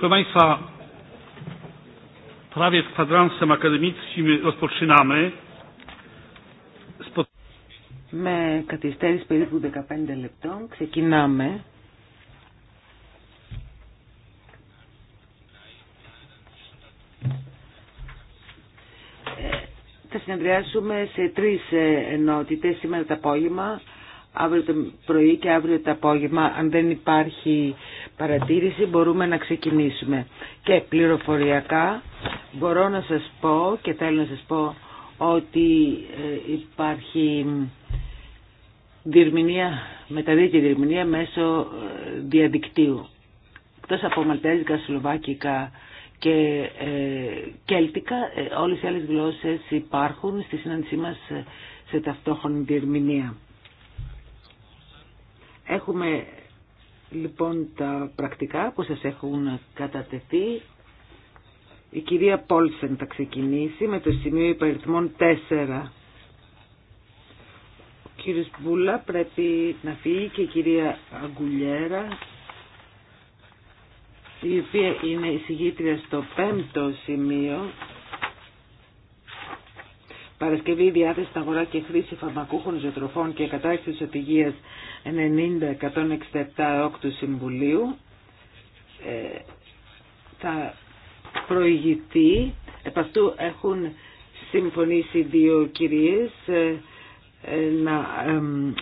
Proszę Państwa, prawie Με καθυστέρηση περίπου 15 λεπτών ξεκινάμε. Ε, θα συνεδριάσουμε σε τρεις ε, ενότητες σήμερα το απόγευμα, αύριο το πρωί και αύριο το απόγευμα. Αν δεν υπάρχει παρατήρηση μπορούμε να ξεκινήσουμε. Και πληροφοριακά μπορώ να σας πω και θέλω να σας πω ότι ε, υπάρχει διερμηνία, μεταδίδεται διερμηνία μέσω ε, διαδικτύου. Εκτός από μαλτέζικα, σλοβάκικα και ε, κέλτικα, όλες οι άλλες γλώσσες υπάρχουν στη συνάντησή μας σε ταυτόχρονη διερμηνία. Έχουμε λοιπόν τα πρακτικά που σας έχουν κατατεθεί. Η κυρία Πόλσεν θα ξεκινήσει με το σημείο υπαριθμών 4. Ο κύριος Μπούλα πρέπει να φύγει και η κυρία Αγκουλιέρα η οποία είναι εισηγήτρια στο πέμπτο σημείο Παρασκευή διάθεση στα αγορά και χρήση φαρμακούχων ζωοτροφών και καταρτιση της οδηγίας 90-167 όκτου Συμβουλίου ε, θα προηγηθεί. Επ' αυτού έχουν συμφωνήσει δύο κυρίες ε, ε, να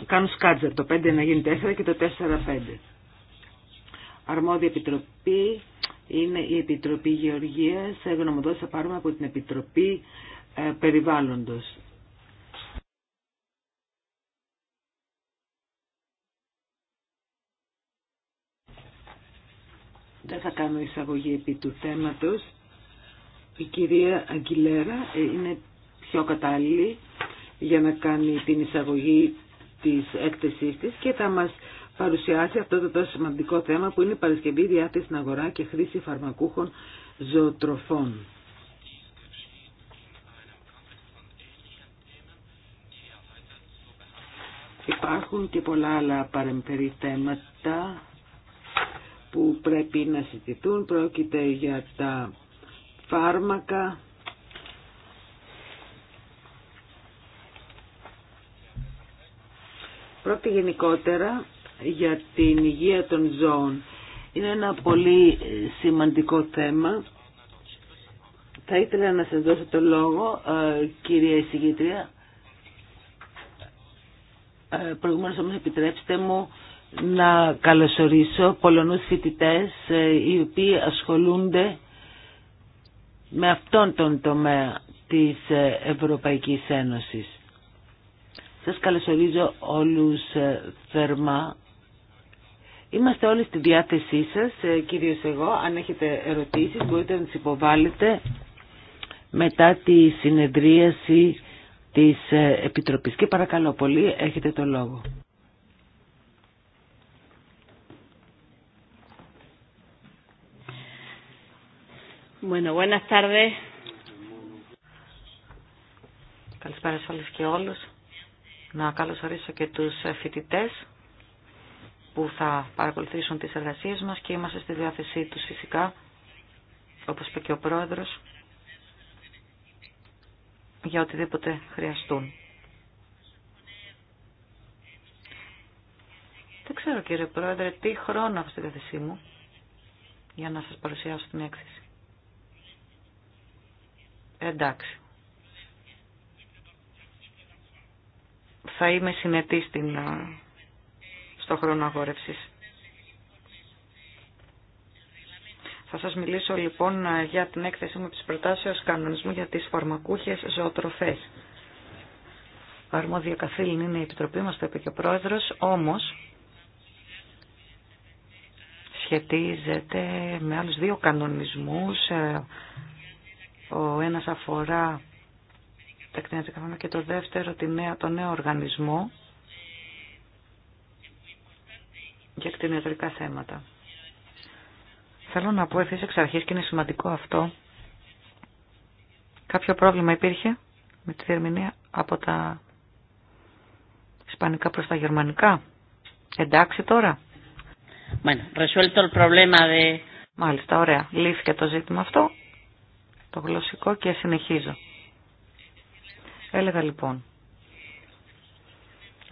κάνουν σκάτζερ, το 5 να γίνει 4 και το 4-5. Αρμόδια επιτροπή είναι η Επιτροπή Γεωργίας. Ε, γνωμοδότηση θα πάρουμε από την Επιτροπή ε, περιβάλλοντος. Δεν θα κάνω εισαγωγή επί του θέματος. Η κυρία Αγγιλέρα ε, είναι πιο κατάλληλη για να κάνει την εισαγωγή της έκθεσής της και θα μας παρουσιάσει αυτό το τόσο σημαντικό θέμα που είναι η παρασκευή διάθεση στην αγορά και χρήση φαρμακούχων ζωοτροφών. Υπάρχουν και πολλά άλλα παρεμφερή θέματα που πρέπει να συζητηθούν. Πρόκειται για τα φάρμακα. Πρόκειται γενικότερα για την υγεία των ζώων. Είναι ένα πολύ σημαντικό θέμα. Θα ήθελα να σας δώσω το λόγο, ε, κυρία εισηγήτρια, ε, Προηγούμενο όμως επιτρέψτε μου να καλωσορίσω πολλονούς φοιτητές ε, οι οποίοι ασχολούνται με αυτόν τον τομέα της ε, Ευρωπαϊκής Ένωσης. Σας καλωσορίζω όλους θερμά. Είμαστε όλοι στη διάθεσή σας, κυρίως εγώ. Αν έχετε ερωτήσεις μπορείτε να τις υποβάλλετε μετά τη συνεδρίαση της ε, Επιτροπής. Και παρακαλώ πολύ, έχετε το λόγο. Bueno, buenas tardes. Καλησπέρα σε όλους και όλους. Να καλωσορίσω και τους φοιτητές που θα παρακολουθήσουν τις εργασίες μας και είμαστε στη διάθεσή τους φυσικά, όπως είπε και ο Πρόεδρος, για οτιδήποτε χρειαστούν. Δεν ξέρω κύριε Πρόεδρε τι χρόνο έχω στη διάθεσή μου για να σας παρουσιάσω την έκθεση. Εντάξει. Θα είμαι συνετή ε, στο χρόνο αγόρευσης. Θα σας μιλήσω λοιπόν για την έκθεση μου της προτάσεως κανονισμού για τις φαρμακούχες ζωοτροφές. Αρμόδια καθήλυν είναι η Επιτροπή μας, το είπε και ο Πρόεδρος, όμως σχετίζεται με άλλους δύο κανονισμούς. Ε, ο ένας αφορά τα κτηνιατρικά φάρμακα και το δεύτερο το νέο οργανισμό για κτηνιατρικά θέματα. Θέλω να πω ευθύς εξ αρχής και είναι σημαντικό αυτό. Κάποιο πρόβλημα υπήρχε με τη διερμηνία από τα ισπανικά προς τα γερμανικά. Εντάξει τώρα. Bueno, el Μάλιστα, ωραία. Λύθηκε το ζήτημα αυτό, το γλωσσικό και συνεχίζω. Έλεγα λοιπόν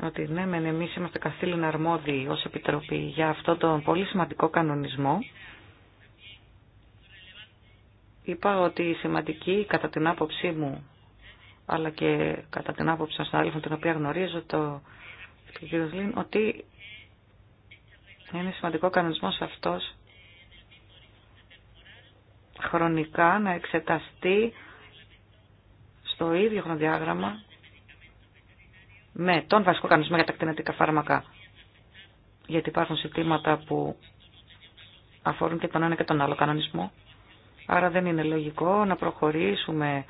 ότι ναι, μεν εμείς είμαστε καθήλυνα αρμόδιοι ως Επιτροπή για αυτό τον πολύ σημαντικό κανονισμό Είπα ότι η σημαντική, κατά την άποψή μου, αλλά και κατά την άποψη των συνάδελφων την οποία γνωρίζω, το κ. Λίν, ότι είναι σημαντικό ο κανονισμός αυτός χρονικά να εξεταστεί στο ίδιο χρονοδιάγραμμα με τον βασικό κανονισμό για τα κτηνατικά φάρμακα. Γιατί υπάρχουν ζητήματα που αφορούν και τον ένα και τον άλλο κανονισμό Άρα δεν είναι λογικό να προχωρήσουμε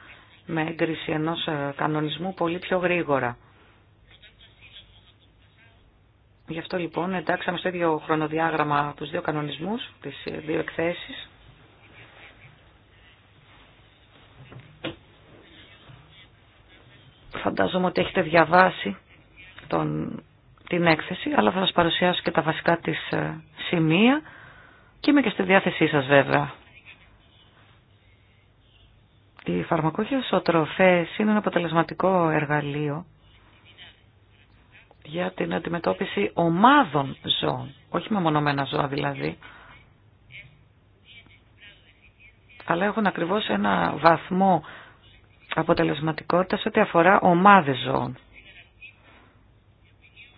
με έγκριση ενός ε, κανονισμού πολύ πιο γρήγορα. Γι' αυτό λοιπόν εντάξαμε στο ίδιο χρονοδιάγραμμα τους δύο κανονισμούς, τις ε, δύο εκθέσεις. Φαντάζομαι ότι έχετε διαβάσει τον, την έκθεση, αλλά θα σας παρουσιάσω και τα βασικά της ε, σημεία και είμαι και στη διάθεσή σας βέβαια οι οτροφέ είναι ένα αποτελεσματικό εργαλείο για την αντιμετώπιση ομάδων ζώων, όχι με μονομένα ζώα δηλαδή, αλλά έχουν ακριβώς ένα βαθμό αποτελεσματικότητας ό,τι αφορά ομάδες ζώων.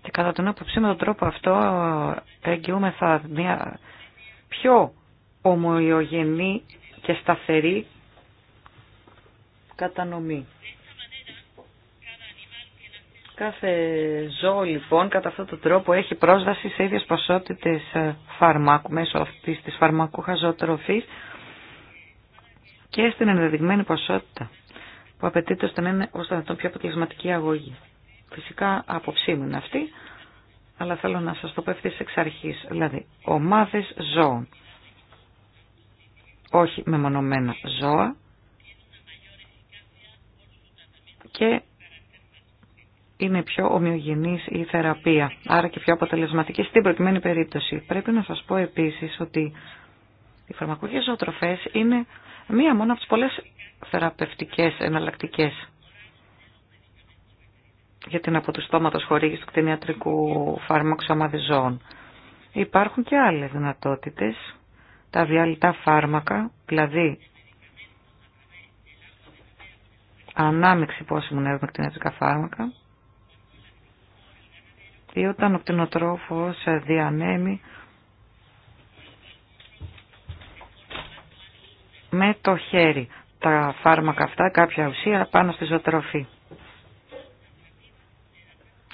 Και κατά την άποψή με τον τρόπο αυτό εγγυούμεθα μια πιο ομοιογενή και σταθερή κατανομή. Κάθε ζώο λοιπόν κατά αυτόν τον τρόπο έχει πρόσβαση σε ίδιες ποσότητες ε, φαρμάκου μέσω αυτής της φαρμακούχα ζωοτροφής και στην ενδεδειγμένη ποσότητα που απαιτείται ώστε να είναι ώστε να τον πιο αποτελεσματική αγωγή. Φυσικά άποψή μου είναι αυτή, αλλά θέλω να σας το πω ευθύς εξ αρχής. Δηλαδή, ομάδες ζώων, όχι μεμονωμένα ζώα, και είναι πιο ομοιογενής η θεραπεία, άρα και πιο αποτελεσματική στην προκειμένη περίπτωση. Πρέπει να σας πω επίσης ότι οι φαρμακούχες ζωοτροφές είναι μία μόνο από τις πολλές θεραπευτικές εναλλακτικέ για την αποτουστώματος χορήγηση του κτηνιατρικού φάρμακου αμαδεζών. Υπάρχουν και άλλες δυνατότητες, τα διαλυτά φάρμακα, δηλαδή ανάμεξη πόσων νερού με κτηνιατρικά φάρμακα ή όταν ο κτηνοτρόφος διανέμει με το χέρι τα φάρμακα αυτά, κάποια ουσία πάνω στη ζωοτροφή.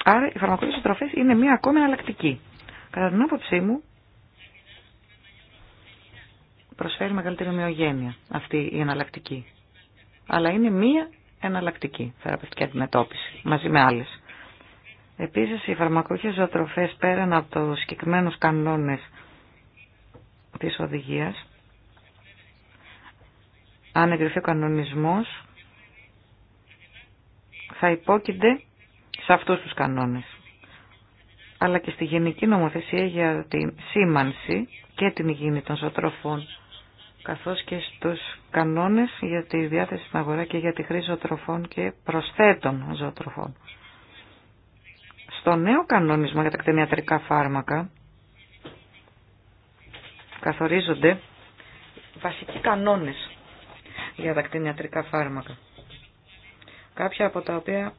Άρα οι φαρμακολογικές ζωοτροφές είναι μία ακόμη εναλλακτική. Κατά την άποψή μου, προσφέρει μεγαλύτερη ομοιογένεια αυτή η εναλλακτική. Αλλά είναι μία εναλλακτική θεραπευτική αντιμετώπιση, μαζί με άλλες. Επίσης, οι φαρμακούχες ζωοτροφές πέραν από τους συγκεκριμένους κανόνες της οδηγίας, αν εγκριθεί ο κανονισμός, θα υπόκεινται σε αυτούς τους κανόνες. Αλλά και στη γενική νομοθεσία για τη σήμανση και την υγιεινή των ζωοτροφών καθώς και στους κανόνες για τη διάθεση στην αγορά και για τη χρήση ζωοτροφών και προσθέτων ζωοτροφών. Στο νέο κανόνισμα για τα κτηνιατρικά φάρμακα καθορίζονται βασικοί κανόνες για τα κτηνιατρικά φάρμακα. Κάποια από τα οποία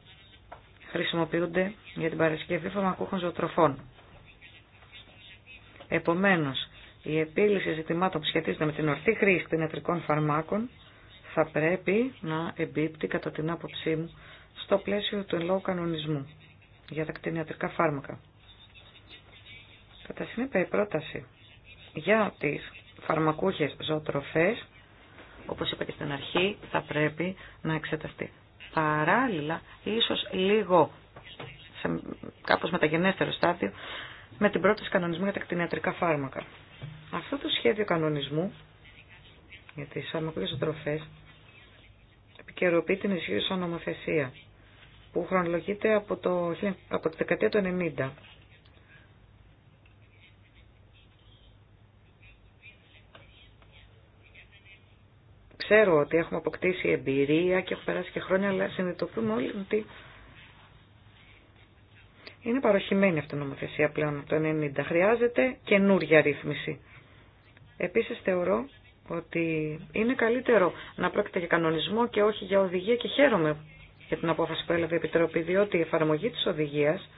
χρησιμοποιούνται για την παρασκευή φαρμακούχων ζωοτροφών. Επομένως, η επίλυση ζητημάτων που σχετίζονται με την ορθή χρήση των ιατρικών φαρμάκων θα πρέπει να εμπίπτει κατά την άποψή μου στο πλαίσιο του λόγου κανονισμού για τα κτηνιατρικά φάρμακα. Κατά συνέπεια η πρόταση για τις φαρμακούχες ζωοτροφές, όπως είπα και στην αρχή, θα πρέπει να εξεταστεί. Παράλληλα, ίσως λίγο, σε κάπως μεταγενέστερο στάδιο, με την πρόταση κανονισμού για τα κτηνιατρικά φάρμακα. Αυτό το σχέδιο κανονισμού για τις αρμακούγες τροφές επικαιροποιεί την ισχύουσα νομοθεσία που χρονολογείται από, το, από τη δεκαετία του 90. Ξέρω ότι έχουμε αποκτήσει εμπειρία και έχουμε περάσει και χρόνια, αλλά συνειδητοποιούμε όλοι ότι είναι παροχημένη αυτή η νομοθεσία πλέον από το 90. Χρειάζεται καινούργια ρύθμιση. Επίσης θεωρώ ότι είναι καλύτερο να πρόκειται για κανονισμό και όχι για οδηγία και χαίρομαι για την απόφαση που έλαβε η Επιτροπή, διότι η εφαρμογή της οδηγίας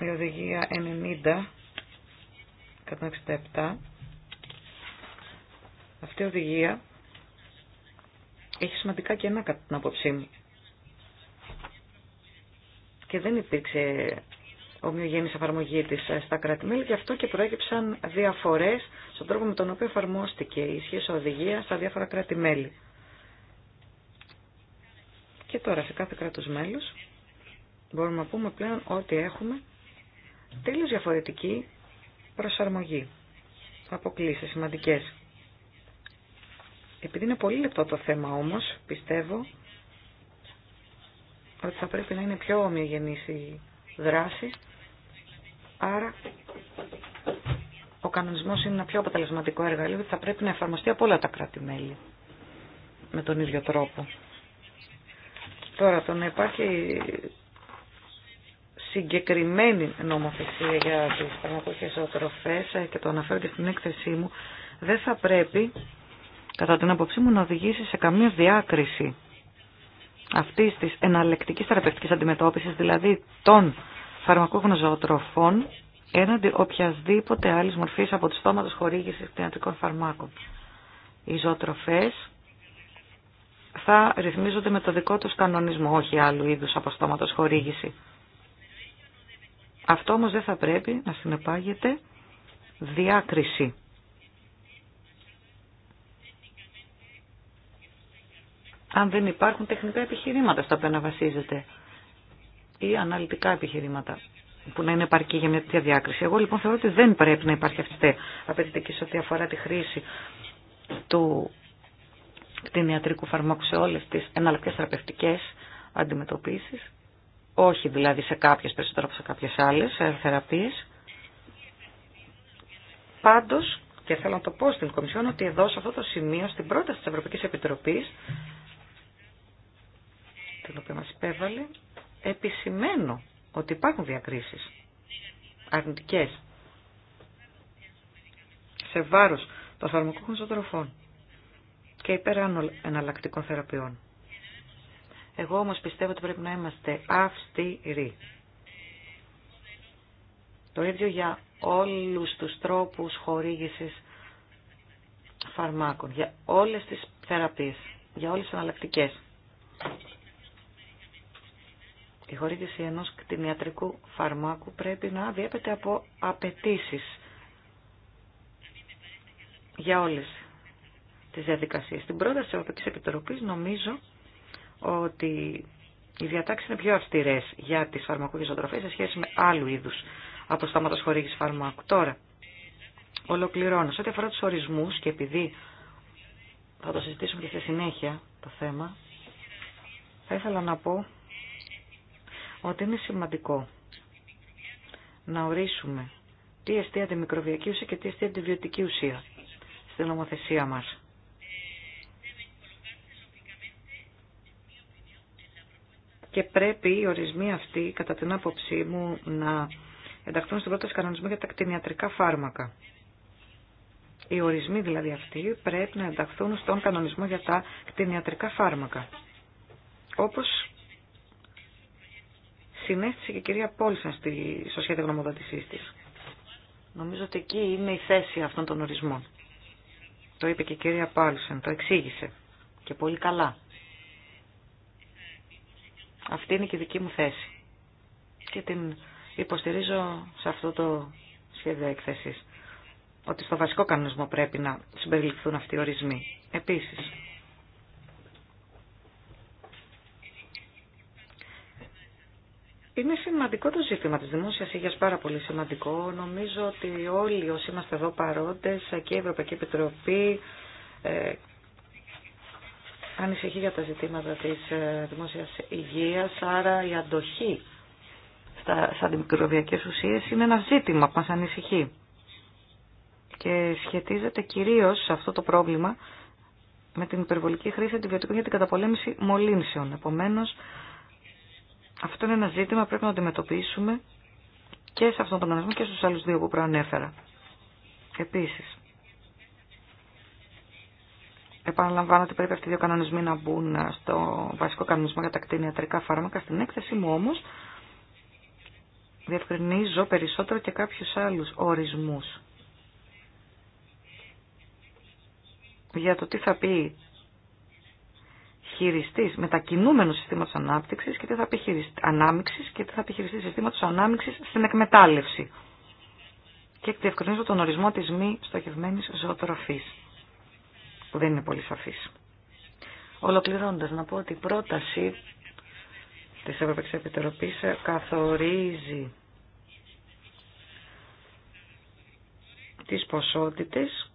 η οδηγία 90 167 αυτή η οδηγία έχει σημαντικά κενά κατά την άποψή μου και δεν υπήρξε ομοιογένης εφαρμογή της ε, στα κράτη-μέλη και αυτό και προέκυψαν διαφορές στον τρόπο με τον οποίο εφαρμόστηκε η σχέση οδηγία στα διάφορα κράτη-μέλη. Και τώρα σε κάθε κράτος μέλος μπορούμε να πούμε πλέον ότι έχουμε τελείως διαφορετική προσαρμογή. Αποκλείσει σημαντικές. Επειδή είναι πολύ λεπτό το θέμα όμως, πιστεύω ότι θα πρέπει να είναι πιο ομοιογενής η δράση. Άρα ο κανονισμός είναι ένα πιο αποτελεσματικό εργαλείο που θα πρέπει να εφαρμοστεί από όλα τα κράτη-μέλη με τον ίδιο τρόπο. Τώρα το να υπάρχει συγκεκριμένη νομοθεσία για τις φαρμακοχές οτροφές και το αναφέρω και στην έκθεσή μου δεν θα πρέπει κατά την άποψή μου να οδηγήσει σε καμία διάκριση αυτή τη εναλλεκτική θεραπευτική αντιμετώπιση, δηλαδή των φαρμακούχων ζωοτροφών, έναντι οποιασδήποτε άλλη μορφή από του στόματο χορήγηση κτηνατικών φαρμάκων. Οι ζωοτροφέ θα ρυθμίζονται με το δικό τους κανονισμό, όχι άλλου είδους στόματο χορήγηση. Αυτό όμως δεν θα πρέπει να συνεπάγεται διάκριση αν δεν υπάρχουν τεχνικά επιχειρήματα στα οποία να βασίζεται ή αναλυτικά επιχειρήματα που να είναι επαρκή για μια τέτοια διάκριση. Εγώ λοιπόν θεωρώ ότι δεν πρέπει να υπάρχει αυτή η απαιτητική σε ό,τι αφορά τη χρήση του κτηνιατρικού φαρμάκου σε όλες τις εναλλακτικές θεραπευτικές αντιμετωπίσεις. Όχι δηλαδή σε κάποιες περισσότερο από σε κάποιες άλλες ε, θεραπείες. Πάντως, και θέλω να το πω στην Κομισιόν, ότι εδώ σε αυτό το σημείο, στην πρόταση της Ευρωπαϊκής Επιτροπής, την οποία μας υπέβαλε, επισημαίνω ότι υπάρχουν διακρίσεις αρνητικές σε βάρος των φαρμακούχων ζωοτροφών και υπέρ εναλλακτικών θεραπείων. Εγώ όμως πιστεύω ότι πρέπει να είμαστε αυστηροί. Το ίδιο για όλους τους τρόπους χορήγησης φαρμάκων, για όλες τις θεραπείες, για όλες τις εναλλακτικές η χορήγηση ενός κτηνιατρικού φαρμάκου πρέπει να διέπεται από απαιτήσει για όλες τις διαδικασίες. Στην πρόταση της Επιτροπής νομίζω ότι οι διατάξει είναι πιο αυστηρές για τις φαρμακούχες σε σχέση με άλλου είδους αποστάματος χορήγηση φαρμάκου. Τώρα, ολοκληρώνω. Σε ό,τι αφορά του ορισμούς και επειδή θα το συζητήσουμε και στη συνέχεια το θέμα, θα ήθελα να πω ότι είναι σημαντικό να ορίσουμε τι τη μικροβιακή ουσία και τι εστίαται βιωτική ουσία στην νομοθεσία μας. Και πρέπει οι ορισμοί αυτοί, κατά την άποψή μου, να ενταχθούν στον πρώτο κανονισμό για τα κτηνιατρικά φάρμακα. Οι ορισμοί δηλαδή αυτοί πρέπει να ενταχθούν στον κανονισμό για τα κτηνιατρικά φάρμακα. Όπως συνέστησε και η κυρία Πόλσαν στη, στο σχέδιο γνωμοδότησής της. Νομίζω ότι εκεί είναι η θέση αυτών των ορισμών. Το είπε και η κυρία Πάλσεν, το εξήγησε και πολύ καλά. Αυτή είναι και η δική μου θέση και την υποστηρίζω σε αυτό το σχέδιο έκθεσης ότι στο βασικό κανονισμό πρέπει να συμπεριληφθούν αυτοί οι ορισμοί. Επίσης, Είναι σημαντικό το ζήτημα της δημόσιας υγείας, πάρα πολύ σημαντικό. Νομίζω ότι όλοι όσοι είμαστε εδώ παρόντες και η Ευρωπαϊκή Επιτροπή ε, ανησυχεί για τα ζητήματα της ε, δημόσιας υγείας, άρα η αντοχή στα, στα αντιμικροβιακές ουσίες είναι ένα ζήτημα που μας ανησυχεί. Και σχετίζεται κυρίως αυτό το πρόβλημα με την υπερβολική χρήση αντιβιωτικών για την καταπολέμηση μολύνσεων. Επομένως, αυτό είναι ένα ζήτημα που πρέπει να αντιμετωπίσουμε και σε αυτόν τον οργανισμό και στους άλλους δύο που προανέφερα. Επίσης, επαναλαμβάνω ότι πρέπει αυτοί οι δύο κανονισμοί να μπουν στο βασικό κανονισμό για τα κτηνιατρικά φάρμακα. Στην έκθεση μου όμως διευκρινίζω περισσότερο και κάποιους άλλους ορισμούς για το τι θα πει χειριστής μετακινούμενου συστήματος ανάπτυξης και τι θα πει ανάμειξη και τι θα πει συστήματος στην εκμετάλλευση. Και διευκρινίζω τον ορισμό της μη στοχευμένη ζωοτροφής, που δεν είναι πολύ σαφής. Ολοκληρώνοντας να πω ότι η πρόταση τη Ευρωπαϊκή Επιτροπή καθορίζει τις ποσότητες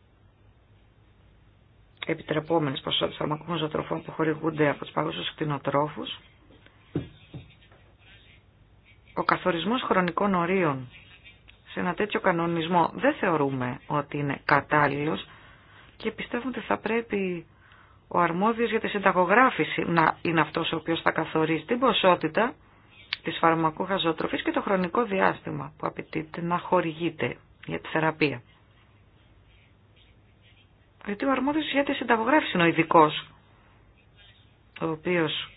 επιτρεπόμενες ποσότητες φαρμακών ζωοτροφών που χορηγούνται από τους παγκόσμιους κτηνοτρόφους. Ο καθορισμός χρονικών ορίων σε ένα τέτοιο κανονισμό δεν θεωρούμε ότι είναι κατάλληλος και πιστεύουμε ότι θα πρέπει ο αρμόδιος για τη συνταγογράφηση να είναι αυτός ο οποίος θα καθορίσει την ποσότητα της φαρμακούχας ζωοτροφής και το χρονικό διάστημα που απαιτείται να χορηγείται για τη θεραπεία. Γιατί ο αρμόδιος για τη συνταγογράφηση είναι ο ειδικό, ο οποίος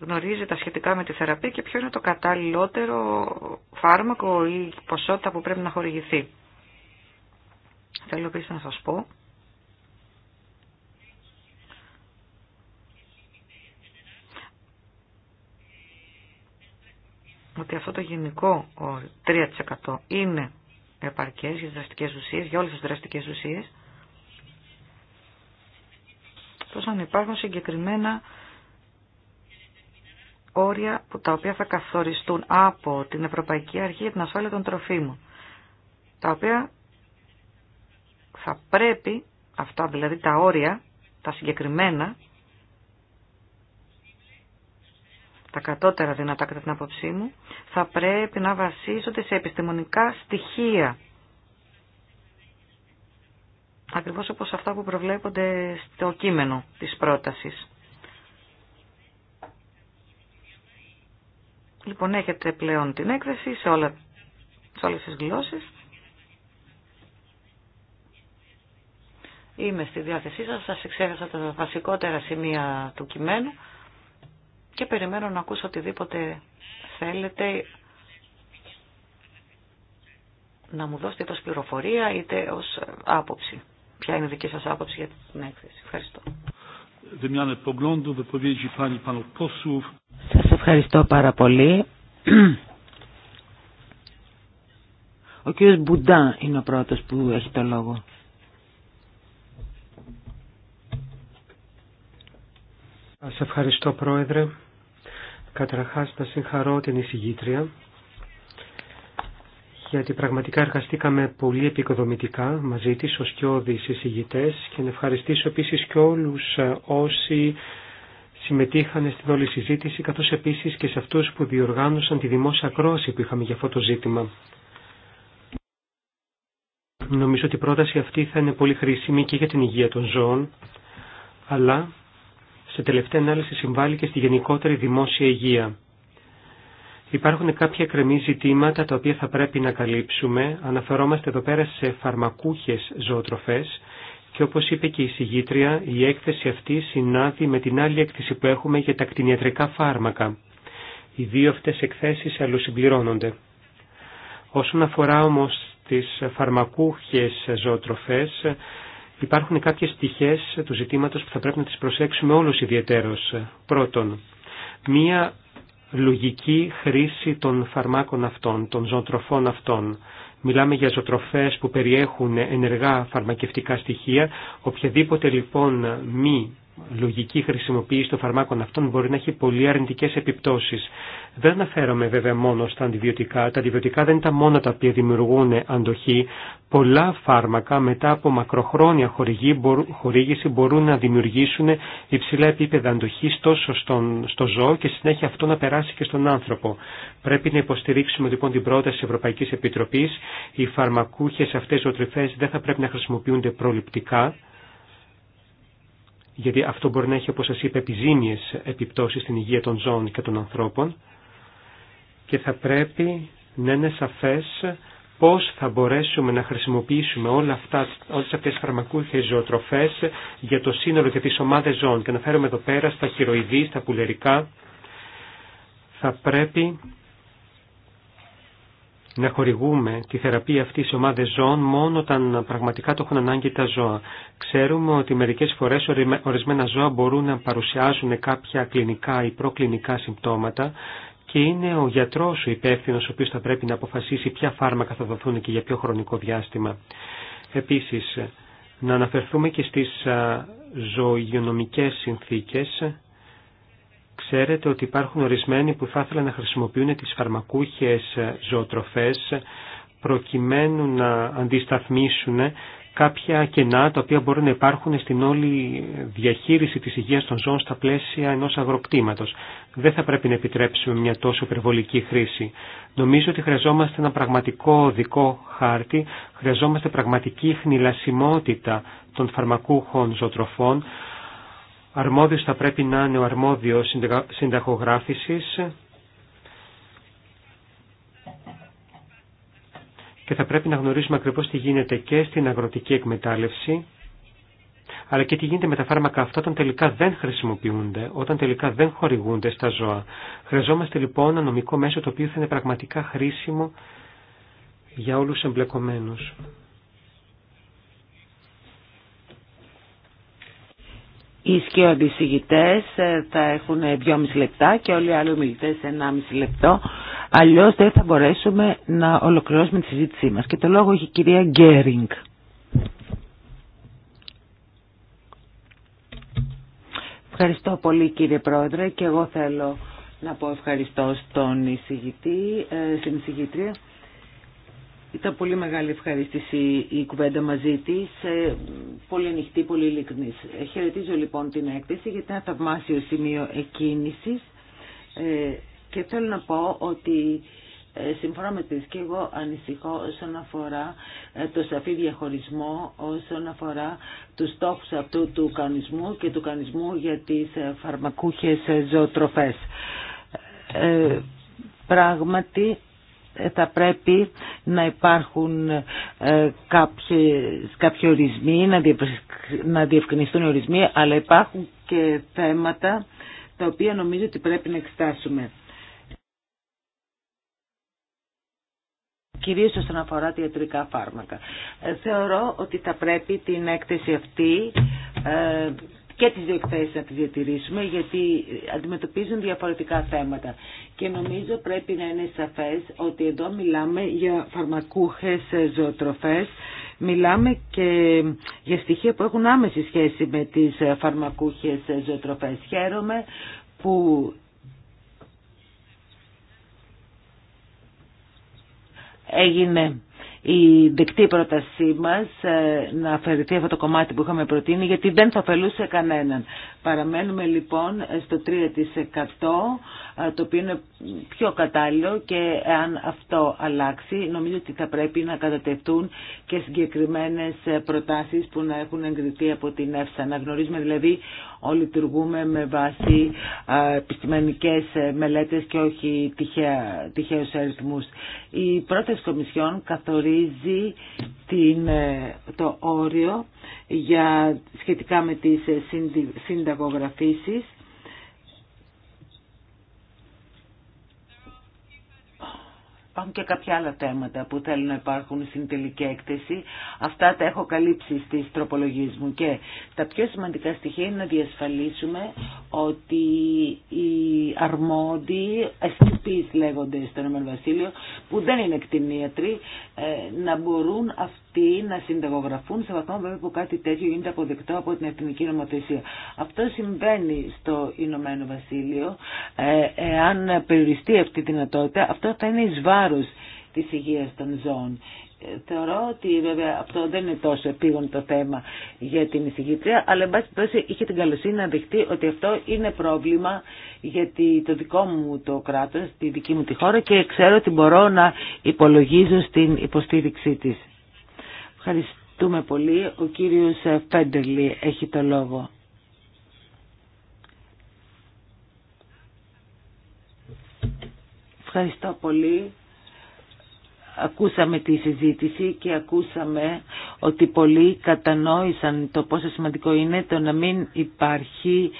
γνωρίζει τα σχετικά με τη θεραπεία και ποιο είναι το κατάλληλότερο φάρμακο ή ποσότητα που πρέπει να χορηγηθεί. Θέλω επίση να σας πω ότι αυτό το γενικό 3% είναι επαρκές για τις δραστικές ουσίες, για όλες τις δραστικές ουσίες, τόσο αν υπάρχουν συγκεκριμένα όρια που τα οποία θα καθοριστούν από την Ευρωπαϊκή Αρχή για την ασφάλεια των τροφίμων, τα οποία θα πρέπει, αυτά δηλαδή τα όρια, τα συγκεκριμένα, τα κατώτερα δυνατά κατά την άποψή μου, θα πρέπει να βασίζονται σε επιστημονικά στοιχεία. Ακριβώς όπως αυτά που προβλέπονται στο κείμενο της πρότασης. Λοιπόν, έχετε πλέον την έκθεση σε, όλα, σε όλες τις γλώσσες. Είμαι στη διάθεσή σας, σας εξέχασα τα βασικότερα σημεία του κειμένου και περιμένω να ακούσω οτιδήποτε θέλετε να μου δώσετε είτε ως πληροφορία είτε ως άποψη. Ποια είναι η δική σας άποψη για την έκθεση. Ευχαριστώ. Σας ευχαριστώ πάρα πολύ. Ο κύριος Μπουντά είναι ο πρώτος που έχει το λόγο. Σας ευχαριστώ πρόεδρε. Καταρχάς να συγχαρώ την εισηγήτρια γιατί πραγματικά εργαστήκαμε πολύ επικοδομητικά μαζί της ως κοιόδης εισηγητές και να ευχαριστήσω επίσης και όλους όσοι συμμετείχαν στην όλη συζήτηση καθώς επίσης και σε αυτούς που διοργάνωσαν τη δημόσια κρόση που είχαμε για αυτό το ζήτημα. Νομίζω ότι η πρόταση αυτή θα είναι πολύ χρήσιμη και για την υγεία των ζώων αλλά σε τελευταία ανάλυση συμβάλλει και στη γενικότερη δημόσια υγεία. Υπάρχουν κάποια κρεμή ζητήματα τα οποία θα πρέπει να καλύψουμε. Αναφερόμαστε εδώ πέρα σε φαρμακούχες ζωοτροφές και όπως είπε και η συγγήτρια, η έκθεση αυτή συνάδει με την άλλη έκθεση που έχουμε για τα κτηνιατρικά φάρμακα. Οι δύο αυτές εκθέσεις αλλοσυμπληρώνονται. Όσον αφορά όμως τις φαρμακούχες ζωοτροφές, υπάρχουν κάποιες πτυχές του ζητήματος που θα πρέπει να τις προσέξουμε όλους ιδιαιτέρως. Πρώτον, μία λογική χρήση των φαρμάκων αυτών, των ζωοτροφών αυτών. Μιλάμε για ζωοτροφές που περιέχουν ενεργά φαρμακευτικά στοιχεία. Οποιαδήποτε λοιπόν μη λογική χρησιμοποίηση των φαρμάκων αυτών μπορεί να έχει πολύ αρνητικέ επιπτώσει. Δεν αναφέρομαι βέβαια μόνο στα αντιβιωτικά. Τα αντιβιωτικά δεν είναι τα μόνα τα οποία δημιουργούν αντοχή. Πολλά φάρμακα μετά από μακροχρόνια χορήγηση μπορούν να δημιουργήσουν υψηλά επίπεδα αντοχή τόσο στον, στο ζώο και συνέχεια αυτό να περάσει και στον άνθρωπο. Πρέπει να υποστηρίξουμε λοιπόν την πρόταση Ευρωπαϊκή Επιτροπή. Οι φαρμακούχε αυτέ οτροφέ δεν θα πρέπει να χρησιμοποιούνται προληπτικά γιατί αυτό μπορεί να έχει, όπως σας είπε επιζήμιες επιπτώσεις στην υγεία των ζώων και των ανθρώπων και θα πρέπει να είναι σαφές πώς θα μπορέσουμε να χρησιμοποιήσουμε όλα αυτά, όλες αυτές τις φαρμακούχες ζωοτροφές για το σύνολο και τις ομάδες ζώων. Και να φέρουμε εδώ πέρα στα χειροειδή, στα πουλερικά, θα πρέπει να χορηγούμε τη θεραπεία αυτή σε ομάδες ζώων μόνο όταν πραγματικά το έχουν ανάγκη τα ζώα. Ξέρουμε ότι μερικές φορές ορισμένα ζώα μπορούν να παρουσιάζουν κάποια κλινικά ή προκλινικά συμπτώματα και είναι ο γιατρός ο υπεύθυνο ο οποίος θα πρέπει να αποφασίσει ποια φάρμακα θα δοθούν και για ποιο χρονικό διάστημα. Επίσης, να αναφερθούμε και στις ζωογειονομικές συνθήκες Ξέρετε ότι υπάρχουν ορισμένοι που θα ήθελαν να χρησιμοποιούν τις φαρμακούχες ζωοτροφές προκειμένου να αντισταθμίσουν κάποια κενά τα οποία μπορούν να υπάρχουν στην όλη διαχείριση της υγείας των ζώων στα πλαίσια ενός αγροκτήματος. Δεν θα πρέπει να επιτρέψουμε μια τόσο υπερβολική χρήση. Νομίζω ότι χρειαζόμαστε ένα πραγματικό δικό χάρτη, χρειαζόμαστε πραγματική χνηλασιμότητα των φαρμακούχων ζωοτροφών, Αρμόδιος θα πρέπει να είναι ο αρμόδιος συνταχογράφησης και θα πρέπει να γνωρίζουμε ακριβώς τι γίνεται και στην αγροτική εκμετάλλευση αλλά και τι γίνεται με τα φάρμακα αυτά όταν τελικά δεν χρησιμοποιούνται, όταν τελικά δεν χορηγούνται στα ζώα. Χρειαζόμαστε λοιπόν ένα νομικό μέσο το οποίο θα είναι πραγματικά χρήσιμο για όλους εμπλεκομένους. Οι σκιοαντισηγητές ε, θα έχουν 2,5 λεπτά και όλοι οι άλλοι ομιλητές 1,5 λεπτό. Αλλιώς δεν θα μπορέσουμε να ολοκληρώσουμε τη συζήτησή μας. Και το λόγο έχει η κυρία Γκέρινγκ. Ευχαριστώ πολύ κύριε Πρόεδρε και εγώ θέλω να πω ευχαριστώ στον εισηγητή, ε, στην εισηγητρία. Ήταν πολύ μεγάλη ευχαρίστηση η κουβέντα μαζί τη, ε, πολύ ανοιχτή, πολύ ειλικρινή. Ε, χαιρετίζω λοιπόν την έκθεση γιατί είναι ένα θαυμάσιο σημείο εκκίνηση ε, και θέλω να πω ότι συμφωνώ με τις και εγώ ανησυχώ όσον αφορά το σαφή διαχωρισμό, όσον αφορά του στόχους αυτού του κανονισμού και του κανονισμού για τις φαρμακούχες ζωοτροφές. Ε, πράγματι ε, θα πρέπει να υπάρχουν ε, κάποιες, κάποιοι ορισμοί, να διευκρινιστούν ορισμοί, αλλά υπάρχουν και θέματα τα οποία νομίζω ότι πρέπει να εξετάσουμε. κυρίως όσον αφορά τα ιατρικά φάρμακα. Ε, θεωρώ ότι θα πρέπει την έκθεση αυτή και τις δύο να τις διατηρήσουμε γιατί αντιμετωπίζουν διαφορετικά θέματα. Και νομίζω πρέπει να είναι σαφές ότι εδώ μιλάμε για φαρμακούχες ζωοτροφές, μιλάμε και για στοιχεία που έχουν άμεση σχέση με τις φαρμακούχες ζωοτροφές. Χαίρομαι που έγινε η δεκτή πρότασή μας ε, να αφαιρεθεί αυτό το κομμάτι που είχαμε προτείνει γιατί δεν θα ωφελούσε κανέναν. Παραμένουμε λοιπόν στο 3% ε, το οποίο είναι πιο κατάλληλο και αν αυτό αλλάξει νομίζω ότι θα πρέπει να κατατεθούν και συγκεκριμένες προτάσεις που να έχουν εγκριθεί από την ΕΦΣΑ. Να γνωρίζουμε δηλαδή όλοι λειτουργούμε με βάση επιστημονικές μελέτες και όχι τυχαία, τυχαίους αριθμούς. Η πρόταση Κομισιόν καθορίζει την, ε, το όριο για, σχετικά με τις συνταγογραφήσεις Υπάρχουν και κάποια άλλα θέματα που θέλουν να υπάρχουν στην τελική έκθεση. Αυτά τα έχω καλύψει στις τροπολογίες μου και τα πιο σημαντικά στοιχεία είναι να διασφαλίσουμε ότι οι αρμόδιοι STPs λέγονται στο Ηνωμένο Βασίλειο που δεν είναι κτηνίατροι ε, να μπορούν αυτοί να συνταγογραφούν σε βαθμό βέβαια που κάτι τέτοιο γίνεται αποδεκτό από την εθνική νομοθεσία. Αυτό συμβαίνει στο Ηνωμένο Βασίλειο. Ε, εάν περιοριστεί αυτή η δυνατότητα αυτό θα είναι εις βάρους της υγείας των ζώων. Ε, θεωρώ ότι βέβαια αυτό δεν είναι τόσο επίγον το θέμα για την εισηγήτρια, αλλά εν πάση περιπτώσει είχε την καλοσύνη να δεχτεί ότι αυτό είναι πρόβλημα γιατί το δικό μου το κράτος, τη δική μου τη χώρα και ξέρω ότι μπορώ να υπολογίζω στην υποστήριξή της. Ευχαριστούμε πολύ. Ο κύριος Φέντερλι έχει το λόγο. Ευχαριστώ πολύ. Ακούσαμε τη συζήτηση και ακούσαμε ότι πολλοί κατανόησαν το πόσο σημαντικό είναι το να μην υπάρχει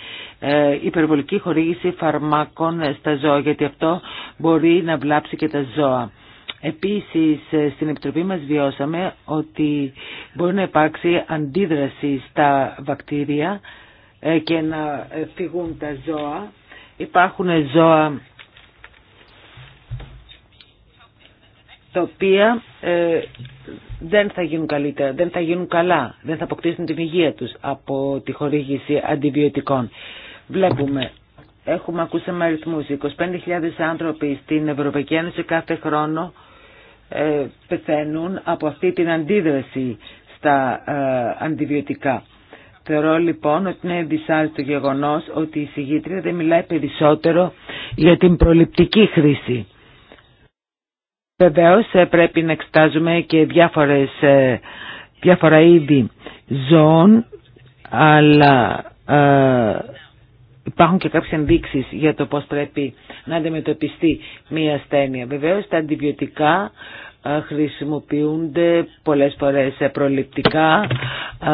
ε, υπερβολική χορήγηση φαρμάκων στα ζώα, γιατί αυτό μπορεί να βλάψει και τα ζώα. Επίσης ε, στην Επιτροπή μας βιώσαμε ότι μπορεί να υπάρξει αντίδραση στα βακτήρια ε, και να φυγούν τα ζώα. Υπάρχουν ζώα τα οποία ε, δεν θα γίνουν καλύτερα, δεν θα γίνουν καλά, δεν θα αποκτήσουν την υγεία τους από τη χορήγηση αντιβιωτικών. Βλέπουμε, έχουμε ακούσει με αριθμούς, 25.000 άνθρωποι στην Ευρωπαϊκή Ένωση κάθε χρόνο ε, πεθαίνουν από αυτή την αντίδραση στα ε, αντιβιωτικά. Θεωρώ λοιπόν ότι είναι δυσάρεστο γεγονός ότι η συγγήτρια δεν μιλάει περισσότερο για την προληπτική χρήση Βεβαίως ε, πρέπει να εξετάζουμε και διάφορες, ε, διάφορα είδη ζώων, αλλά ε, υπάρχουν και κάποιες ενδείξεις για το πώς πρέπει να αντιμετωπιστεί μία ασθένεια. Βεβαίως τα αντιβιωτικά χρησιμοποιούνται πολλές φορές προληπτικά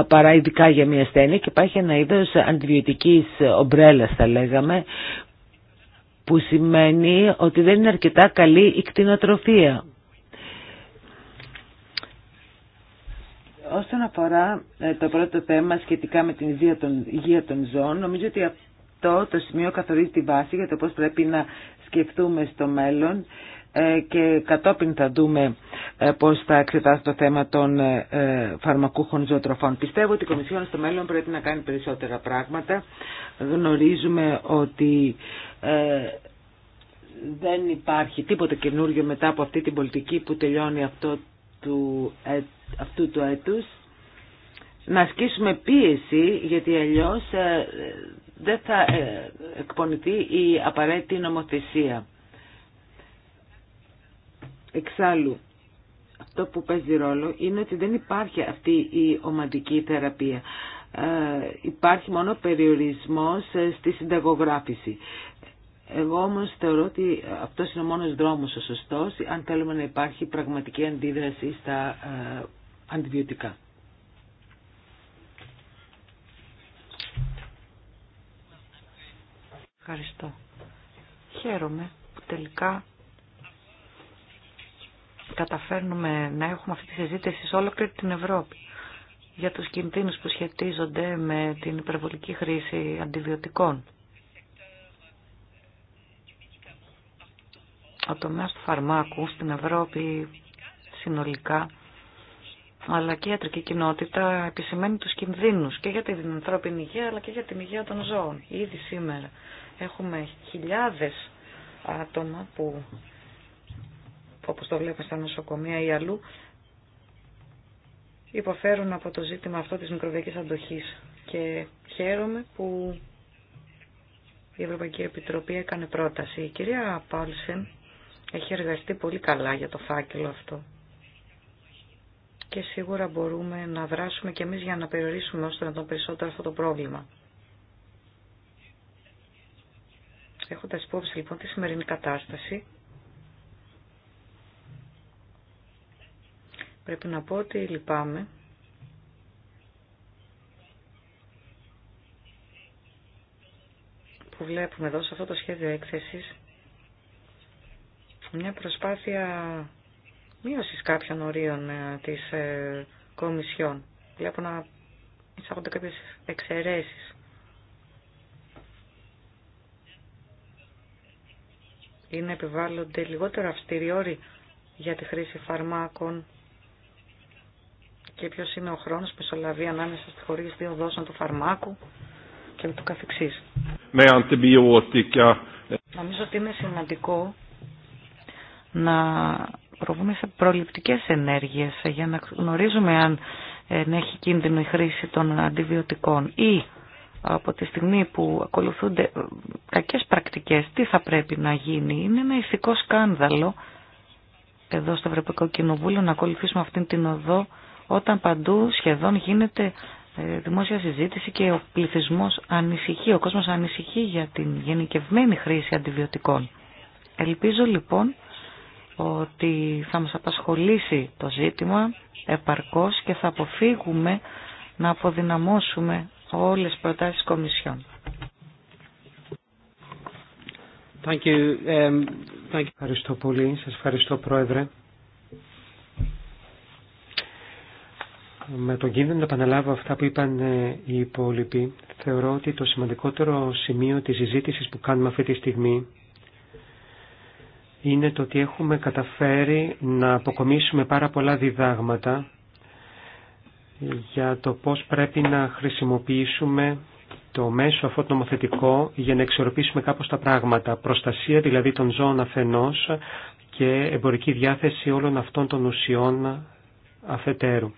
παρά ειδικά για μια ασθένεια και υπάρχει ένα είδος αντιβιωτικής ομπρέλας θα λέγαμε που σημαίνει ότι δεν είναι αρκετά καλή η κτηνοτροφία. Όσον αφορά ε, το πρώτο θέμα σχετικά με την υγεία των, υγεία ζώων, νομίζω ότι αυτό το σημείο καθορίζει τη βάση για το πώς πρέπει να σκεφτούμε στο μέλλον. Ε, και κατόπιν θα δούμε ε, πώς θα εξετάσει το θέμα των ε, φαρμακούχων ζωοτροφών. Πιστεύω ότι η Κομισιόν στο μέλλον πρέπει να κάνει περισσότερα πράγματα. Γνωρίζουμε ότι δεν υπάρχει τίποτα καινούργιο μετά από αυτή την πολιτική που τελειώνει αυτό του, αυτού του έτους. Να ασκήσουμε πίεση γιατί αλλιώς δεν θα εκπονηθεί η απαραίτητη νομοθεσία. Εξάλλου, αυτό που παίζει ρόλο είναι ότι δεν υπάρχει αυτή η ομαδική θεραπεία. Ε, υπάρχει μόνο περιορισμός ε, στη συνταγογράφηση. Εγώ όμως θεωρώ ότι αυτό είναι ο μόνος δρόμος ο σωστός αν θέλουμε να υπάρχει πραγματική αντίδραση στα ε, αντιβιωτικά. Ευχαριστώ. Χαίρομαι που τελικά καταφέρνουμε να έχουμε αυτή τη συζήτηση σε ολόκληρη την Ευρώπη για τους κινδύνους που σχετίζονται με την υπερβολική χρήση αντιβιωτικών. Ο τομέας του φαρμάκου στην Ευρώπη συνολικά αλλά και η ιατρική κοινότητα επισημαίνει τους κινδύνους και για την ανθρώπινη υγεία αλλά και για την υγεία των ζώων. Ήδη σήμερα έχουμε χιλιάδες άτομα που όπως το βλέπουμε στα νοσοκομεία ή αλλού, υποφέρουν από το ζήτημα αυτό της μικροβιακής αντοχής. Και χαίρομαι που η Ευρωπαϊκή Επιτροπή έκανε πρόταση. Η κυρία Πάλσεν έχει εργαστεί πολύ καλά για το φάκελο αυτό. Και σίγουρα μπορούμε να δράσουμε και εμείς για να περιορίσουμε ώστε να τον περισσότερο αυτό το πρόβλημα. Έχοντας υπόψη λοιπόν τη σημερινή κατάσταση, Πρέπει να πω ότι λυπάμαι. Που βλέπουμε εδώ σε αυτό το σχέδιο έκθεσης μια προσπάθεια μείωσης κάποιων ορίων ε, της ε, Κομισιόν. Βλέπω να εισάγονται κάποιες εξαιρέσεις. Είναι επιβάλλονται λιγότερο αυστηριόροι για τη χρήση φαρμάκων και ποιο είναι ο χρόνος που μεσολαβεί ανάμεσα στη χωρίς δύο δόσεων του φαρμάκου και του καθεξής. Με αντιβιωτικά. Νομίζω ότι είναι σημαντικό να προβούμε σε προληπτικές ενέργειες για να γνωρίζουμε αν έχει κίνδυνο η χρήση των αντιβιωτικών ή από τη στιγμή που ακολουθούνται ε, κακές πρακτικές, τι θα πρέπει να γίνει. Είναι ένα ηθικό σκάνδαλο εδώ στο Ευρωπαϊκό Κοινοβούλιο να ακολουθήσουμε αυτήν την οδό όταν παντού σχεδόν γίνεται ε, δημόσια συζήτηση και ο πληθυσμό ανησυχεί, ο κόσμος ανησυχεί για την γενικευμένη χρήση αντιβιωτικών. Ελπίζω λοιπόν ότι θα μας απασχολήσει το ζήτημα επαρκώς και θα αποφύγουμε να αποδυναμώσουμε όλες τις προτάσεις Κομισιόν. Um, ευχαριστώ πολύ. Σας ευχαριστώ Πρόεδρε. με τον κίνδυνο να επαναλάβω αυτά που είπαν ε, οι υπόλοιποι, θεωρώ ότι το σημαντικότερο σημείο της συζήτησης που κάνουμε αυτή τη στιγμή είναι το ότι έχουμε καταφέρει να αποκομίσουμε πάρα πολλά διδάγματα για το πώς πρέπει να χρησιμοποιήσουμε το μέσο αυτό το νομοθετικό για να εξορροπήσουμε κάπως τα πράγματα. Προστασία δηλαδή των ζώων αφενός και εμπορική διάθεση όλων αυτών των ουσιών αφετέρου.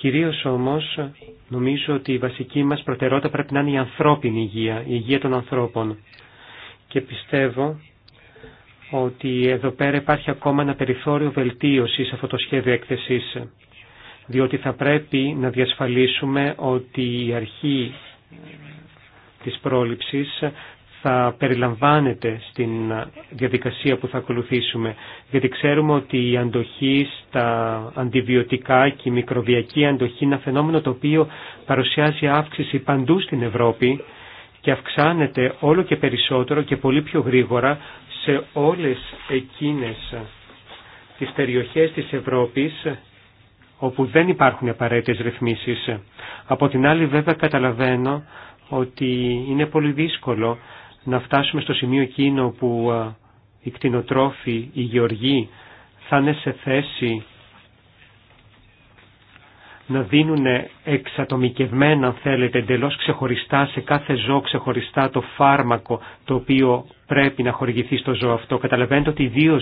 Κυρίως όμως νομίζω ότι η βασική μας προτεραιότητα πρέπει να είναι η ανθρώπινη υγεία, η υγεία των ανθρώπων. Και πιστεύω ότι εδώ πέρα υπάρχει ακόμα ένα περιθώριο βελτίωσης σε αυτό το σχέδιο έκθεσης. Διότι θα πρέπει να διασφαλίσουμε ότι η αρχή ε, της πρόληψης θα περιλαμβάνεται στην διαδικασία που θα ακολουθήσουμε. Γιατί ξέρουμε ότι η αντοχή στα αντιβιωτικά και η μικροβιακή αντοχή είναι ένα φαινόμενο το οποίο παρουσιάζει αύξηση παντού στην Ευρώπη και αυξάνεται όλο και περισσότερο και πολύ πιο γρήγορα σε όλες εκείνες τις περιοχές της Ευρώπης όπου δεν υπάρχουν απαραίτητες ρυθμίσεις. Από την άλλη βέβαια καταλαβαίνω ότι είναι πολύ δύσκολο να φτάσουμε στο σημείο εκείνο που οι κτηνοτρόφοι, οι γεωργοί θα είναι σε θέση να δίνουν εξατομικευμένα, αν θέλετε, εντελώ ξεχωριστά σε κάθε ζώο ξεχωριστά το φάρμακο το οποίο πρέπει να χορηγηθεί στο ζώο αυτό. Καταλαβαίνετε ότι ιδίω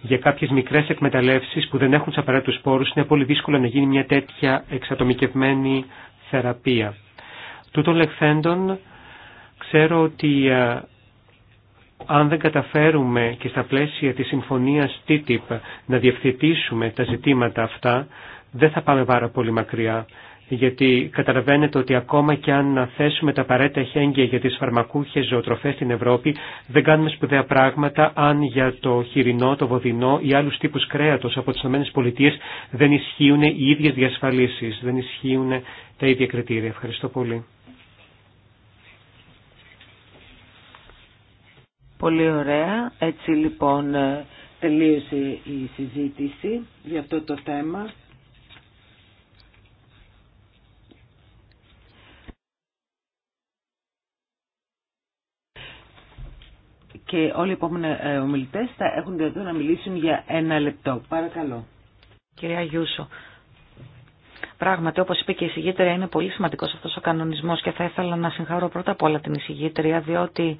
για κάποιε μικρέ εκμεταλλεύσει που δεν έχουν του απαραίτητου πόρου είναι πολύ δύσκολο να γίνει μια τέτοια εξατομικευμένη θεραπεία. Τούτων λεχθέντων Ξέρω ότι ε, αν δεν καταφέρουμε και στα πλαίσια της συμφωνίας TTIP να διευθετήσουμε τα ζητήματα αυτά, δεν θα πάμε πάρα πολύ μακριά. Γιατί καταλαβαίνετε ότι ακόμα και αν θέσουμε τα απαραίτητα χέγγια για τις φαρμακούχες ζωοτροφές στην Ευρώπη, δεν κάνουμε σπουδαία πράγματα αν για το χοιρινό, το βοδινό ή άλλους τύπους κρέατος από τις ΗΠΑ δεν ισχύουν οι ίδιες διασφαλίσεις, δεν ισχύουν τα ίδια κριτήρια. Ευχαριστώ πολύ. Πολύ ωραία. Έτσι λοιπόν ε, τελείωσε η συζήτηση για αυτό το θέμα. Και όλοι οι επόμενοι ε, ομιλητέ θα έχουν δυνατόν να μιλήσουν για ένα λεπτό. Παρακαλώ. Κυρία Γιούσο, πράγματι όπως είπε και η συγγύτρια, είναι πολύ σημαντικός αυτός ο κανονισμός και θα ήθελα να συγχαρώ πρώτα απ' όλα την συγγύτρια, διότι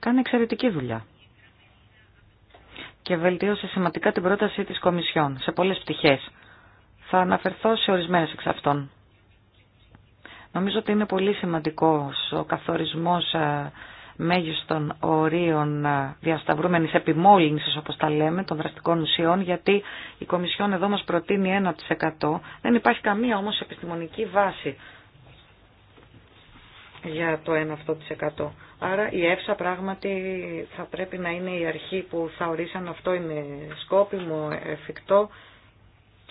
Κάνει εξαιρετική δουλειά και βελτίωσε σημαντικά την πρόταση της Κομισιόν σε πολλές πτυχές. Θα αναφερθώ σε ορισμένες εξ αυτών. Νομίζω ότι είναι πολύ σημαντικός ο καθορισμός ε, μέγιστον ορίων ε, διασταυρούμενης επιμόλυνσης, όπως τα λέμε, των δραστικών ουσιών, γιατί η Κομισιόν εδώ μας προτείνει 1%. Δεν υπάρχει καμία όμως επιστημονική βάση για το 1 Άρα η ΕΦΣΑ πράγματι θα πρέπει να είναι η αρχή που θα ορίσει αν αυτό είναι σκόπιμο, εφικτό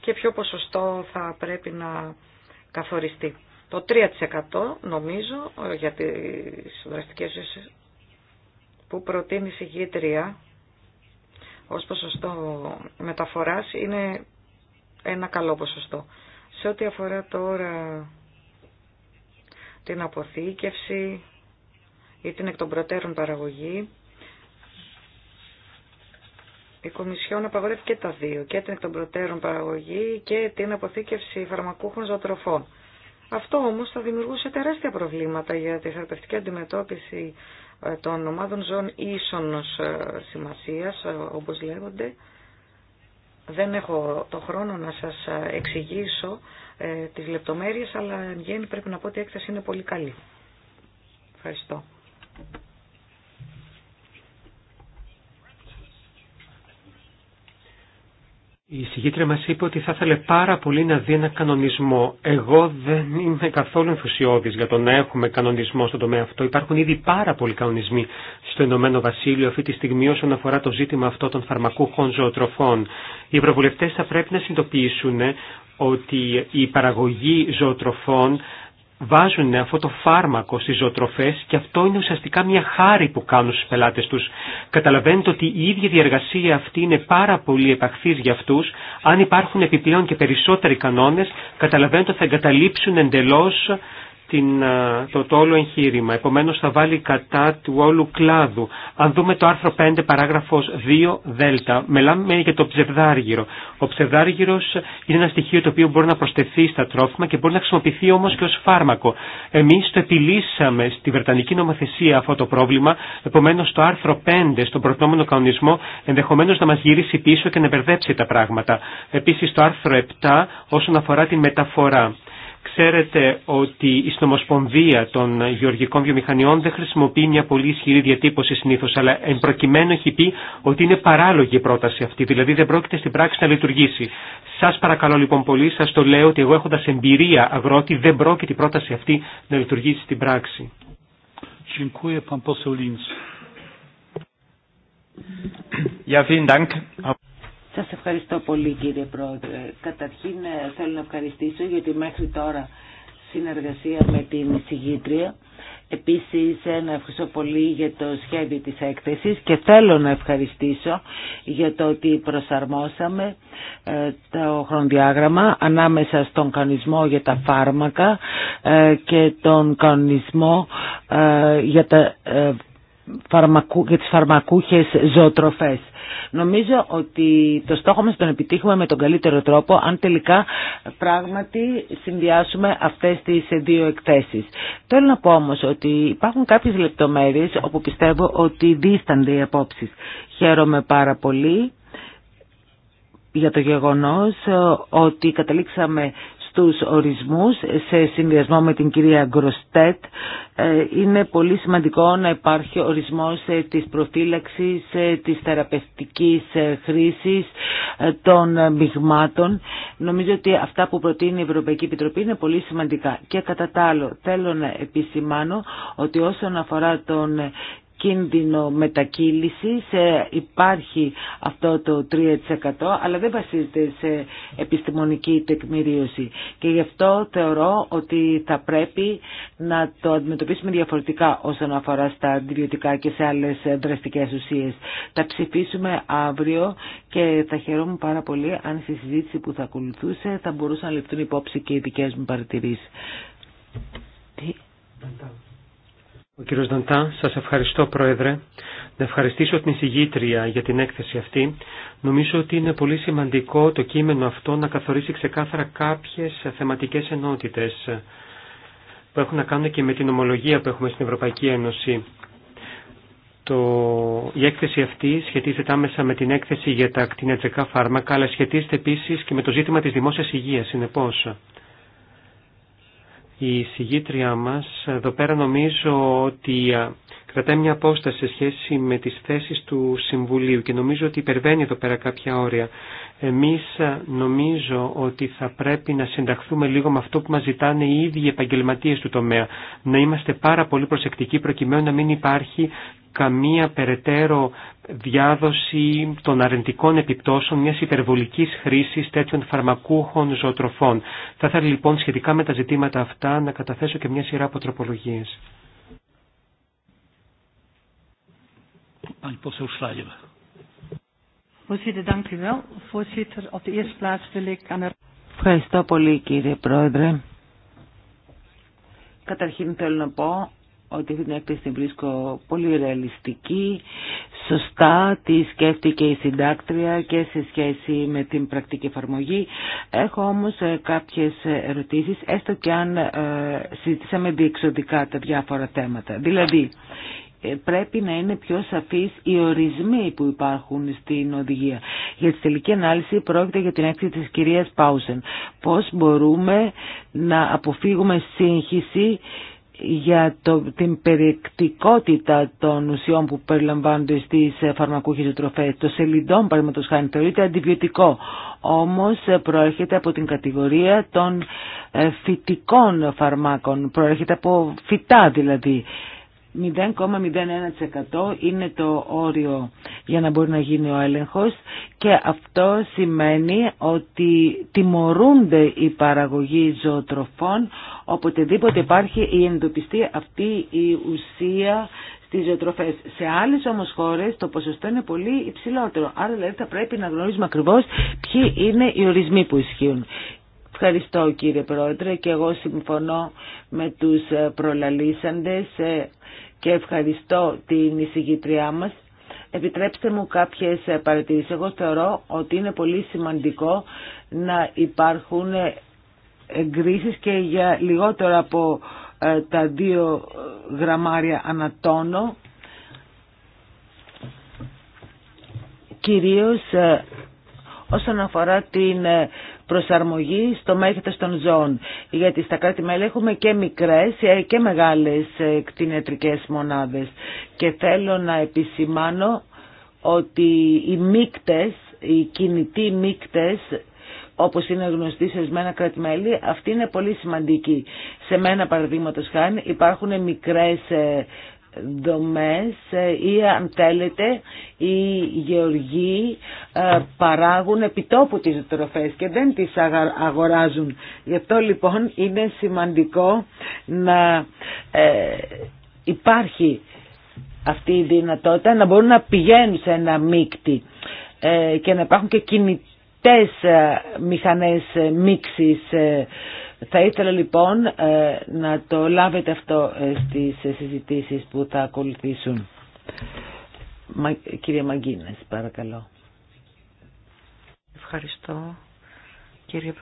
και ποιο ποσοστό θα πρέπει να καθοριστεί. Το 3% νομίζω για τις δραστικές που προτείνει η συγκήτρια ως ποσοστό μεταφοράς είναι ένα καλό ποσοστό. Σε ό,τι αφορά τώρα την αποθήκευση ή την εκ των προτέρων παραγωγή. Η Κομισιόν απαγορεύει και τα δύο, και την εκ των προτέρων παραγωγή και την αποθήκευση φαρμακούχων ζωοτροφών. Αυτό όμως θα δημιουργούσε τεράστια προβλήματα για τη θεραπευτική αντιμετώπιση ε, των ομάδων ζώων ίσων ε, σημασίας, ε, όπως λέγονται. Δεν έχω το χρόνο να σας εξηγήσω ε, τις λεπτομέρειες, αλλά εν γέννη πρέπει να πω ότι η έκθεση είναι πολύ καλή. Ευχαριστώ. Η συγγήτρια μας είπε ότι θα ήθελε πάρα πολύ να δει ένα κανονισμό. Εγώ δεν είμαι καθόλου ενθουσιώδης για το να έχουμε κανονισμό στον τομέα αυτό. Υπάρχουν ήδη πάρα πολλοί κανονισμοί στο Ηνωμένο Βασίλειο αυτή τη στιγμή όσον αφορά το ζήτημα αυτό των φαρμακούχων ζωοτροφών. Οι ευρωβουλευτές θα πρέπει να συνειδητοποιήσουν ότι η παραγωγή ζωοτροφών βάζουν αυτό το φάρμακο στις ζωοτροφές και αυτό είναι ουσιαστικά μια χάρη που κάνουν στους πελάτες τους. Καταλαβαίνετε ότι η ίδια διαργασία αυτή είναι πάρα πολύ επαχθής για αυτούς. Αν υπάρχουν επιπλέον και περισσότεροι κανόνες, καταλαβαίνετε ότι θα εγκαταλείψουν εντελώς την, το, το όλο εγχείρημα. Επομένως θα βάλει κατά του όλου κλάδου. Αν δούμε το άρθρο 5 παράγραφος 2 δέλτα, μιλάμε για το ψευδάργυρο. Ο ψευδάργυρος είναι ένα στοιχείο το οποίο μπορεί να προσθεθεί στα τρόφιμα και μπορεί να χρησιμοποιηθεί όμως και ως φάρμακο. Εμείς το επιλύσαμε στη Βρετανική νομοθεσία αυτό το πρόβλημα, επομένως το άρθρο 5 στον προτινόμενο κανονισμό ενδεχομένως να μας γυρίσει πίσω και να μπερδέψει τα πράγματα. Επίσης το άρθρο 7 όσον αφορά την μεταφορά. Ξέρετε ότι η Στομοσπονδία των Γεωργικών Βιομηχανιών δεν χρησιμοποιεί μια πολύ ισχυρή διατύπωση συνήθω, αλλά εν προκειμένου έχει πει ότι είναι παράλογη η πρόταση αυτή, δηλαδή δεν πρόκειται στην πράξη να λειτουργήσει. Σα παρακαλώ λοιπόν πολύ, σα το λέω ότι εγώ έχοντα εμπειρία αγρότη δεν πρόκειται η πρόταση αυτή να λειτουργήσει στην πράξη. Σας ευχαριστώ πολύ κύριε Πρόεδρε. Καταρχήν ε, θέλω να ευχαριστήσω γιατί μέχρι τώρα συνεργασία με την συγγήτρια. Επίσης ε, να ευχαριστώ πολύ για το σχέδιο της έκθεσης και θέλω να ευχαριστήσω για το ότι προσαρμόσαμε ε, το χρονοδιάγραμμα ανάμεσα στον κανονισμό για τα φάρμακα και τον κανονισμό για, τα, φαρμακού, για τις φαρμακούχες ζωοτροφές. Νομίζω ότι το στόχο μας τον επιτύχουμε με τον καλύτερο τρόπο αν τελικά πράγματι συνδυάσουμε αυτές τις δύο εκθέσεις. Θέλω να πω όμως ότι υπάρχουν κάποιες λεπτομέρειες όπου πιστεύω ότι δίστανται οι απόψεις. Χαίρομαι πάρα πολύ για το γεγονός ότι καταλήξαμε τους ορισμούς σε συνδυασμό με την κυρία Γκροστέτ ε, είναι πολύ σημαντικό να υπάρχει ορισμός ε, της προφύλαξης, ε, της θεραπευτικής χρήσης των μειγμάτων. Νομίζω ότι αυτά που προτείνει η Ευρωπαϊκή Επιτροπή είναι πολύ σημαντικά. Και κατά τα άλλο θέλω να επισημάνω ότι όσον αφορά τον κίνδυνο μετακύλησης, υπάρχει αυτό το 3% αλλά δεν βασίζεται σε επιστημονική τεκμηρίωση και γι' αυτό θεωρώ ότι θα πρέπει να το αντιμετωπίσουμε διαφορετικά όσον αφορά στα αντιβιωτικά και σε άλλες δραστικές ουσίες. Θα ψηφίσουμε αύριο και θα χαιρόμουν πάρα πολύ αν στη συζήτηση που θα ακολουθούσε θα μπορούσαν να ληφθούν υπόψη και οι δικές μου παρατηρήσεις. Ο κύριος Δαντά, σας ευχαριστώ Πρόεδρε. Να ευχαριστήσω την εισηγήτρια για την έκθεση αυτή. Νομίζω ότι είναι πολύ σημαντικό το κείμενο αυτό να καθορίσει ξεκάθαρα κάποιες θεματικές ενότητες που έχουν να κάνουν και με την ομολογία που έχουμε στην Ευρωπαϊκή Ένωση. Το... Η έκθεση αυτή σχετίζεται άμεσα με την έκθεση για τα κτηνιατρικά φάρμακα, αλλά σχετίζεται επίσης και με το ζήτημα της δημόσιας υγείας, συνεπώς η συγγήτριά μας εδώ πέρα νομίζω ότι κρατάει μια απόσταση σε σχέση με τις θέσεις του Συμβουλίου και νομίζω ότι υπερβαίνει εδώ πέρα κάποια όρια. Εμείς ε, νομίζω ότι θα πρέπει να συνταχθούμε λίγο με αυτό που μας ζητάνε οι ίδιοι επαγγελματίες του τομέα. Να είμαστε πάρα πολύ προσεκτικοί προκειμένου να μην υπάρχει καμία περαιτέρω διάδοση των αρνητικών επιπτώσεων μιας υπερβολικής χρήσης τέτοιων φαρμακούχων ζωοτροφών. Θα ήθελα λοιπόν σχετικά με τα ζητήματα αυτά να καταθέσω και μια σειρά από τροπολογίες. Ευχαριστώ πολύ κύριε Πρόεδρε. Καταρχήν θέλω να πω ότι την έκθεση την βρίσκω πολύ ρεαλιστική, σωστά τη σκέφτηκε η συντάκτρια και σε σχέση με την πρακτική εφαρμογή. Έχω όμως ε, κάποιες ερωτήσεις, έστω και αν ε, συζητήσαμε διεξοδικά τα διάφορα θέματα. Δηλαδή, ε, πρέπει να είναι πιο σαφείς οι ορισμοί που υπάρχουν στην οδηγία. Για τη τελική ανάλυση πρόκειται για την έκθεση της κυρίας Πάουσεν. Πώς μπορούμε να αποφύγουμε σύγχυση για το, την περιεκτικότητα των ουσιών που περιλαμβάνονται στις φαρμακούχες τροφές. Το σελιντόν, παραδείγματος χάνει, θεωρείται αντιβιωτικό, όμως προέρχεται από την κατηγορία των ε, φυτικών φαρμάκων, προέρχεται από φυτά δηλαδή. 0,01% είναι το όριο για να μπορεί να γίνει ο έλεγχος και αυτό σημαίνει ότι τιμωρούνται οι παραγωγοί ζωοτροφών οποτεδήποτε υπάρχει η εντοπιστή αυτή η ουσία στις ζωοτροφές. Σε άλλες όμως χώρες το ποσοστό είναι πολύ υψηλότερο. Άρα δηλαδή θα πρέπει να γνωρίζουμε ακριβώς ποιοι είναι οι ορισμοί που ισχύουν. Ευχαριστώ κύριε Πρόεδρε και εγώ συμφωνώ με τους προλαλήσαντες. Ε, και ευχαριστώ την εισηγητριά μας. Επιτρέψτε μου κάποιες παρατηρήσεις. Εγώ θεωρώ ότι είναι πολύ σημαντικό να υπάρχουν εγκρίσεις και για λιγότερο από ε, τα δύο γραμμάρια ανατόνο. Κυρίως ε, όσον αφορά την ε, προσαρμογή στο μέγεθος των ζώων. Γιατί στα κράτη-μέλη έχουμε και μικρές ε, και μεγάλες ε, κτηνιατρικές μονάδες. Και θέλω να επισημάνω ότι οι μίκτες, οι κινητοί μίκτες όπως είναι γνωστοί σε ορισμένα κράτη-μέλη, αυτή είναι πολύ σημαντική. Σε μένα, παραδείγματο παραδείγματος υπάρχουν μικρές ε, δομές ε, ή αν θέλετε οι γεωργοί ε, παράγουν επιτόπου τις τροφές και δεν τις αγοράζουν. Γι' αυτό λοιπόν είναι σημαντικό να ε, υπάρχει αυτή η δυνατότητα να μπορούν να πηγαίνουν σε ένα μίκτη και να υπάρχουν και κινητές μηχανές μίξης θα ήθελα λοιπόν ε, να το λάβετε αυτό ε, στις ε, συζητήσεις που θα ακολουθήσουν. Κύριε Μαγκίνες, παρακαλώ. Ευχαριστώ κύριε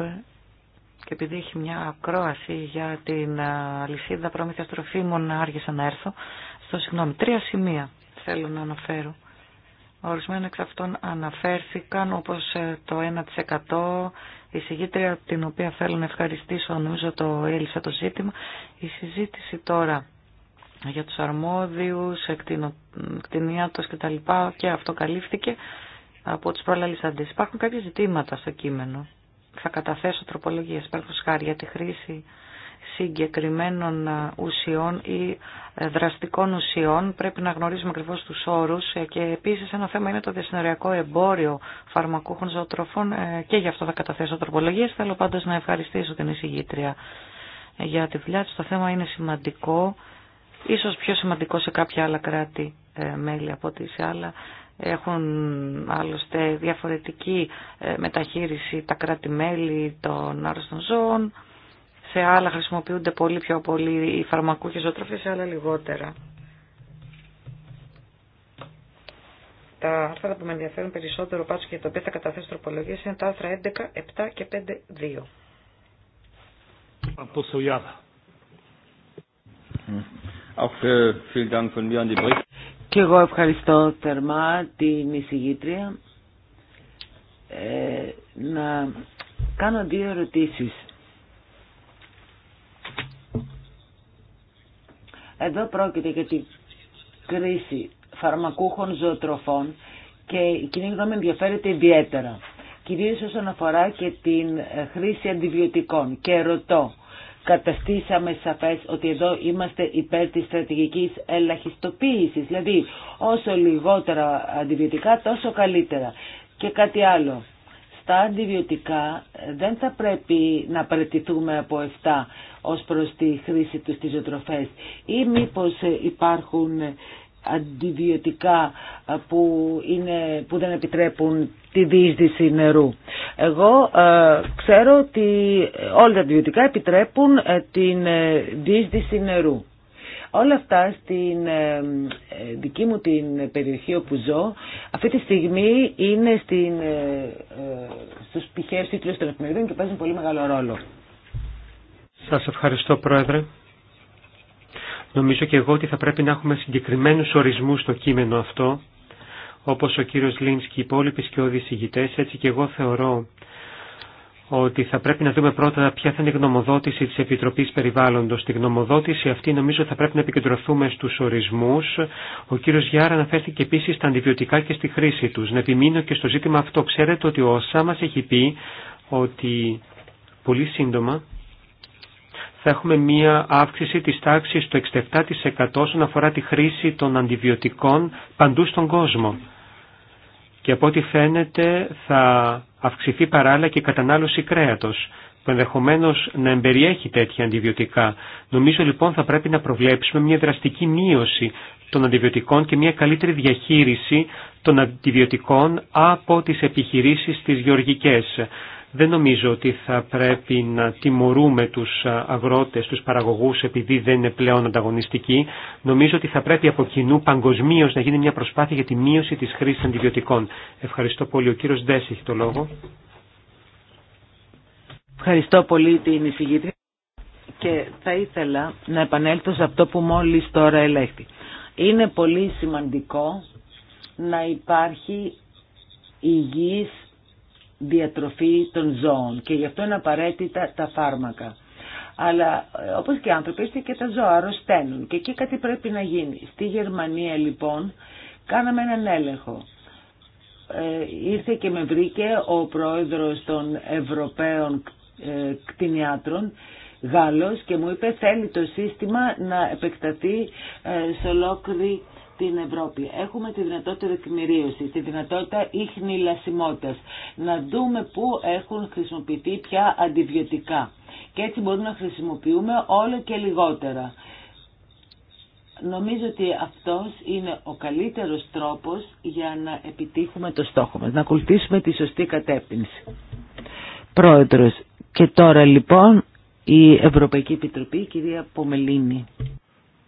Και επειδή έχει μια ακρόαση για την αλυσίδα προμήθειας τροφίμων, άργησα να έρθω. Στο συγγνώμη, τρία σημεία θέλω να αναφέρω. Ορισμένα εξ αυτών αναφέρθηκαν όπως το 1% η συγγήτρια την οποία θέλω να ευχαριστήσω, νομίζω το έλυσα το ζήτημα. Η συζήτηση τώρα για τους αρμόδιους, εκτινο, κτηνίατος και και αυτό καλύφθηκε από τους προλαλήσαντες. Υπάρχουν κάποια ζητήματα στο κείμενο. Θα καταθέσω τροπολογίες, παραδείγματος χάρη για τη χρήση συγκεκριμένων ουσιών ή ε, δραστικών ουσιών. Πρέπει να γνωρίζουμε ακριβώς τους όρους ε, και επίσης ένα θέμα είναι το διασυνοριακό εμπόριο φαρμακούχων ζωοτροφών ε, και γι' αυτό θα καταθέσω τροπολογίες. Θέλω πάντως να ευχαριστήσω την εισηγήτρια για τη δουλειά της. Το θέμα είναι σημαντικό, ίσως πιο σημαντικό σε κάποια άλλα κράτη μέλη από ό,τι σε άλλα έχουν άλλωστε διαφορετική μεταχείριση τα κράτη-μέλη των άρρωστων ζώων. Σε άλλα χρησιμοποιούνται πολύ πιο πολύ οι φαρμακούχες ζωοτροφές, σε άλλα λιγότερα. Τα άρθρα που με ενδιαφέρουν περισσότερο πάντως και τα οποία θα καταθέσω τροπολογίες είναι τα άρθρα 11, 7 και 5, 2. Hm. Äh, και εγώ ευχαριστώ θερμά την εισηγήτρια. Ε, να κάνω δύο ερωτήσεις. Εδώ πρόκειται για την κρίση φαρμακούχων ζωοτροφών και η κοινή γνώμη ενδιαφέρεται ιδιαίτερα. Κυρίως όσον αφορά και την ε, χρήση αντιβιωτικών. Και ρωτώ, καταστήσαμε σαφές ότι εδώ είμαστε υπέρ της στρατηγικής ελαχιστοποίησης. Δηλαδή, όσο λιγότερα αντιβιωτικά, τόσο καλύτερα. Και κάτι άλλο. Στα αντιβιωτικά ε, δεν θα πρέπει να παραιτηθούμε από 7 ως προς τη χρήση του στις ζωοτροφές ή μήπως ε, υπάρχουν ε, αντιβιωτικά ε, που, είναι, που δεν επιτρέπουν τη διείσδυση νερού. Εγώ ξέρω ότι όλα τα αντιβιωτικά επιτρέπουν την διείσδυση νερού. Όλα αυτά στην δική μου την περιοχή όπου ζω αυτή τη στιγμή είναι στην, ε, στους πηχαίους των και παίζουν πολύ μεγάλο ρόλο. Σας ευχαριστώ Πρόεδρε. Νομίζω και εγώ ότι θα πρέπει να έχουμε συγκεκριμένους ορισμούς στο κείμενο αυτό, όπως ο κύριος Λίνς και οι υπόλοιποι σκιώδεις ηγητές, έτσι και εγώ θεωρώ ότι θα πρέπει να δούμε πρώτα ποια θα είναι η γνωμοδότηση της Επιτροπής Περιβάλλοντος. Στη γνωμοδότηση αυτή νομίζω θα πρέπει να επικεντρωθούμε στους ορισμούς. Ο κύριος Γιάρα αναφέρθηκε επίσης στα αντιβιωτικά και στη χρήση τους. Να επιμείνω και στο ζήτημα αυτό. Ξέρετε ότι ο ΩΣΑ μας έχει πει ότι πολύ σύντομα θα έχουμε μία αύξηση της τάξης του 67% όσον αφορά τη χρήση των αντιβιωτικών παντού στον κόσμο. Και από ό,τι φαίνεται θα αυξηθεί παράλληλα και η κατανάλωση κρέατος, που ενδεχομένω να εμπεριέχει τέτοια αντιβιωτικά. Νομίζω λοιπόν θα πρέπει να προβλέψουμε μια δραστική μείωση των αντιβιωτικών και μια καλύτερη διαχείριση των αντιβιωτικών από τις επιχειρήσεις τις γεωργικές. Δεν νομίζω ότι θα πρέπει να τιμωρούμε τους αγρότες, τους παραγωγούς επειδή δεν είναι πλέον ανταγωνιστικοί. Νομίζω ότι θα πρέπει από κοινού παγκοσμίω να γίνει μια προσπάθεια για τη μείωση της χρήσης αντιβιωτικών. Ευχαριστώ πολύ. Ο κύριος Ντέση έχει το λόγο. Ευχαριστώ πολύ την εισηγήτρια και θα ήθελα να επανέλθω σε αυτό που μόλις τώρα ελέγχθη. Είναι πολύ σημαντικό να υπάρχει υγιής διατροφή των ζώων και γι' αυτό είναι απαραίτητα τα φάρμακα. Αλλά ε, όπως και οι άνθρωποι και τα ζώα αρρωσταίνουν και εκεί κάτι πρέπει να γίνει. Στη Γερμανία λοιπόν κάναμε έναν έλεγχο. Ε, ήρθε και με βρήκε ο πρόεδρος των Ευρωπαίων ε, κτηνιάτρων Γάλλος και μου είπε θέλει το σύστημα να επεκταθεί σε ολόκληρη την Ευρώπη. Έχουμε τη δυνατότητα δεκμηρίωση, τη δυνατότητα ίχνη λασιμότητας. Να δούμε πού έχουν χρησιμοποιηθεί πια αντιβιωτικά. Και έτσι μπορούμε να χρησιμοποιούμε όλο και λιγότερα. Νομίζω ότι αυτός είναι ο καλύτερος τρόπος για να επιτύχουμε το στόχο μας, να ακολουθήσουμε τη σωστή κατεύθυνση. Πρόεδρος, και τώρα λοιπόν η Ευρωπαϊκή Επιτροπή, η κυρία Πομελίνη.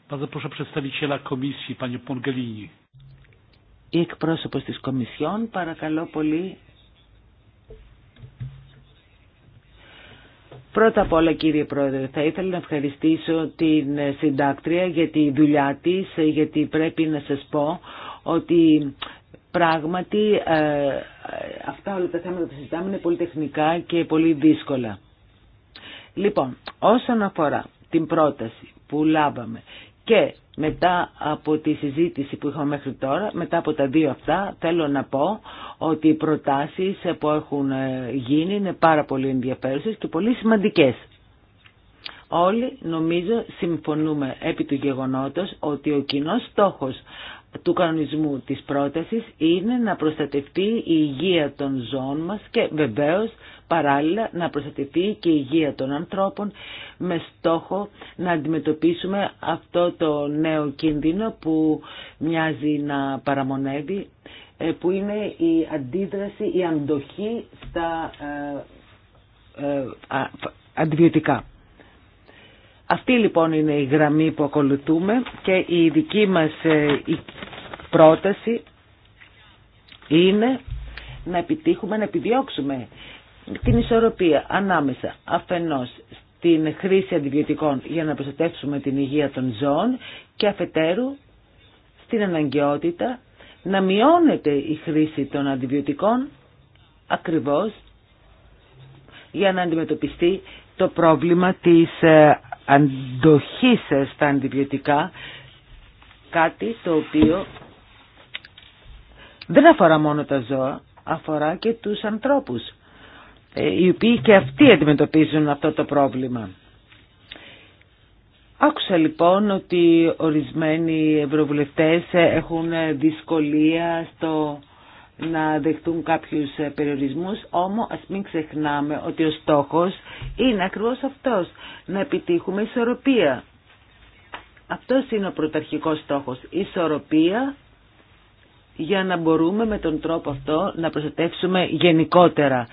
Bardzo proszę przedstawiciela komisji, panią Pongelini. Η εκπρόσωπος της Κομισιόν, παρακαλώ πολύ. Πρώτα απ' όλα κύριε Πρόεδρε, θα ήθελα να ευχαριστήσω την συντάκτρια για τη δουλειά της, γιατί πρέπει να σας πω ότι πράγματι ε, αυτά όλα τα θέματα που συζητάμε είναι πολύ τεχνικά και πολύ δύσκολα. Λοιπόν, όσον αφορά την πρόταση που λάβαμε και μετά από τη συζήτηση που είχαμε μέχρι τώρα, μετά από τα δύο αυτά, θέλω να πω ότι οι προτάσεις που έχουν ε, γίνει είναι πάρα πολύ ενδιαφέρουσες και πολύ σημαντικές. Όλοι νομίζω συμφωνούμε επί του γεγονότος ότι ο κοινός στόχος του κανονισμού της πρότασης είναι να προστατευτεί η υγεία των ζώων μας και βεβαίως παράλληλα να προστατευτεί και η υγεία των ανθρώπων με στόχο να αντιμετωπίσουμε αυτό το νέο κίνδυνο που μοιάζει να παραμονεύει ε, που είναι η αντίδραση, η αντοχή στα ε, ε, αντιβιωτικά. Αυτή λοιπόν είναι η γραμμή που ακολουθούμε και η δική μας η πρόταση είναι να επιτύχουμε, να επιδιώξουμε την ισορροπία ανάμεσα αφενός στην χρήση αντιβιωτικών για να προστατεύσουμε την υγεία των ζώων και αφετέρου στην αναγκαιότητα να μειώνεται η χρήση των αντιβιωτικών ακριβώς για να αντιμετωπιστεί το πρόβλημα της ε, αντοχής στα αντιβιωτικά, κάτι το οποίο δεν αφορά μόνο τα ζώα, αφορά και τους ανθρώπους. Ε, οι οποίοι και αυτοί αντιμετωπίζουν αυτό το πρόβλημα. Άκουσα λοιπόν ότι ορισμένοι ευρωβουλευτές έχουν δυσκολία στο να δεχτούν κάποιους περιορισμούς, όμως ας μην ξεχνάμε ότι ο στόχος είναι ακριβώς αυτός, να επιτύχουμε ισορροπία. Αυτός είναι ο πρωταρχικός στόχος, ισορροπία για να μπορούμε με τον τρόπο αυτό να προστατεύσουμε γενικότερα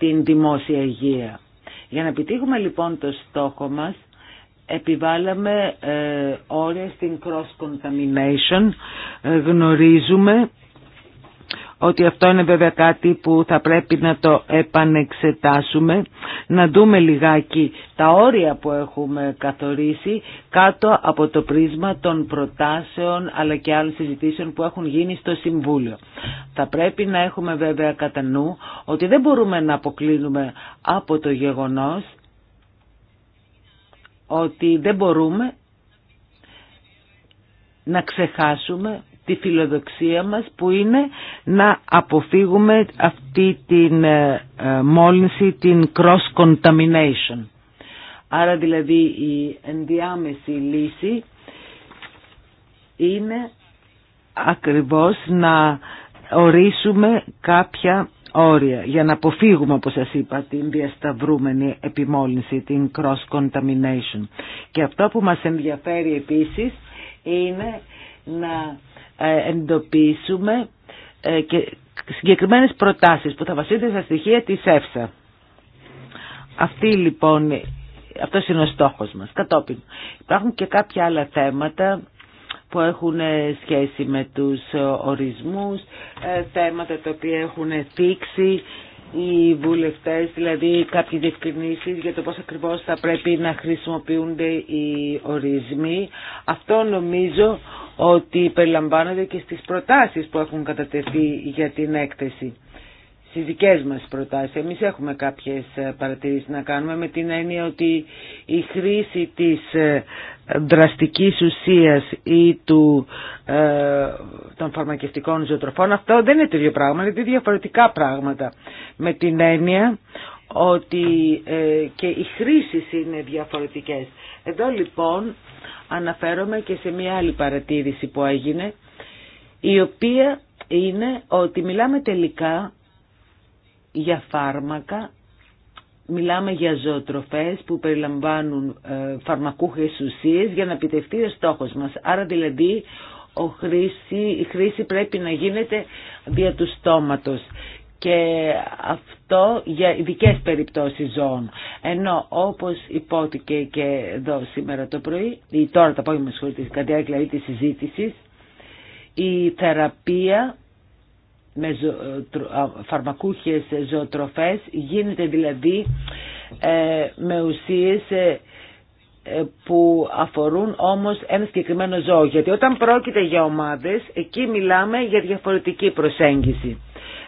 την δημόσια υγεία. Για να επιτύχουμε λοιπόν το στόχο μας, επιβάλαμε ε, όρια στην cross-contamination. Ε, γνωρίζουμε ότι αυτό είναι βέβαια κάτι που θα πρέπει να το επανεξετάσουμε, να δούμε λιγάκι τα όρια που έχουμε καθορίσει κάτω από το πρίσμα των προτάσεων αλλά και άλλων συζητήσεων που έχουν γίνει στο Συμβούλιο. Θα πρέπει να έχουμε βέβαια κατά νου ότι δεν μπορούμε να αποκλίνουμε από το γεγονός ότι δεν μπορούμε να ξεχάσουμε τη φιλοδοξία μας που είναι να αποφύγουμε αυτή την ε, ε, μόλυνση, την cross-contamination. Άρα δηλαδή η ενδιάμεση λύση είναι ακριβώς να ορίσουμε κάποια όρια για να αποφύγουμε όπως σας είπα την διασταυρούμενη επιμόλυνση, την cross-contamination. Και αυτό που μας ενδιαφέρει επίσης είναι να ε, εντοπίσουμε ε, και συγκεκριμένες προτάσεις που θα βασίζονται στα στοιχεία της ΕΦΣΑ. Αυτή λοιπόν, αυτός είναι ο στόχος μας. Κατόπιν υπάρχουν και κάποια άλλα θέματα που έχουν ε, σχέση με τους ορισμούς, θέματα τα οποία έχουν θίξει οι βουλευτές, δηλαδή κάποιες διευκρινήσεις για το πώς ακριβώς θα πρέπει να χρησιμοποιούνται οι ορισμοί. Αυτό νομίζω ότι περιλαμβάνονται και στις προτάσεις που έχουν κατατεθεί για την έκθεση. Στις δικές μας προτάσεις, εμείς έχουμε κάποιες ε, παρατηρήσεις να κάνουμε με την έννοια ότι η χρήση της ε, δραστικής ουσίας ή του, ε, των φαρμακευτικών ζωοτροφών, αυτό δεν είναι το ίδιο πράγμα, είναι διαφορετικά πράγματα. Με την έννοια ότι και οι χρήσεις είναι διαφορετικές. Εδώ λοιπόν αναφέρομαι και σε μια άλλη παρατήρηση που έγινε, η οποία είναι ότι μιλάμε τελικά για φάρμακα, μιλάμε για ζωοτροφές που περιλαμβάνουν ε, φαρμακούχες ουσίες για να επιτευχθεί ο στόχος μας. Άρα δηλαδή ο η χρήση πρέπει να γίνεται δια του στόματος και αυτό για ειδικέ περιπτώσεις ζώων. Ενώ όπως υπόθηκε και εδώ σήμερα το πρωί, ή τώρα το απόγευμα σχολή κατά τη διάρκεια δηλαδή της συζήτησης, η τωρα το απογευμα σχολη κατα τη συζητηση η θεραπεια με ζω, φαρμακούχες ζωοτροφές γίνεται δηλαδή ε, με ουσίες ε, ε, που αφορούν όμως ένα συγκεκριμένο ζώο. Γιατί όταν πρόκειται για ομάδες, εκεί μιλάμε για διαφορετική προσέγγιση.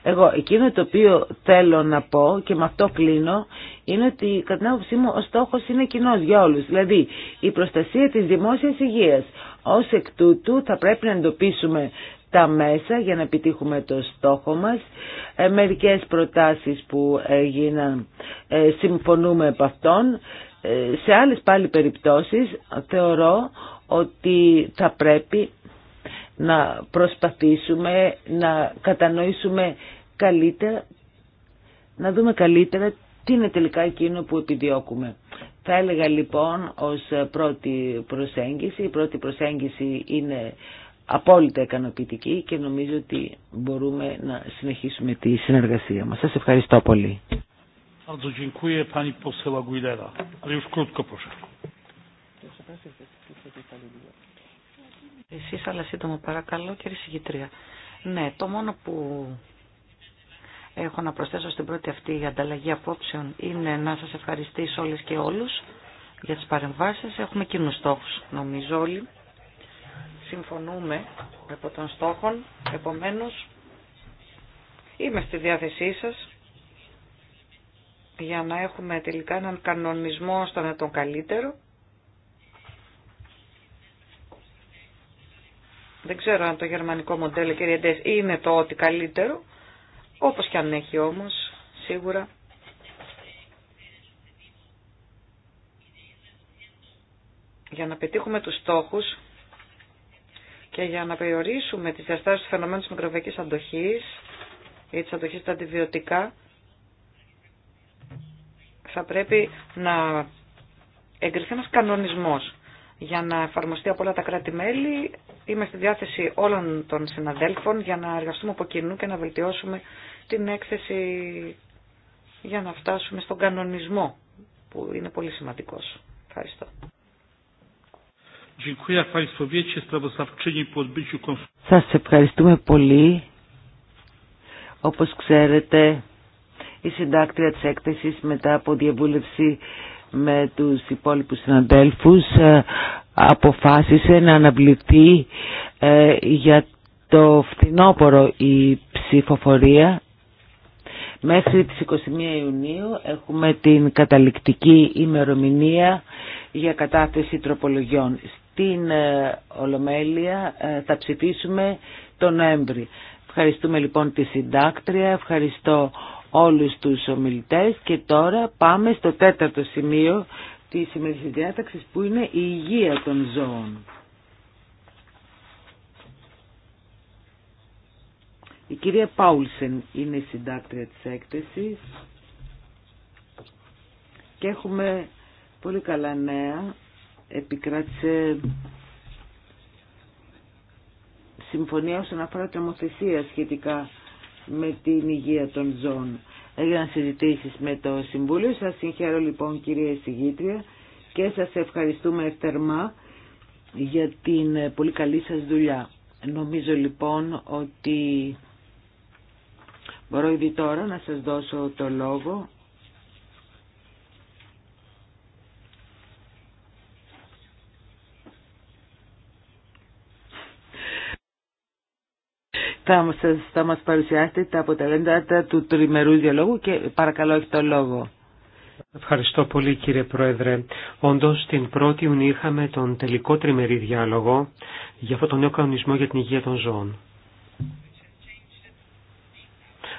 Εγώ εκείνο το οποίο θέλω να πω και με αυτό κλείνω είναι ότι κατά την άποψή μου ο στόχος είναι κοινός για όλους. Δηλαδή η προστασία της δημόσιας υγείας. Ως εκ τούτου θα πρέπει να εντοπίσουμε τα μέσα για να επιτύχουμε το στόχο μας. Ε, μερικές προτάσεις που έγιναν ε, συμφωνούμε από αυτόν. Ε, σε άλλες πάλι περιπτώσεις θεωρώ ότι θα πρέπει να προσπαθήσουμε να κατανοήσουμε καλύτερα, να δούμε καλύτερα τι είναι τελικά εκείνο που επιδιώκουμε. Θα έλεγα λοιπόν ως πρώτη προσέγγιση, η πρώτη προσέγγιση είναι απόλυτα ικανοποιητική και νομίζω ότι μπορούμε να συνεχίσουμε τη συνεργασία μας. Σας ευχαριστώ πολύ. Εσείς, αλλά σύντομα παρακαλώ, κύριε Συγητρία. Ναι, το μόνο που έχω να προσθέσω στην πρώτη αυτή ανταλλαγή απόψεων είναι να σας ευχαριστήσω όλες και όλους για τις παρεμβάσεις. Έχουμε κοινού στόχους, νομίζω όλοι. Συμφωνούμε από των στόχων, επομένως είμαι στη διάθεσή σας για να έχουμε τελικά έναν κανονισμό στον τον καλύτερο Δεν ξέρω αν το γερμανικό μοντέλο, κύριε Ντές, είναι το ότι καλύτερο. Όπως και αν έχει όμως, σίγουρα. Για να πετύχουμε τους στόχους και για να περιορίσουμε τις διαστάσεις του φαινομένου της μικροβιακής αντοχής ή της αντοχής στα αντιβιωτικά, θα πρέπει να εγκριθεί ένας κανονισμός για να εφαρμοστεί από όλα τα κράτη-μέλη Είμαι στη διάθεση όλων των συναδέλφων για να εργαστούμε από κοινού και να βελτιώσουμε την έκθεση για να φτάσουμε στον κανονισμό που είναι πολύ σημαντικός. Ευχαριστώ. Σας ευχαριστούμε πολύ. Όπως ξέρετε, η συντάκτρια της έκθεσης μετά από διαβούλευση με τους υπόλοιπους συναντέλφους αποφάσισε να αναβληθεί ε, για το φθινόπωρο η ψηφοφορία. Μέχρι τις 21 Ιουνίου έχουμε την καταληκτική ημερομηνία για κατάθεση τροπολογιών. Στην ε, Ολομέλεια ε, θα ψηφίσουμε τον Νοέμβρη. Ευχαριστούμε λοιπόν τη συντάκτρια, ευχαριστώ όλους τους ομιλητές και τώρα πάμε στο τέταρτο σημείο τη σημερινή διάταξη που είναι η υγεία των ζώων. Η κυρία Πάουλσεν είναι η συντάκτρια της έκθεσης και έχουμε πολύ καλά νέα. Επικράτησε συμφωνία όσον αφορά την σχετικά με την υγεία των ζώων έγιναν συζητήσεις με το Συμβούλιο. Σας συγχαίρω λοιπόν κυρία Συγήτρια και σας ευχαριστούμε θερμά για την ε, πολύ καλή σας δουλειά. Νομίζω λοιπόν ότι μπορώ ήδη τώρα να σας δώσω το λόγο θα, μα θα μας παρουσιάσετε τα αποτελέσματα του τριμερού διαλόγου και παρακαλώ έχει το λόγο. Ευχαριστώ πολύ κύριε Πρόεδρε. Όντως την πρώτη η είχαμε τον τελικό τριμερή διάλογο για αυτόν τον νέο κανονισμό για την υγεία των ζώων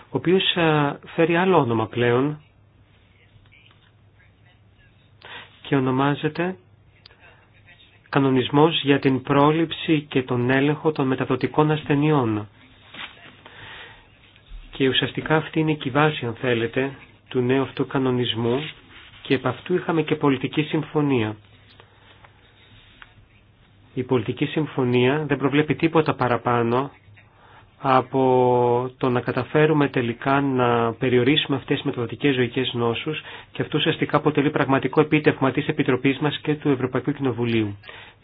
ο οποίος ε, φέρει άλλο όνομα πλέον και ονομάζεται Κανονισμός για την πρόληψη και τον έλεγχο των μεταδοτικών ασθενειών και ουσιαστικά αυτή είναι η βάση, αν θέλετε, του νέου αυτού κανονισμού και επ' αυτού είχαμε και πολιτική συμφωνία. Η πολιτική συμφωνία δεν προβλέπει τίποτα παραπάνω από το να καταφέρουμε τελικά να περιορίσουμε αυτές τις μεταδοτικές ζωικές νόσους και αυτό ουσιαστικά αποτελεί πραγματικό επίτευγμα της Επιτροπής μας και του Ευρωπαϊκού Κοινοβουλίου.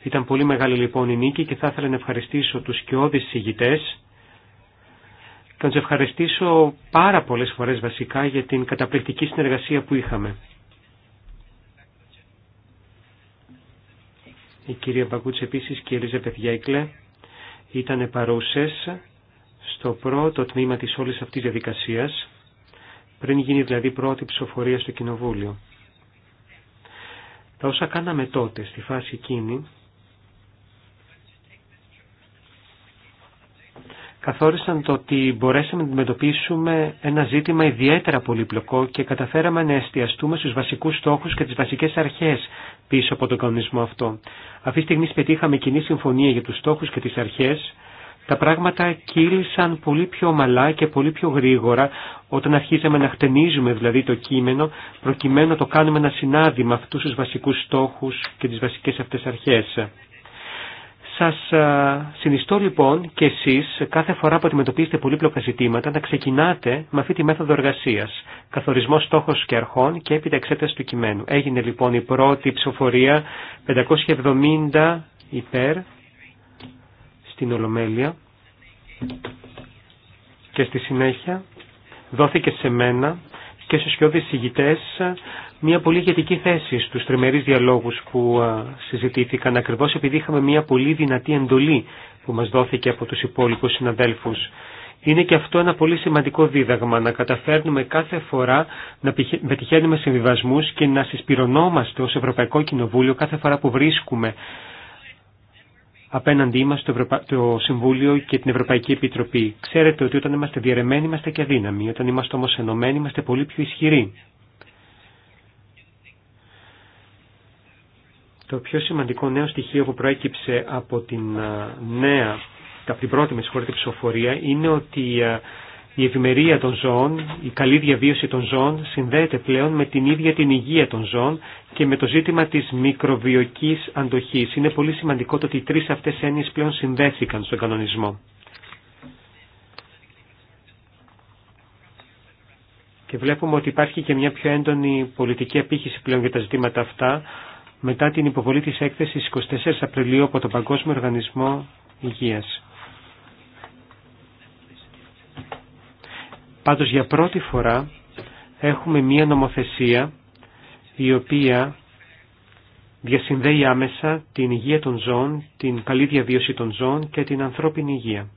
Ήταν πολύ μεγάλη λοιπόν η νίκη και θα ήθελα να ευχαριστήσω τους και θα του ευχαριστήσω πάρα πολλές φορές βασικά για την καταπληκτική συνεργασία που είχαμε. Η κυρία Μπαγκούτς επίσης και η Ελίζα Πεθιέκλε ήταν παρούσες στο πρώτο τμήμα της όλης αυτής διαδικασίας, πριν γίνει δηλαδή πρώτη ψηφοφορία στο Κοινοβούλιο. Τα όσα κάναμε τότε στη φάση εκείνη καθόρισαν το ότι μπορέσαμε να αντιμετωπίσουμε ένα ζήτημα ιδιαίτερα πολύπλοκο και καταφέραμε να εστιαστούμε στους βασικούς στόχους και τις βασικές αρχές πίσω από τον κανονισμό αυτό. Αυτή τη στιγμή πετύχαμε κοινή συμφωνία για τους στόχους και τις αρχές. Τα πράγματα κύλησαν πολύ πιο ομαλά και πολύ πιο γρήγορα όταν αρχίζαμε να χτενίζουμε δηλαδή το κείμενο προκειμένου να το κάνουμε ένα συνάδει με αυτούς τους βασικούς στόχους και τις βασικές αυτές αρχές. Σας ε, συνιστώ λοιπόν και εσείς κάθε φορά που αντιμετωπίζετε πολύπλοκα ζητήματα να ξεκινάτε με αυτή τη μέθοδο εργασίας. Καθορισμός στόχος και αρχών και έπειτα εξέταση του κειμένου. Έγινε λοιπόν η πρώτη ψηφοφορία 570 υπέρ στην Ολομέλεια και στη συνέχεια δόθηκε σε μένα και στους πιο δυσηγητές μια πολύ ηγετική θέση στους τριμερείς διαλόγους που συζητήθηκαν ακριβώς επειδή είχαμε μια πολύ δυνατή εντολή που μας δόθηκε από τους υπόλοιπους συναδέλφους. Είναι και αυτό ένα πολύ σημαντικό δίδαγμα, να καταφέρνουμε κάθε φορά να πετυχαίνουμε συμβιβασμούς και να συσπυρωνόμαστε ως Ευρωπαϊκό Κοινοβούλιο κάθε φορά που βρίσκουμε απέναντί μας το, το Συμβούλιο και την Ευρωπαϊκή Επιτροπή. Ξέρετε ότι όταν είμαστε διαιρεμένοι είμαστε και αδύναμοι, όταν είμαστε όμως ενωμένοι είμαστε πολύ πιο ισχυροί. Το πιο σημαντικό νέο στοιχείο που προέκυψε από την νέα, από την πρώτη με συγχωρείτε ψηφοφορία είναι ότι η ευημερία των ζώων, η καλή διαβίωση των ζώων συνδέεται πλέον με την ίδια την υγεία των ζώων και με το ζήτημα της μικροβιοκής αντοχής. Είναι πολύ σημαντικό το ότι οι τρεις αυτές έννοιες πλέον συνδέθηκαν στον κανονισμό. Και βλέπουμε ότι υπάρχει και μια πιο έντονη πολιτική απήχηση πλέον για τα ζητήματα αυτά μετά την υποβολή της έκθεσης 24 Απριλίου από τον Παγκόσμιο Οργανισμό Υγείας. Πάντως για πρώτη φορά έχουμε μία νομοθεσία η οποία διασυνδέει άμεσα την υγεία των ζώων, την καλή διαβίωση των ζώων και την ανθρώπινη υγεία.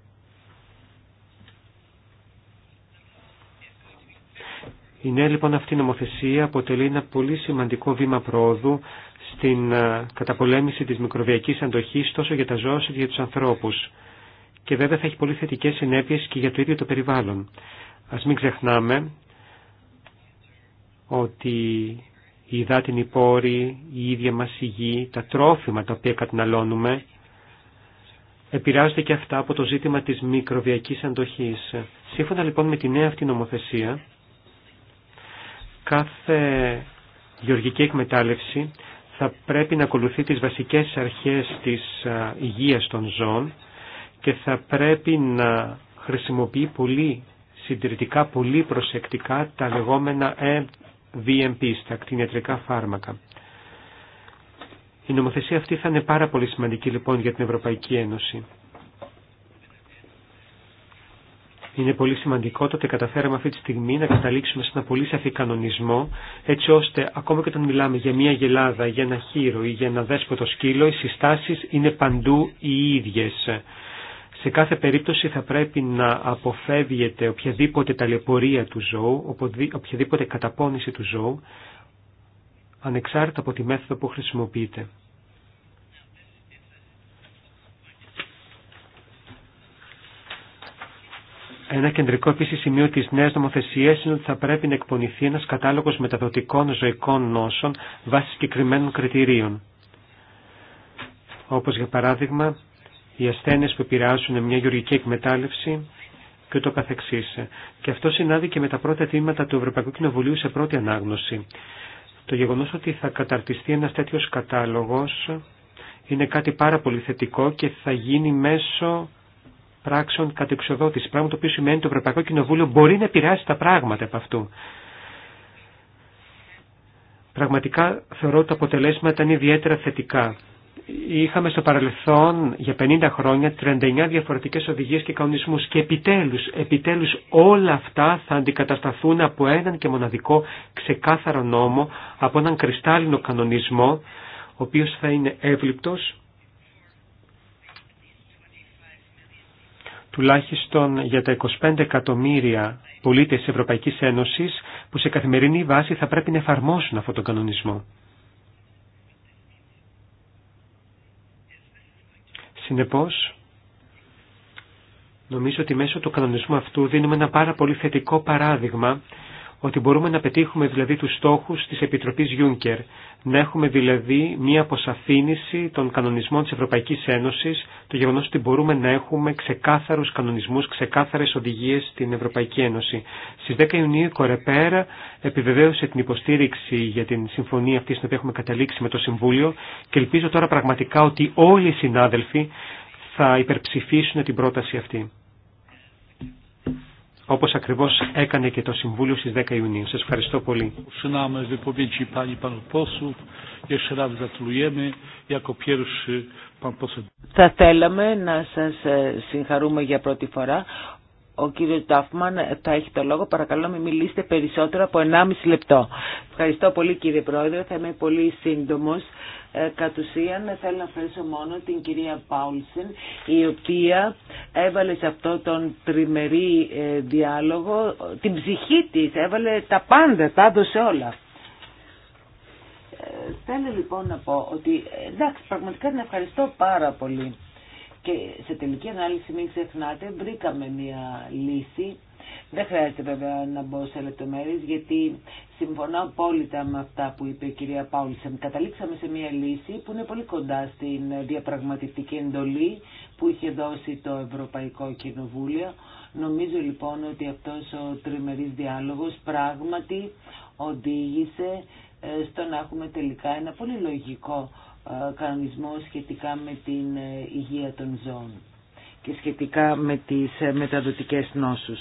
Η νέα λοιπόν αυτή νομοθεσία αποτελεί ένα πολύ σημαντικό βήμα προόδου στην ε, καταπολέμηση της μικροβιακής αντοχής τόσο για τα ζώα όσο και για τους ανθρώπους. Και βέβαια θα έχει πολύ θετικέ συνέπειες και για το ίδιο το περιβάλλον. Ας μην ξεχνάμε ότι η υδάτινη πόρη... η ίδια μας η τα τρόφιμα τα οποία καταναλώνουμε επηρεάζονται και αυτά από το ζήτημα της μικροβιακής αντοχής. Σύμφωνα λοιπόν με τη νέα αυτή νομοθεσία, κάθε γεωργική εκμετάλλευση θα πρέπει να ακολουθεί τις βασικές αρχές της υγείας των ζώων και θα πρέπει να χρησιμοποιεί πολύ συντηρητικά, πολύ προσεκτικά τα λεγόμενα EVMP τα κτηνιατρικά φάρμακα. Η νομοθεσία αυτή θα είναι πάρα πολύ σημαντική λοιπόν για την Ευρωπαϊκή Ένωση. Είναι πολύ σημαντικό το ότι καταφέραμε αυτή τη στιγμή να καταλήξουμε σε ένα πολύ σαφή κανονισμό, έτσι ώστε ακόμα και όταν μιλάμε για μια γελάδα, για ένα χείρο ή για ένα δέσποτο σκύλο, οι συστάσει είναι παντού οι ίδιε. Σε κάθε περίπτωση θα πρέπει να αποφεύγεται οποιαδήποτε ταλαιπωρία του ζώου, οποιαδήποτε καταπώνηση του ζώου, ανεξάρτητα από τη μέθοδο που χρησιμοποιείται. Ένα κεντρικό επίση σημείο τη νέα νομοθεσία είναι ότι θα πρέπει να εκπονηθεί ένα κατάλογο μεταδοτικών ζωικών νόσων βάσει συγκεκριμένων κριτηρίων. Όπω για παράδειγμα οι ασθένειε που επηρεάζουν μια γεωργική εκμετάλλευση και το καθεξής. Και αυτό συνάδει και με τα πρώτα τμήματα του Ευρωπαϊκού Κοινοβουλίου σε πρώτη ανάγνωση. Το γεγονός ότι θα καταρτιστεί ένας τέτοιος κατάλογος είναι κάτι πάρα πολύ θετικό και θα γίνει μέσω πράξεων κατεξοδότηση, πράγμα το οποίο σημαίνει ότι το Ευρωπαϊκό Κοινοβούλιο μπορεί να επηρεάσει τα πράγματα από αυτού. Πραγματικά θεωρώ ότι τα αποτελέσματα είναι ιδιαίτερα θετικά. Είχαμε στο παρελθόν για 50 χρόνια 39 διαφορετικές οδηγίες και κανονισμούς και επιτέλους, επιτέλους όλα αυτά θα αντικατασταθούν από έναν και μοναδικό ξεκάθαρο νόμο, από έναν κρυστάλλινο κανονισμό, ο οποίος θα είναι εύληπτος, τουλάχιστον για τα 25 εκατομμύρια πολίτες της Ευρωπαϊκής Ένωσης που σε καθημερινή βάση θα πρέπει να εφαρμόσουν αυτόν τον κανονισμό. Συνεπώς, νομίζω ότι μέσω του κανονισμού αυτού δίνουμε ένα πάρα πολύ θετικό παράδειγμα ότι μπορούμε να πετύχουμε δηλαδή τους στόχους της Επιτροπής Juncker, να έχουμε δηλαδή μία αποσαφήνιση των κανονισμών της Ευρωπαϊκής Ένωσης, το γεγονός ότι μπορούμε να έχουμε ξεκάθαρους κανονισμούς, ξεκάθαρες οδηγίες στην Ευρωπαϊκή Ένωση. Στις 10 Ιουνίου η Κορεπέρα επιβεβαίωσε την υποστήριξη για την συμφωνία αυτή στην οποία έχουμε καταλήξει με το Συμβούλιο και ελπίζω τώρα πραγματικά ότι όλοι οι συνάδελφοι θα υπερψηφίσουν την πρόταση αυτή όπως ακριβώς έκανε και το Συμβούλιο στις 10 Ιουνίου. Σας ευχαριστώ πολύ. Θα θέλαμε να σας ε, συγχαρούμε για πρώτη φορά ο κύριο Ντάφμαν ε, θα έχει το λόγο. Παρακαλώ μην μιλήσετε περισσότερο από 1,5 λεπτό. Ευχαριστώ πολύ κύριε Πρόεδρε, θα είμαι πολύ σύντομος. Ε, κατ' ουσίαν θέλω να φέρσω μόνο την κυρία Πάουλσεν η οποία έβαλε σε αυτό τον τριμερή ε, διάλογο την ψυχή της, έβαλε τα πάντα, τα έδωσε όλα. Ε, θέλω λοιπόν να πω ότι ε, εντάξει πραγματικά την ευχαριστώ πάρα πολύ και σε τελική ανάλυση, μην ξεχνάτε, βρήκαμε μια λύση. Δεν χρειάζεται βέβαια να μπω σε λεπτομέρειε γιατί συμφωνώ απόλυτα με αυτά που είπε η κυρία Πάουλσεν. Καταλήξαμε σε μια λύση που είναι πολύ κοντά στην διαπραγματευτική εντολή που είχε δώσει το Ευρωπαϊκό Κοινοβούλιο. Νομίζω λοιπόν ότι αυτός ο τριμερής διάλογος πράγματι οδήγησε ε, στο να έχουμε τελικά ένα πολύ λογικό ε, κανονισμό σχετικά με την ε, υγεία των ζώων και σχετικά με τις ε, μεταδοτικές νόσους.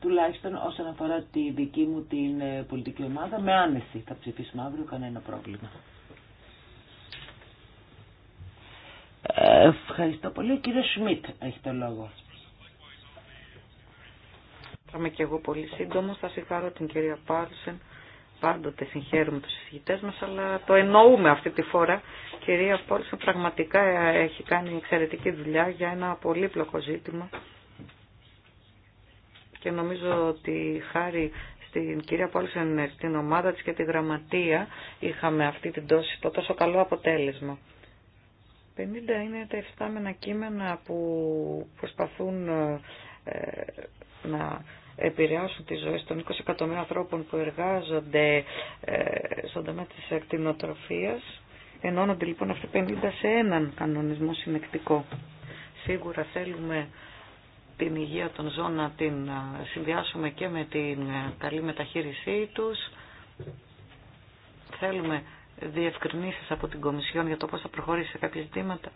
Τουλάχιστον όσον αφορά τη δική μου την πολιτική ομάδα, με άνεση θα ψηφίσουμε αύριο, κανένα πρόβλημα. Ευχαριστώ πολύ. Ο κύριος Σμιτ έχει το λόγο. Θα είμαι και εγώ πολύ σύντομο. Θα συγχαρώ την κυρία Πάρσεν Πάντοτε συγχαίρουμε τους εισηγητές μας, αλλά το εννοούμε αυτή τη φορά. Η κυρία Πόλσον πραγματικά έχει κάνει εξαιρετική δουλειά για ένα πολύπλοκο ζήτημα. Και νομίζω ότι χάρη στην κυρία Πόλσον, στην ομάδα της και τη γραμματεία, είχαμε αυτή την τόση, το τόσο καλό αποτέλεσμα. 50 είναι τα εφτάμενα κείμενα που προσπαθούν ε, να επηρεάσουν τις ζωές των 20 εκατομμύρων ανθρώπων που εργάζονται ε, στον τομέα της ακτινοτροφίας. Ενώνονται λοιπόν αυτοί 50 σε έναν κανονισμό συνεκτικό. Σίγουρα θέλουμε την υγεία των ζώων να την ε, συνδυάσουμε και με την ε, καλή μεταχείρισή τους. Θέλουμε διευκρινήσεις από την Κομισιόν για το πώς θα προχωρήσει σε κάποια ζητήματα.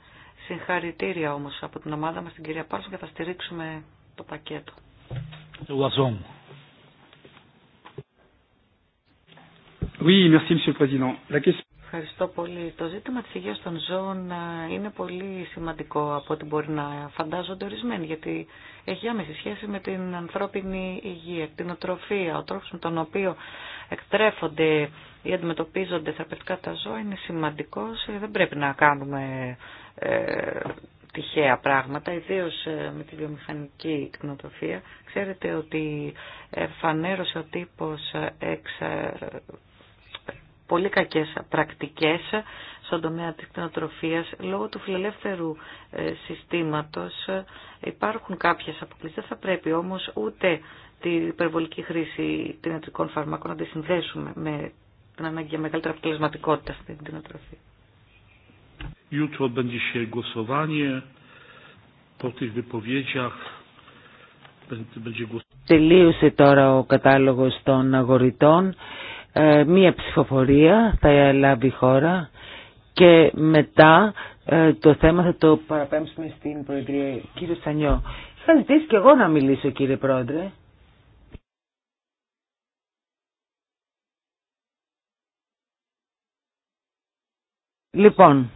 Συγχαρητήρια όμως από την ομάδα μας, την κυρία Πάρσο και θα στηρίξουμε το πακέτο. Ευχαριστώ πολύ. Το ζήτημα της υγείας των ζώων είναι πολύ σημαντικό από ό,τι μπορεί να φαντάζονται ορισμένοι, γιατί έχει άμεση σχέση με την ανθρώπινη υγεία, την οτροφία, ο τρόπος με τον οποίο εκτρέφονται ή αντιμετωπίζονται θεραπευτικά τα ζώα είναι σημαντικός. Ε, δεν πρέπει να κάνουμε ε, τυχαία πράγματα, ιδίω ε, με τη βιομηχανική κτηνοτροφία. Ξέρετε ότι φανέρωσε ο τύπος ε, εξ ε, πολύ κακές πρακτικέ στον τομέα της κτηνοτροφίας. Λόγω του φιλελεύθερου συστήματος υπάρχουν κάποιες αποκλήσεις. Δεν θα πρέπει όμως ούτε την υπερβολική χρήση κτηνιατρικών φαρμάκων να τη συνδέσουμε με την ανάγκη για μεγαλύτερη αποτελεσματικότητα στην κτηνοτροφία. Jutro odbędzie się głosowanie. Po tych wypowiedziach będzie głosowanie. Τελείωσε τώρα ο κατάλογος των αγοριτών. Ε, μία ψηφοφορία θα λάβει η χώρα και μετά ε, το θέμα θα το παραπέμψουμε στην Προεδρία. Κύριε Σανιό, είχα ζητήσει και εγώ να μιλήσω κύριε Πρόεδρε. Λοιπόν,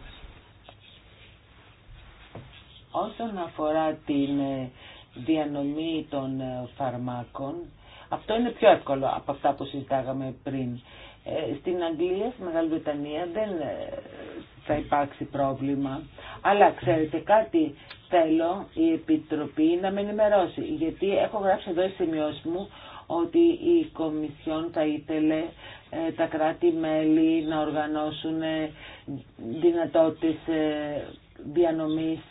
Όσον αφορά την ε, διανομή των ε, φαρμάκων, αυτό είναι πιο εύκολο από αυτά που συζητάγαμε πριν. Ε, στην Αγγλία, στη Μεγάλη Βρετανία δεν θα υπάρξει πρόβλημα. Αλλά ξέρετε κάτι, θέλω η Επιτροπή να με ενημερώσει. Γιατί έχω γράψει εδώ σημειώσει μου ότι η Κομισιόν θα ήθελε τα κράτη-μέλη να οργανώσουν δυνατότητες διανομής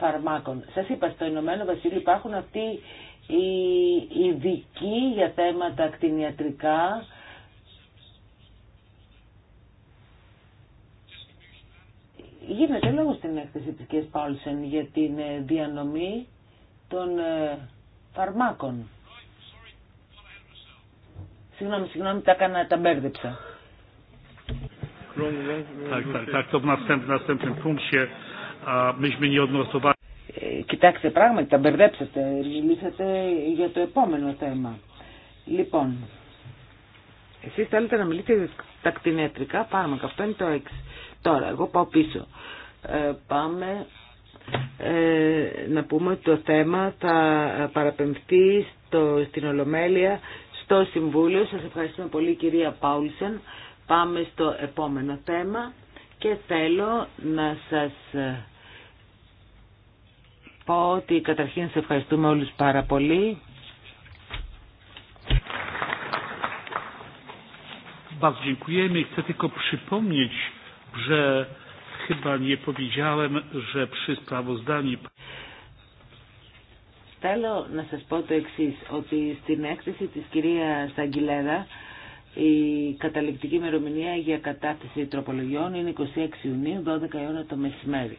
φαρμάκων. Σας είπα, στο Ηνωμένο Βασίλειο υπάρχουν αυτοί οι ειδικοί για θέματα κτηνιατρικά, γίνεται λόγο στην έκθεση της κ. Πάουλσεν για την διανομή των φαρμάκων. Συγγνώμη, συγγνώμη, τα, έκανα, τα μπέρδεψα. Ε, κοιτάξτε πράγματι, τα μπερδέψατε, μιλήσατε για το επόμενο θέμα. Λοιπόν, εσείς θέλετε να μιλήσετε για τα κτηνέτρικα φάρμακα, αυτό είναι το έξι. Τώρα, εγώ πάω πίσω. Ε, πάμε ε, να πούμε ότι το θέμα θα παραπεμφθεί στην Ολομέλεια, στο Συμβούλιο. Σας ευχαριστούμε πολύ κυρία Πάουλσεν. Πάμε στο επόμενο θέμα και θέλω να σας ότι καταρχήν σε ευχαριστούμε όλους πάρα πολύ. Θέλω να σας πω το εξής, ότι στην έκθεση της κυρία Αγγιλέδα η καταληκτική ημερομηνία για κατάθεση τροπολογιών είναι 26 Ιουνίου, 12 η ώρα το μεσημέρι.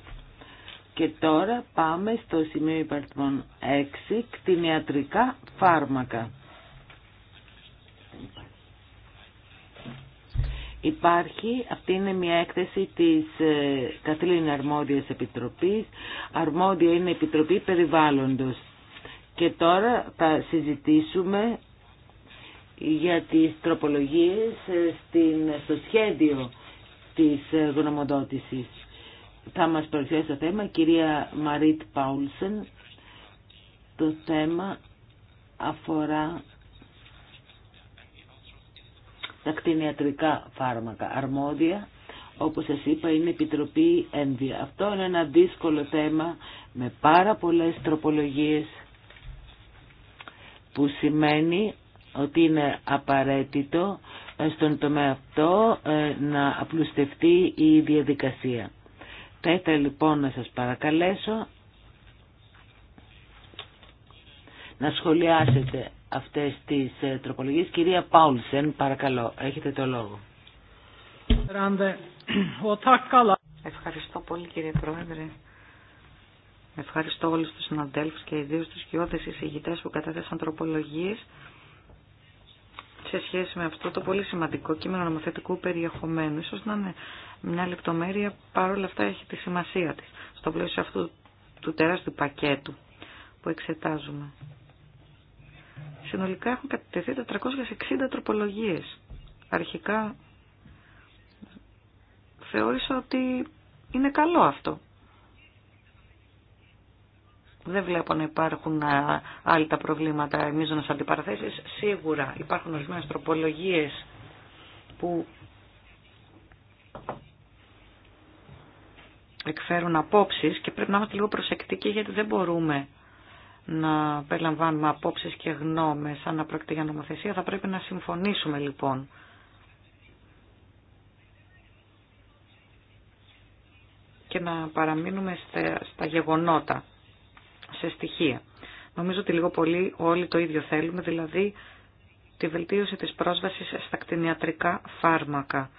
Και τώρα πάμε στο σημείο υπαρθμών 6, κτηνιατρικά φάρμακα. Υπάρχει, αυτή είναι μια έκθεση της ε, Καθήλυνα Αρμόδιας Επιτροπής. Αρμόδια είναι Επιτροπή Περιβάλλοντος. Και τώρα θα συζητήσουμε για τις τροπολογίες ε, στην, στο σχέδιο της ε, γνωμοδότησης θα μας παρουσιάσει το θέμα η κυρία Μαρίτ Πάουλσεν. Το θέμα αφορά τα κτηνιατρικά φάρμακα αρμόδια. Όπως σας είπα είναι Επιτροπή Ένδια. Αυτό είναι ένα δύσκολο θέμα με πάρα πολλές τροπολογίες που σημαίνει ότι είναι απαραίτητο στον τομέα αυτό ε, να απλουστευτεί η διαδικασία. Θα λοιπόν να σας παρακαλέσω να σχολιάσετε αυτές τις ε, τροπολογίες. Κυρία Πάουλσεν, παρακαλώ, έχετε το λόγο. Ευχαριστώ πολύ κύριε Πρόεδρε. Ευχαριστώ όλους τους συναντέλφους και ιδίως τους κοιόδες εισηγητές που καταθέσαν τροπολογίες σε σχέση με αυτό το πολύ σημαντικό κείμενο νομοθετικού περιεχομένου. Ίσως να είναι μια λεπτομέρεια, παρόλα αυτά έχει τη σημασία της στο πλαίσιο αυτού του τεράστιου πακέτου που εξετάζουμε. Συνολικά έχουν κατατεθεί 460 τροπολογίες. Αρχικά θεώρησα ότι είναι καλό αυτό. Δεν βλέπω να υπάρχουν ε, άλλα τα προβλήματα μίζωνας αντιπαραθέσεις. Σίγουρα υπάρχουν ορισμένες τροπολογίες που εκφέρουν απόψεις και πρέπει να είμαστε λίγο προσεκτικοί γιατί δεν μπορούμε να περιλαμβάνουμε απόψεις και γνώμες αν να πρόκειται για νομοθεσία. Θα πρέπει να συμφωνήσουμε λοιπόν. και να παραμείνουμε στα γεγονότα σε στοιχεία. Νομίζω ότι λίγο πολύ όλοι το ίδιο θέλουμε, δηλαδή τη βελτίωση της πρόσβασης στα κτηνιατρικά φάρμακα.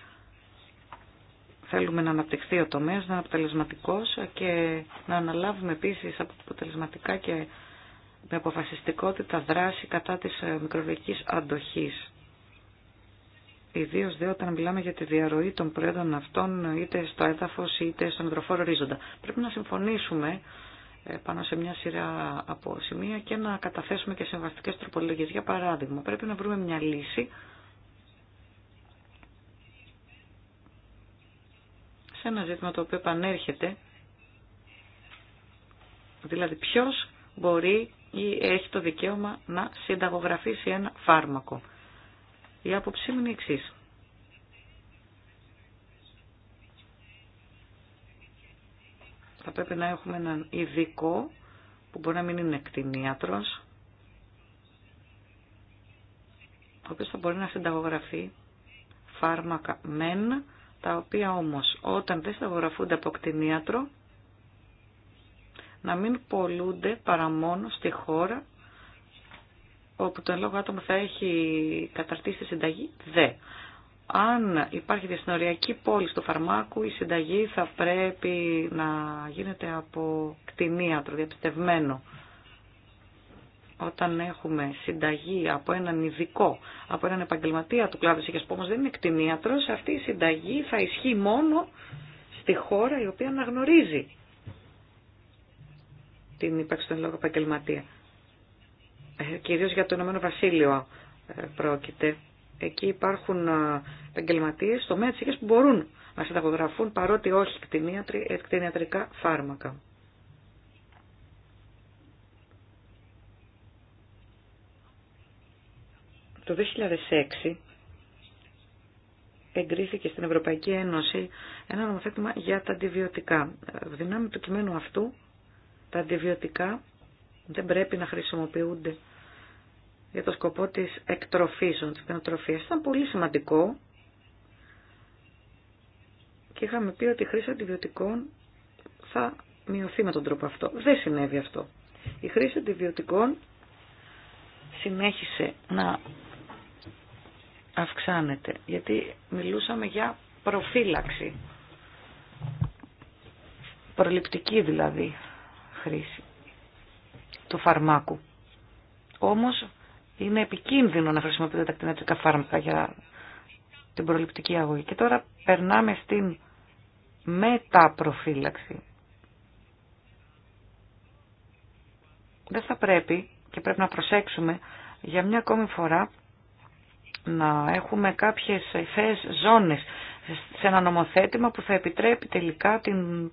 Θέλουμε να αναπτυχθεί ο τομέας, να είναι αποτελεσματικός και να αναλάβουμε επίσης αποτελεσματικά και με αποφασιστικότητα δράση κατά της μικροβιακής αντοχής. Ιδίω δε όταν μιλάμε για τη διαρροή των προϊόντων αυτών είτε στο έδαφο είτε στον υδροφόρο ορίζοντα. Πρέπει να συμφωνήσουμε πάνω σε μια σειρά από σημεία και να καταθέσουμε και συμβαστικές τροπολογίες. Για παράδειγμα, πρέπει να βρούμε μια λύση σε ένα ζήτημα το οποίο επανέρχεται, δηλαδή ποιος μπορεί ή έχει το δικαίωμα να συνταγογραφήσει ένα φάρμακο. Η άποψή μου είναι εξής. θα πρέπει να έχουμε έναν ειδικό που μπορεί να μην είναι κτηνίατρος, ο οποίος θα μπορεί να συνταγογραφεί φάρμακα μεν, τα οποία όμως όταν δεν συνταγογραφούνται από κτηνίατρο, να μην πολλούνται παρά μόνο στη χώρα όπου το λόγο άτομο θα έχει καταρτήσει τη συνταγή, δε αν υπάρχει διασυνοριακή πόλη στο φαρμάκου, η συνταγή θα πρέπει να γίνεται από κτηνίατρο, διαπιστευμένο. Όταν έχουμε συνταγή από έναν ειδικό, από έναν επαγγελματία του κλάδου της όμως δεν είναι κτηνίατρος, αυτή η συνταγή θα ισχύει μόνο στη χώρα η οποία αναγνωρίζει την ύπαρξη των λόγων επαγγελματία. Ε, κυρίως για το Ηνωμένο Βασίλειο ε, πρόκειται Εκεί υπάρχουν ε, επαγγελματίε στο τομέα τη που μπορούν να συνταγογραφούν παρότι όχι κτηνιατρικά φάρμακα. Το 2006 εγκρίθηκε στην Ευρωπαϊκή Ένωση ένα νομοθέτημα για τα αντιβιωτικά. Δυνάμει του κειμένου αυτού τα αντιβιωτικά δεν πρέπει να χρησιμοποιούνται για το σκοπό της εκτροφής, της πενοτροφίας. Ήταν πολύ σημαντικό και είχαμε πει ότι η χρήση αντιβιωτικών θα μειωθεί με τον τρόπο αυτό. Δεν συνέβη αυτό. Η χρήση αντιβιωτικών συνέχισε να αυξάνεται, γιατί μιλούσαμε για προφύλαξη, προληπτική δηλαδή χρήση του φαρμάκου. Όμως είναι επικίνδυνο να χρησιμοποιούνται τα κτηνιατρικά φάρμακα για την προληπτική αγωγή. Και τώρα περνάμε στην μεταπροφύλαξη. Δεν θα πρέπει και πρέπει να προσέξουμε για μια ακόμη φορά να έχουμε κάποιες υφαίες ζώνες σε ένα νομοθέτημα που θα επιτρέπει τελικά την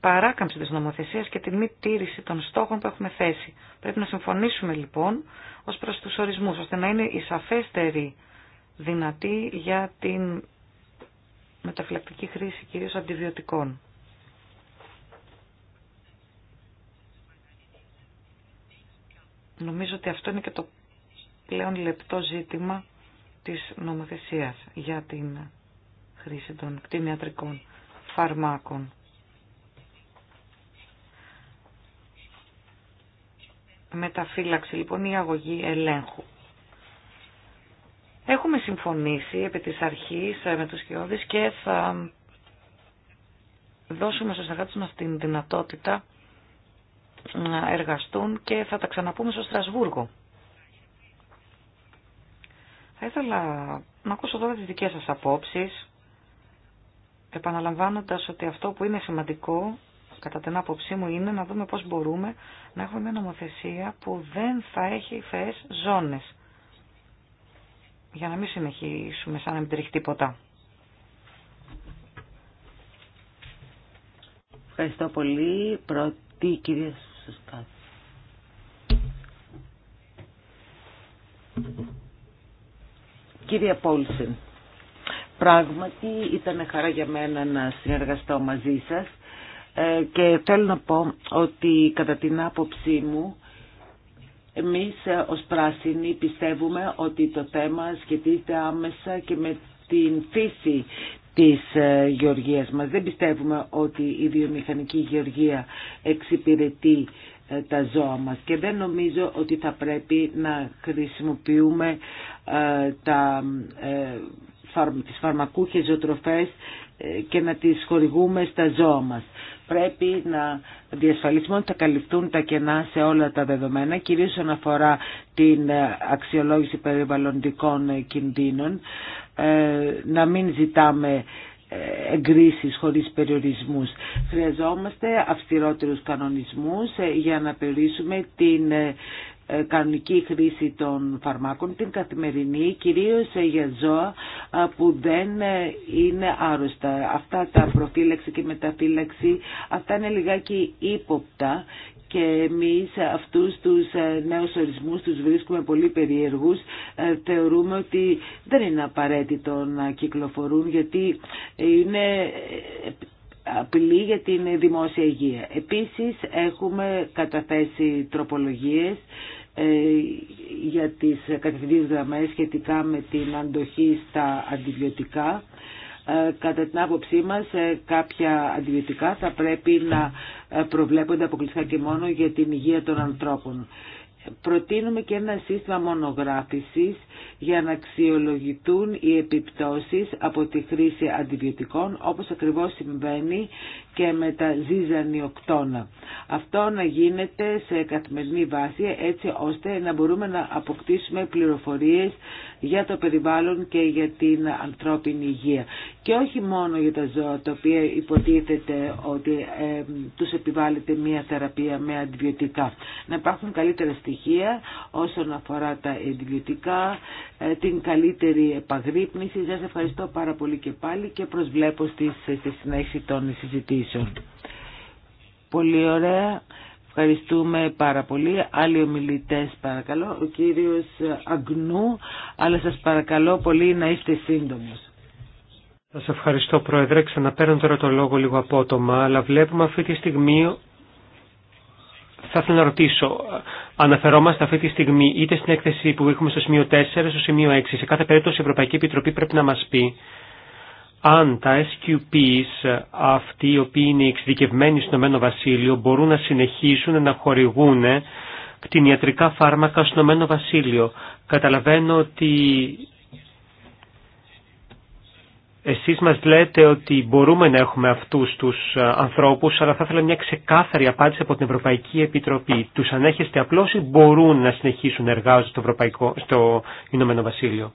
παράκαμψη της νομοθεσίας και τη μη τήρηση των στόχων που έχουμε θέσει. Πρέπει να συμφωνήσουμε λοιπόν ως προς τους ορισμούς, ώστε να είναι η σαφέστερη δυνατή για την μεταφυλακτική χρήση κυρίως αντιβιωτικών. Νομίζω ότι αυτό είναι και το πλέον λεπτό ζήτημα της νομοθεσίας για την χρήση των κτηνιατρικών φαρμάκων. Μεταφύλαξη λοιπόν η αγωγή ελέγχου. Έχουμε συμφωνήσει επί της αρχής ε, με τους Σκιώδης και θα δώσουμε στους εργάτες μας την δυνατότητα να εργαστούν και θα τα ξαναπούμε στο Στρασβούργο. Θα ήθελα να ακούσω τώρα τις δικές σας απόψεις, επαναλαμβάνοντας ότι αυτό που είναι σημαντικό κατά την άποψή μου, είναι να δούμε πώς μπορούμε να έχουμε μια νομοθεσία που δεν θα έχει υφαίες ζώνες. Για να μην συνεχίσουμε σαν να μην τρέχει τίποτα. Ευχαριστώ πολύ. Πρώτη κυρία Σουσκάτ. Κύρια Πόλσεν, πράγματι ήταν χαρά για μένα να συνεργαστώ μαζί σας ε, και θέλω να πω ότι κατά την άποψή μου εμείς ως πράσινοι πιστεύουμε ότι το θέμα σχετίζεται άμεσα και με την φύση της ε, γεωργίας μας. Δεν πιστεύουμε ότι η βιομηχανική γεωργία εξυπηρετεί ε, τα ζώα μας και δεν νομίζω ότι θα πρέπει να χρησιμοποιούμε τα, τις φαρμακούχες ζωοτροφές ε, και να τις χορηγούμε στα ζώα μας. Πρέπει να διασφαλίσουμε ότι θα καλυφθούν τα κενά σε όλα τα δεδομένα, κυρίως όσον αφορά την ε, αξιολόγηση περιβαλλοντικών ε, κινδύνων, να μην ζητάμε εγκρίσεις χωρίς περιορισμούς. Χρειαζόμαστε αυστηρότερους κανονισμούς για να περιορίσουμε την ε, κανονική χρήση των φαρμάκων, την καθημερινή, κυρίως ε, για ζώα ε, που δεν είναι άρρωστα. Αυτά τα προφύλαξη και μεταφύλαξη, αυτά είναι λιγάκι ύποπτα και εμείς αυτούς τους νέους ορισμούς τους βρίσκουμε πολύ περίεργους. Θεωρούμε ότι δεν είναι απαραίτητο να κυκλοφορούν γιατί είναι απειλή για την δημόσια υγεία. Επίσης έχουμε καταθέσει τροπολογίες ε, για τις κατευθυντήρες γραμμέ σχετικά με την αντοχή στα αντιβιωτικά. Ε, κατά την άποψή μας ε, κάποια αντιβιωτικά θα πρέπει να προβλέπονται αποκλειστικά και μόνο για την υγεία των ανθρώπων. Προτείνουμε και ένα σύστημα μονογράφησης για να αξιολογηθούν οι επιπτώσεις από τη χρήση αντιβιωτικών όπως ακριβώς συμβαίνει και με τα ζυζανιοκτώνα. Αυτό να γίνεται σε καθημερινή βάση έτσι ώστε να μπορούμε να αποκτήσουμε πληροφορίες για το περιβάλλον και για την ανθρώπινη υγεία. Και όχι μόνο για τα ζώα τα οποία υποτίθεται ότι ε, τους επιβάλλεται μια θεραπεία με αντιβιωτικά. Να υπάρχουν καλύτερα στοιχεία όσον αφορά τα αντιβιωτικά, ε, την καλύτερη επαγρύπνηση. Σας ευχαριστώ πάρα πολύ και πάλι και προσβλέπω στη συνέχιση των συζητήσεων. Πολύ ωραία. Ευχαριστούμε πάρα πολύ. Άλλοι ομιλητέ παρακαλώ. Ο κύριος Αγνού, αλλά σας παρακαλώ πολύ να είστε σύντομος. Σας ευχαριστώ Πρόεδρε. Ξαναπαίρνω τώρα το λόγο λίγο απότομα, αλλά βλέπουμε αυτή τη στιγμή... Θα ήθελα να ρωτήσω, αναφερόμαστε αυτή τη στιγμή είτε στην έκθεση που έχουμε στο σημείο 4, στο σημείο 6. Σε κάθε περίπτωση η Ευρωπαϊκή Επιτροπή πρέπει να μας πει αν τα SQPs αυτοί οι οποίοι είναι εξειδικευμένοι στο Ηνωμένο Βασίλειο μπορούν να συνεχίσουν να χορηγούν κτηνιατρικά φάρμακα στο Ηνωμένο Βασίλειο. Καταλαβαίνω ότι εσείς μας λέτε ότι μπορούμε να έχουμε αυτούς τους ε, ανθρώπους, αλλά θα ήθελα μια ξεκάθαρη απάντηση από την Ευρωπαϊκή Επιτροπή. Τους ανέχεστε απλώς ή μπορούν να συνεχίσουν να εργάζονται στο, στο Βασίλειο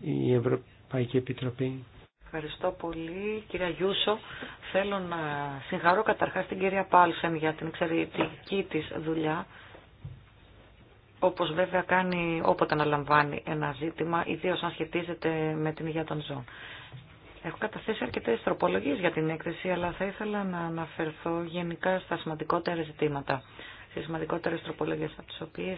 η Ευρωπαϊκή Επιτροπή. Ευχαριστώ πολύ κυρία Γιούσο. Θέλω να συγχαρώ καταρχάς την κυρία Πάλσεν για την εξαιρετική της δουλειά όπως βέβαια κάνει όποτε λαμβάνει ένα ζήτημα, ιδίω αν σχετίζεται με την υγεία των ζώων. Έχω καταθέσει αρκετέ τροπολογίε για την έκθεση, αλλά θα ήθελα να αναφερθώ γενικά στα σημαντικότερα ζητήματα στι σημαντικότερε τροπολογίε, από τι οποίε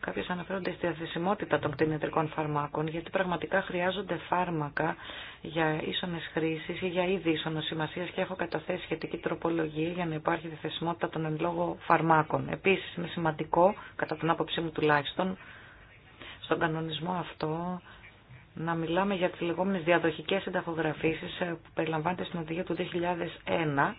κάποιε αναφέρονται στη διαθεσιμότητα των κτηνιατρικών φαρμάκων, γιατί πραγματικά χρειάζονται φάρμακα για ίσονε χρήσει ή για είδη ίσονο σημασία και έχω καταθέσει σχετική τροπολογία για να υπάρχει διαθεσιμότητα των εν λόγω φαρμάκων. Επίση, είναι σημαντικό, κατά την άποψή μου τουλάχιστον, στον κανονισμό αυτό να μιλάμε για τις λεγόμενες διαδοχικές συνταχογραφήσεις ε, που περιλαμβάνεται στην οδηγία του 2001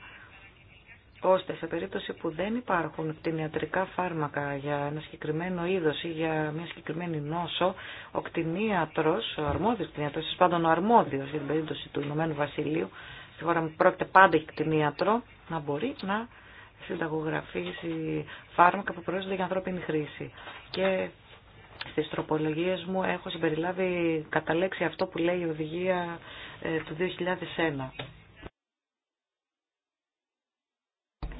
ώστε σε περίπτωση που δεν υπάρχουν κτηνιατρικά φάρμακα για ένα συγκεκριμένο είδος ή για μια συγκεκριμένη νόσο, ο κτηνίατρος, ο αρμόδιος κτηνίατρος, πάντων ο αρμόδιος για την περίπτωση του Ηνωμένου Βασιλείου, στη χώρα μου πρόκειται πάντα για κτηνίατρο, να μπορεί να συνταγογραφήσει φάρμακα που προέρχονται για ανθρώπινη χρήση. Και στι τροπολογίε μου έχω συμπεριλάβει κατά λέξη αυτό που λέει η οδηγία ε, του 2001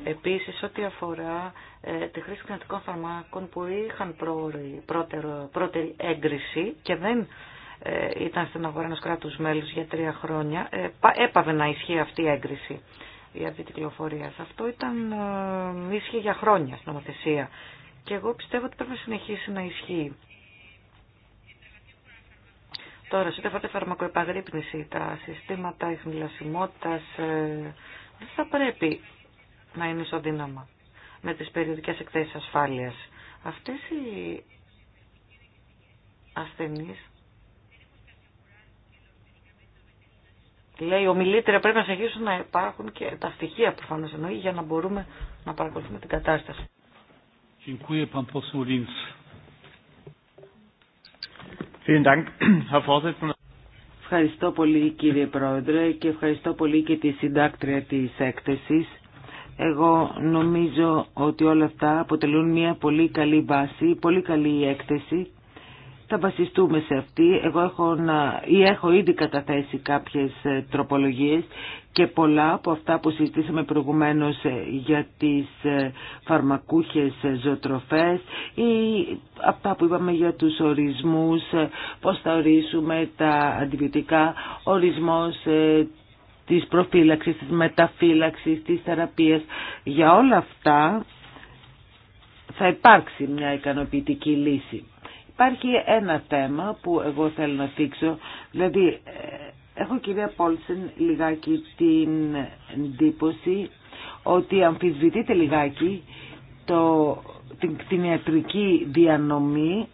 Επίσης, ό,τι αφορά ε, τη χρήση κοινωτικών φαρμάκων που είχαν πρώτερη έγκριση και δεν ε, ήταν στην αγορά ενός κράτους μέλους για τρία χρόνια, ε, έπαβε να ισχύει αυτή η έγκριση αυτή τη κυκλοφορία. Αυτό ήταν ίσχυε για χρόνια στην νομοθεσία και εγώ πιστεύω ότι πρέπει να συνεχίσει να ισχύει. Τώρα, σε ό,τι αφορά τη φαρμακοεπαγρύπνηση, τα συστήματα ε, δεν θα πρέπει να είναι ισοδύναμα με τις περιοδικές εκθέσεις ασφάλειας. Αυτές οι ασθενείς λέει ομιλήτρια πρέπει να συνεχίσουν να υπάρχουν και τα στοιχεία προφανώς εννοεί για να μπορούμε να παρακολουθούμε την κατάσταση. Ευχαριστώ πολύ κύριε Πρόεδρε και ευχαριστώ πολύ και τη συντάκτρια της έκθεσης εγώ νομίζω ότι όλα αυτά αποτελούν μια πολύ καλή βάση, πολύ καλή έκθεση. Θα βασιστούμε σε αυτή. Εγώ έχω, ή έχω ήδη καταθέσει κάποιες ε, τροπολογίες και πολλά από αυτά που συζητήσαμε προηγουμένως ε, για τις ε, φαρμακούχες ζωοτροφές ή αυτά που είπαμε για τους ορισμούς, πώς θα ορίσουμε τα αντιβιωτικά, ορισμός της προφύλαξης, της μεταφύλαξης, της θεραπείας. Για όλα αυτά θα υπάρξει μια ικανοποιητική λύση. Υπάρχει ένα θέμα που εγώ θέλω να θίξω, δηλαδή ε, έχω κυρία Πόλσεν λιγάκι την εντύπωση ότι αμφισβητείται λιγάκι το, την, την ιατρική διανομή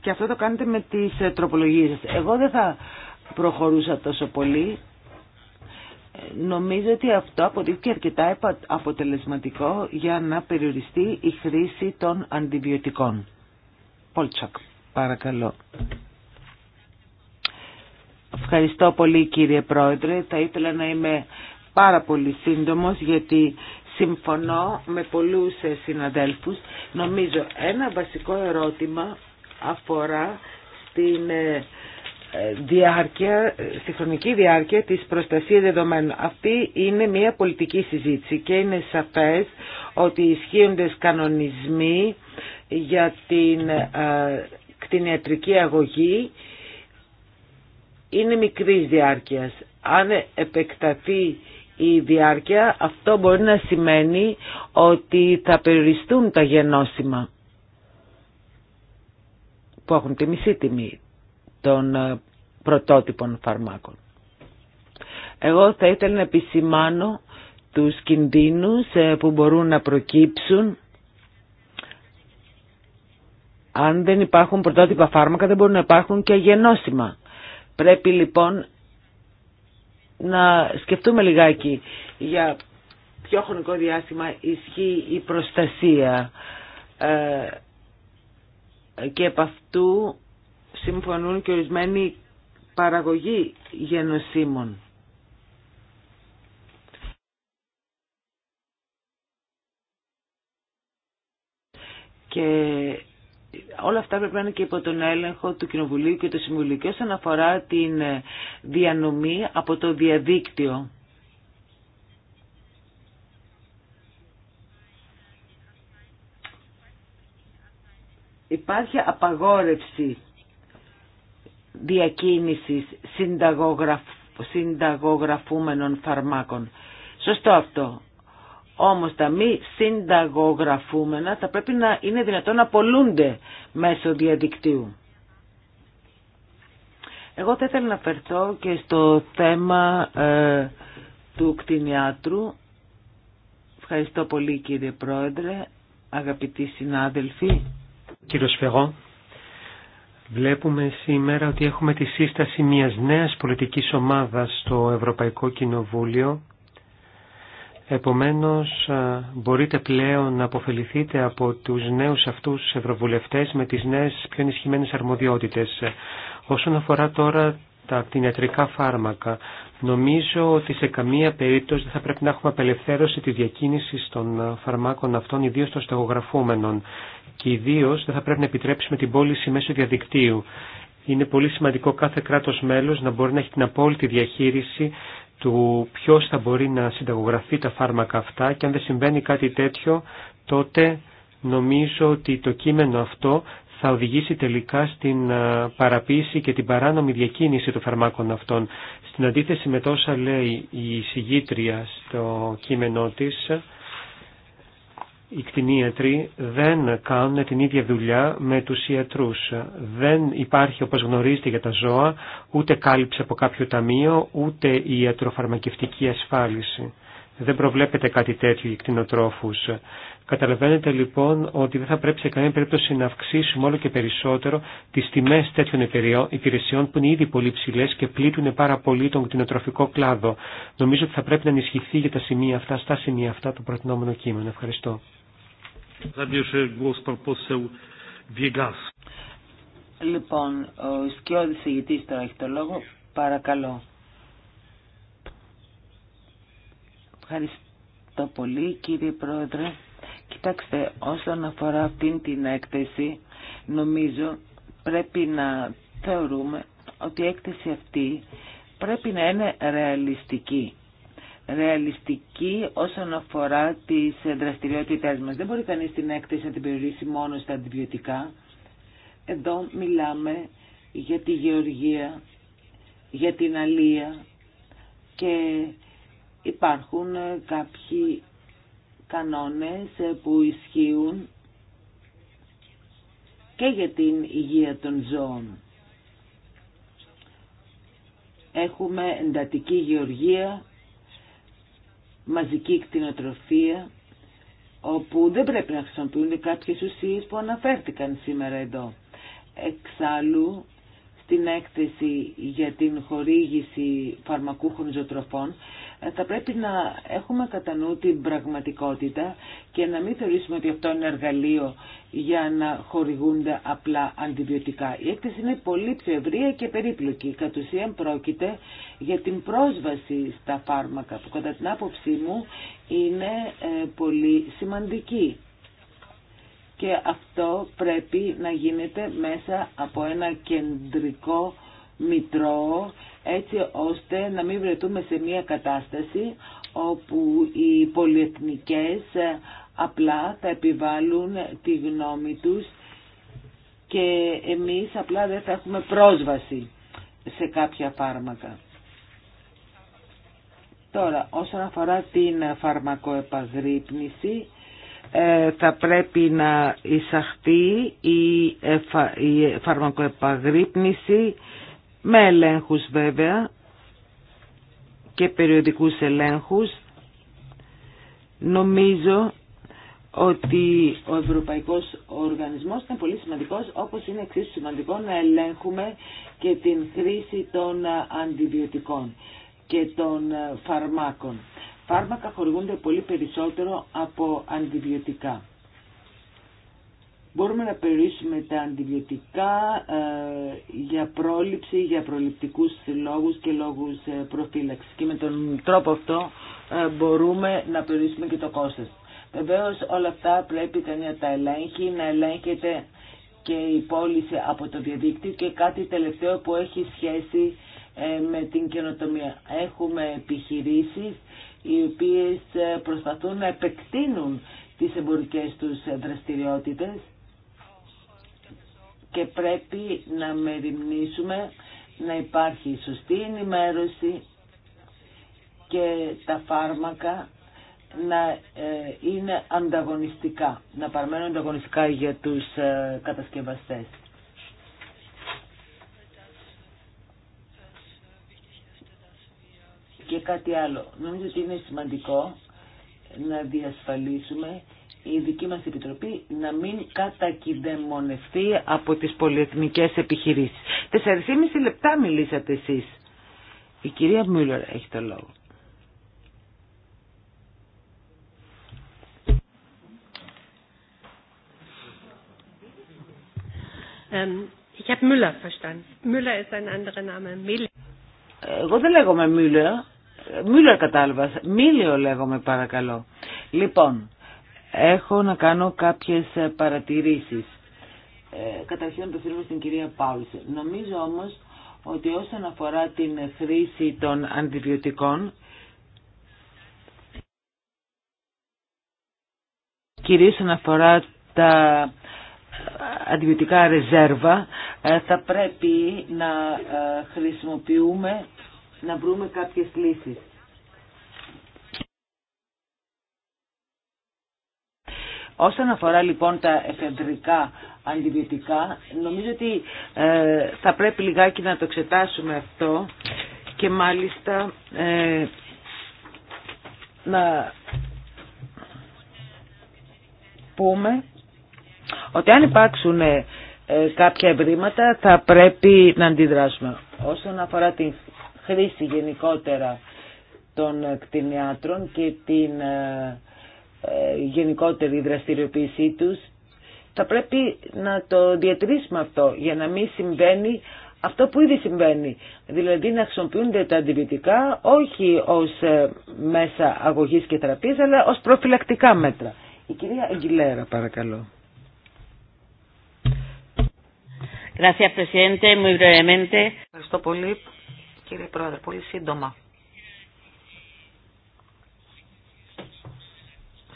και αυτό το κάνετε με τις ε, τροπολογίες Εγώ δεν θα προχωρούσα τόσο πολύ Νομίζω ότι αυτό αποδείχθηκε αρκετά αποτελεσματικό για να περιοριστεί η χρήση των αντιβιωτικών. Πολτσακ, παρακαλώ. Ευχαριστώ πολύ κύριε Πρόεδρε. Θα ήθελα να είμαι πάρα πολύ σύντομος γιατί συμφωνώ με πολλούς συναδέλφους. Νομίζω ένα βασικό ερώτημα αφορά στην ε, ε, διάρκεια, στη χρονική διάρκεια της προστασίας δεδομένων. Αυτή είναι μια πολιτική συζήτηση και είναι σαφές ότι ισχύοντες κανονισμοί για την ε, κτηνιατρική αγωγή είναι μικρής διάρκειας. Αν επεκταθεί η διάρκεια αυτό μπορεί να σημαίνει ότι θα περιοριστούν τα γενώσιμα που έχουν τη μισή τιμή των ε, πρωτότυπων φαρμάκων. Εγώ θα ήθελα να επισημάνω τους κινδύνους ε, που μπορούν να προκύψουν αν δεν υπάρχουν πρωτότυπα φάρμακα δεν μπορούν να υπάρχουν και γενώσιμα. Πρέπει λοιπόν να σκεφτούμε λιγάκι για ποιο χρονικό διάστημα ισχύει η προστασία ε, και από αυτού συμφωνούν και ορισμένοι παραγωγή γενοσύμων. Και όλα αυτά πρέπει να είναι και υπό τον έλεγχο του Κοινοβουλίου και του Συμβουλίου. Και όσον αφορά την διανομή από το διαδίκτυο, υπάρχει απαγόρευση διακίνησης συνταγογραφούμενων φαρμάκων. Σωστό αυτό. Όμως τα μη συνταγογραφούμενα θα πρέπει να είναι δυνατόν να πολλούνται μέσω διαδικτύου. Εγώ θα ήθελα να φερθώ και στο θέμα ε, του κτηνιάτρου. Ευχαριστώ πολύ κύριε Πρόεδρε, αγαπητοί συνάδελφοι. Κύριο Σφεγό. Βλέπουμε σήμερα ότι έχουμε τη σύσταση μιας νέας πολιτικής ομάδας στο Ευρωπαϊκό Κοινοβούλιο. Επομένως, μπορείτε πλέον να αποφεληθείτε από τους νέους αυτούς ευρωβουλευτές με τις νέες πιο ενισχυμένες αρμοδιότητες. Όσον αφορά τώρα τα κτηνιατρικά φάρμακα. Νομίζω ότι σε καμία περίπτωση δεν θα πρέπει να έχουμε απελευθέρωση τη διακίνηση των ε, φαρμάκων αυτών, ιδίω των στεγογραφούμενων. Και ιδίω δεν θα πρέπει να επιτρέψουμε την πώληση μέσω διαδικτύου. Είναι πολύ σημαντικό κάθε κράτος μέλος να μπορεί να έχει την απόλυτη διαχείριση του ποιο θα μπορεί να συνταγογραφεί τα φάρμακα αυτά και αν δεν συμβαίνει κάτι τέτοιο τότε νομίζω ότι το κείμενο αυτό θα οδηγήσει τελικά στην ε, παραποίηση και την παράνομη διακίνηση των φαρμάκων αυτών. Στην αντίθεση με τόσα λέει η συγγήτρια στο κείμενό της, οι κτηνίατροι δεν κάνουν την ίδια δουλειά με τους ιατρούς. Δεν υπάρχει, όπως γνωρίζετε για τα ζώα, ούτε κάλυψη από κάποιο ταμείο, ούτε η ιατροφαρμακευτική ασφάλιση. Δεν προβλέπεται κάτι τέτοιο οι κτηνοτρόφους. Καταλαβαίνετε λοιπόν ότι δεν θα πρέπει σε κανένα περίπτωση να αυξήσουμε όλο και περισσότερο τις τιμέ τέτοιων υπηρεσιών που είναι ήδη πολύ ψηλές και πλήττουν πάρα πολύ τον κτηνοτροφικό κλάδο. Νομίζω ότι θα πρέπει να ενισχυθεί για τα σημεία αυτά, στα σημεία αυτά το προτινόμενο κείμενο. Ευχαριστώ. Λοιπόν, ο σκιώδης ηγητής τώρα έχει το λόγο. Παρακαλώ. Ευχαριστώ πολύ κύριε Πρόεδρε. Κοιτάξτε, όσον αφορά αυτήν την έκθεση, νομίζω πρέπει να θεωρούμε ότι η έκθεση αυτή πρέπει να είναι ρεαλιστική. Ρεαλιστική όσον αφορά τις δραστηριότητές μας. Δεν μπορεί κανείς την έκθεση να την περιορίσει μόνο στα αντιβιωτικά. Εδώ μιλάμε για τη γεωργία, για την αλία και υπάρχουν κάποιοι κανόνες ε, που ισχύουν και για την υγεία των ζώων. Έχουμε εντατική γεωργία, μαζική κτηνοτροφία, όπου δεν πρέπει να χρησιμοποιούνται κάποιες ουσίες που αναφέρθηκαν σήμερα εδώ. Εξάλλου, την έκθεση για την χορήγηση φαρμακούχων ζωοτροφών, ε, θα πρέπει να έχουμε κατά νου την πραγματικότητα και να μην θεωρήσουμε ότι αυτό είναι εργαλείο για να χορηγούνται απλά αντιβιωτικά. Η έκθεση είναι πολύ πιο ευρεία και περίπλοκη. Κατ' ουσίαν πρόκειται για την πρόσβαση στα φάρμακα που κατά την άποψή μου είναι ε, πολύ σημαντική και αυτό πρέπει να γίνεται μέσα από ένα κεντρικό μητρό έτσι ώστε να μην βρεθούμε σε μια κατάσταση όπου οι πολυεθνικές απλά θα επιβάλλουν τη γνώμη τους και εμείς απλά δεν θα έχουμε πρόσβαση σε κάποια φάρμακα. Τώρα, όσον αφορά την φαρμακοεπαγρύπνηση, ε, θα πρέπει να εισαχθεί η, εφα... φαρμακοεπαγρύπνηση με ελέγχους βέβαια και περιοδικούς ελέγχους. Νομίζω ότι ο Ευρωπαϊκός Οργανισμός είναι πολύ σημαντικός, όπως είναι εξίσου σημαντικό να ελέγχουμε και την χρήση των αντιβιωτικών και των φαρμάκων φάρμακα χορηγούνται πολύ περισσότερο από αντιβιωτικά. Μπορούμε να περιορίσουμε τα αντιβιωτικά ε, για πρόληψη, για προληπτικούς λόγους και λόγους ε, προφύλαξης. Και με τον τρόπο αυτό ε, μπορούμε να περιορίσουμε και το κόστος. Βεβαίω όλα αυτά πρέπει κανένα τα ελέγχει, να ελέγχεται και η πώληση από το διαδίκτυο και κάτι τελευταίο που έχει σχέση με την καινοτομία. Έχουμε επιχειρήσεις οι οποίες ε, προσπαθούν να επεκτείνουν τις εμπορικές τους δραστηριότητες και πρέπει να μεριμνήσουμε να υπάρχει σωστή ενημέρωση και τα φάρμακα να ε, είναι ανταγωνιστικά, να παραμένουν ανταγωνιστικά για τους ε, κατασκευαστές. Και κάτι άλλο. Νομίζω ότι είναι σημαντικό να διασφαλίσουμε η δική μας Επιτροπή να μην κατακυδεμονευτεί από τις πολυεθνικές επιχειρήσεις. μισή λεπτά μιλήσατε εσείς. Η κυρία Μούλερ έχει το λόγο. Ähm, ich habe Müller verstanden. Müller Εγώ δεν λέγομαι Müller. Μίλλερ κατάλαβα. Μίλιο λέγομαι παρακαλώ. Λοιπόν, έχω να κάνω κάποιες ε, παρατηρήσεις. Ε, καταρχήν θέλουμε στην κυρία Πάουλσε. Νομίζω όμως ότι όσον αφορά την χρήση των αντιβιωτικών, κυρίως όσον αφορά τα ε, αντιβιωτικά ρεζέρβα, ε, θα πρέπει να χρησιμοποιούμε να βρούμε κάποιες λύσεις. Όσον αφορά λοιπόν τα εφεντρικά αντιβιωτικά, νομίζω ότι ε, θα πρέπει λιγάκι να το εξετάσουμε αυτό και μάλιστα ε, να πούμε ότι αν υπάρξουν ε, ε, κάποια ευρήματα θα πρέπει να αντιδράσουμε. Όσον αφορά την χρήση γενικότερα των κτηνιάτρων και την ε, ε, γενικότερη δραστηριοποίησή τους. Θα πρέπει να το διατηρήσουμε αυτό για να μην συμβαίνει αυτό που ήδη συμβαίνει. Δηλαδή να χρησιμοποιούνται τα αντιβιωτικά όχι ως ε, μέσα αγωγής και θεραπείας αλλά ως προφυλακτικά μέτρα. Η κυρία Αγγιλέρα παρακαλώ. Ευχαριστώ πολύ κύριε Πρόεδρε. Πολύ σύντομα.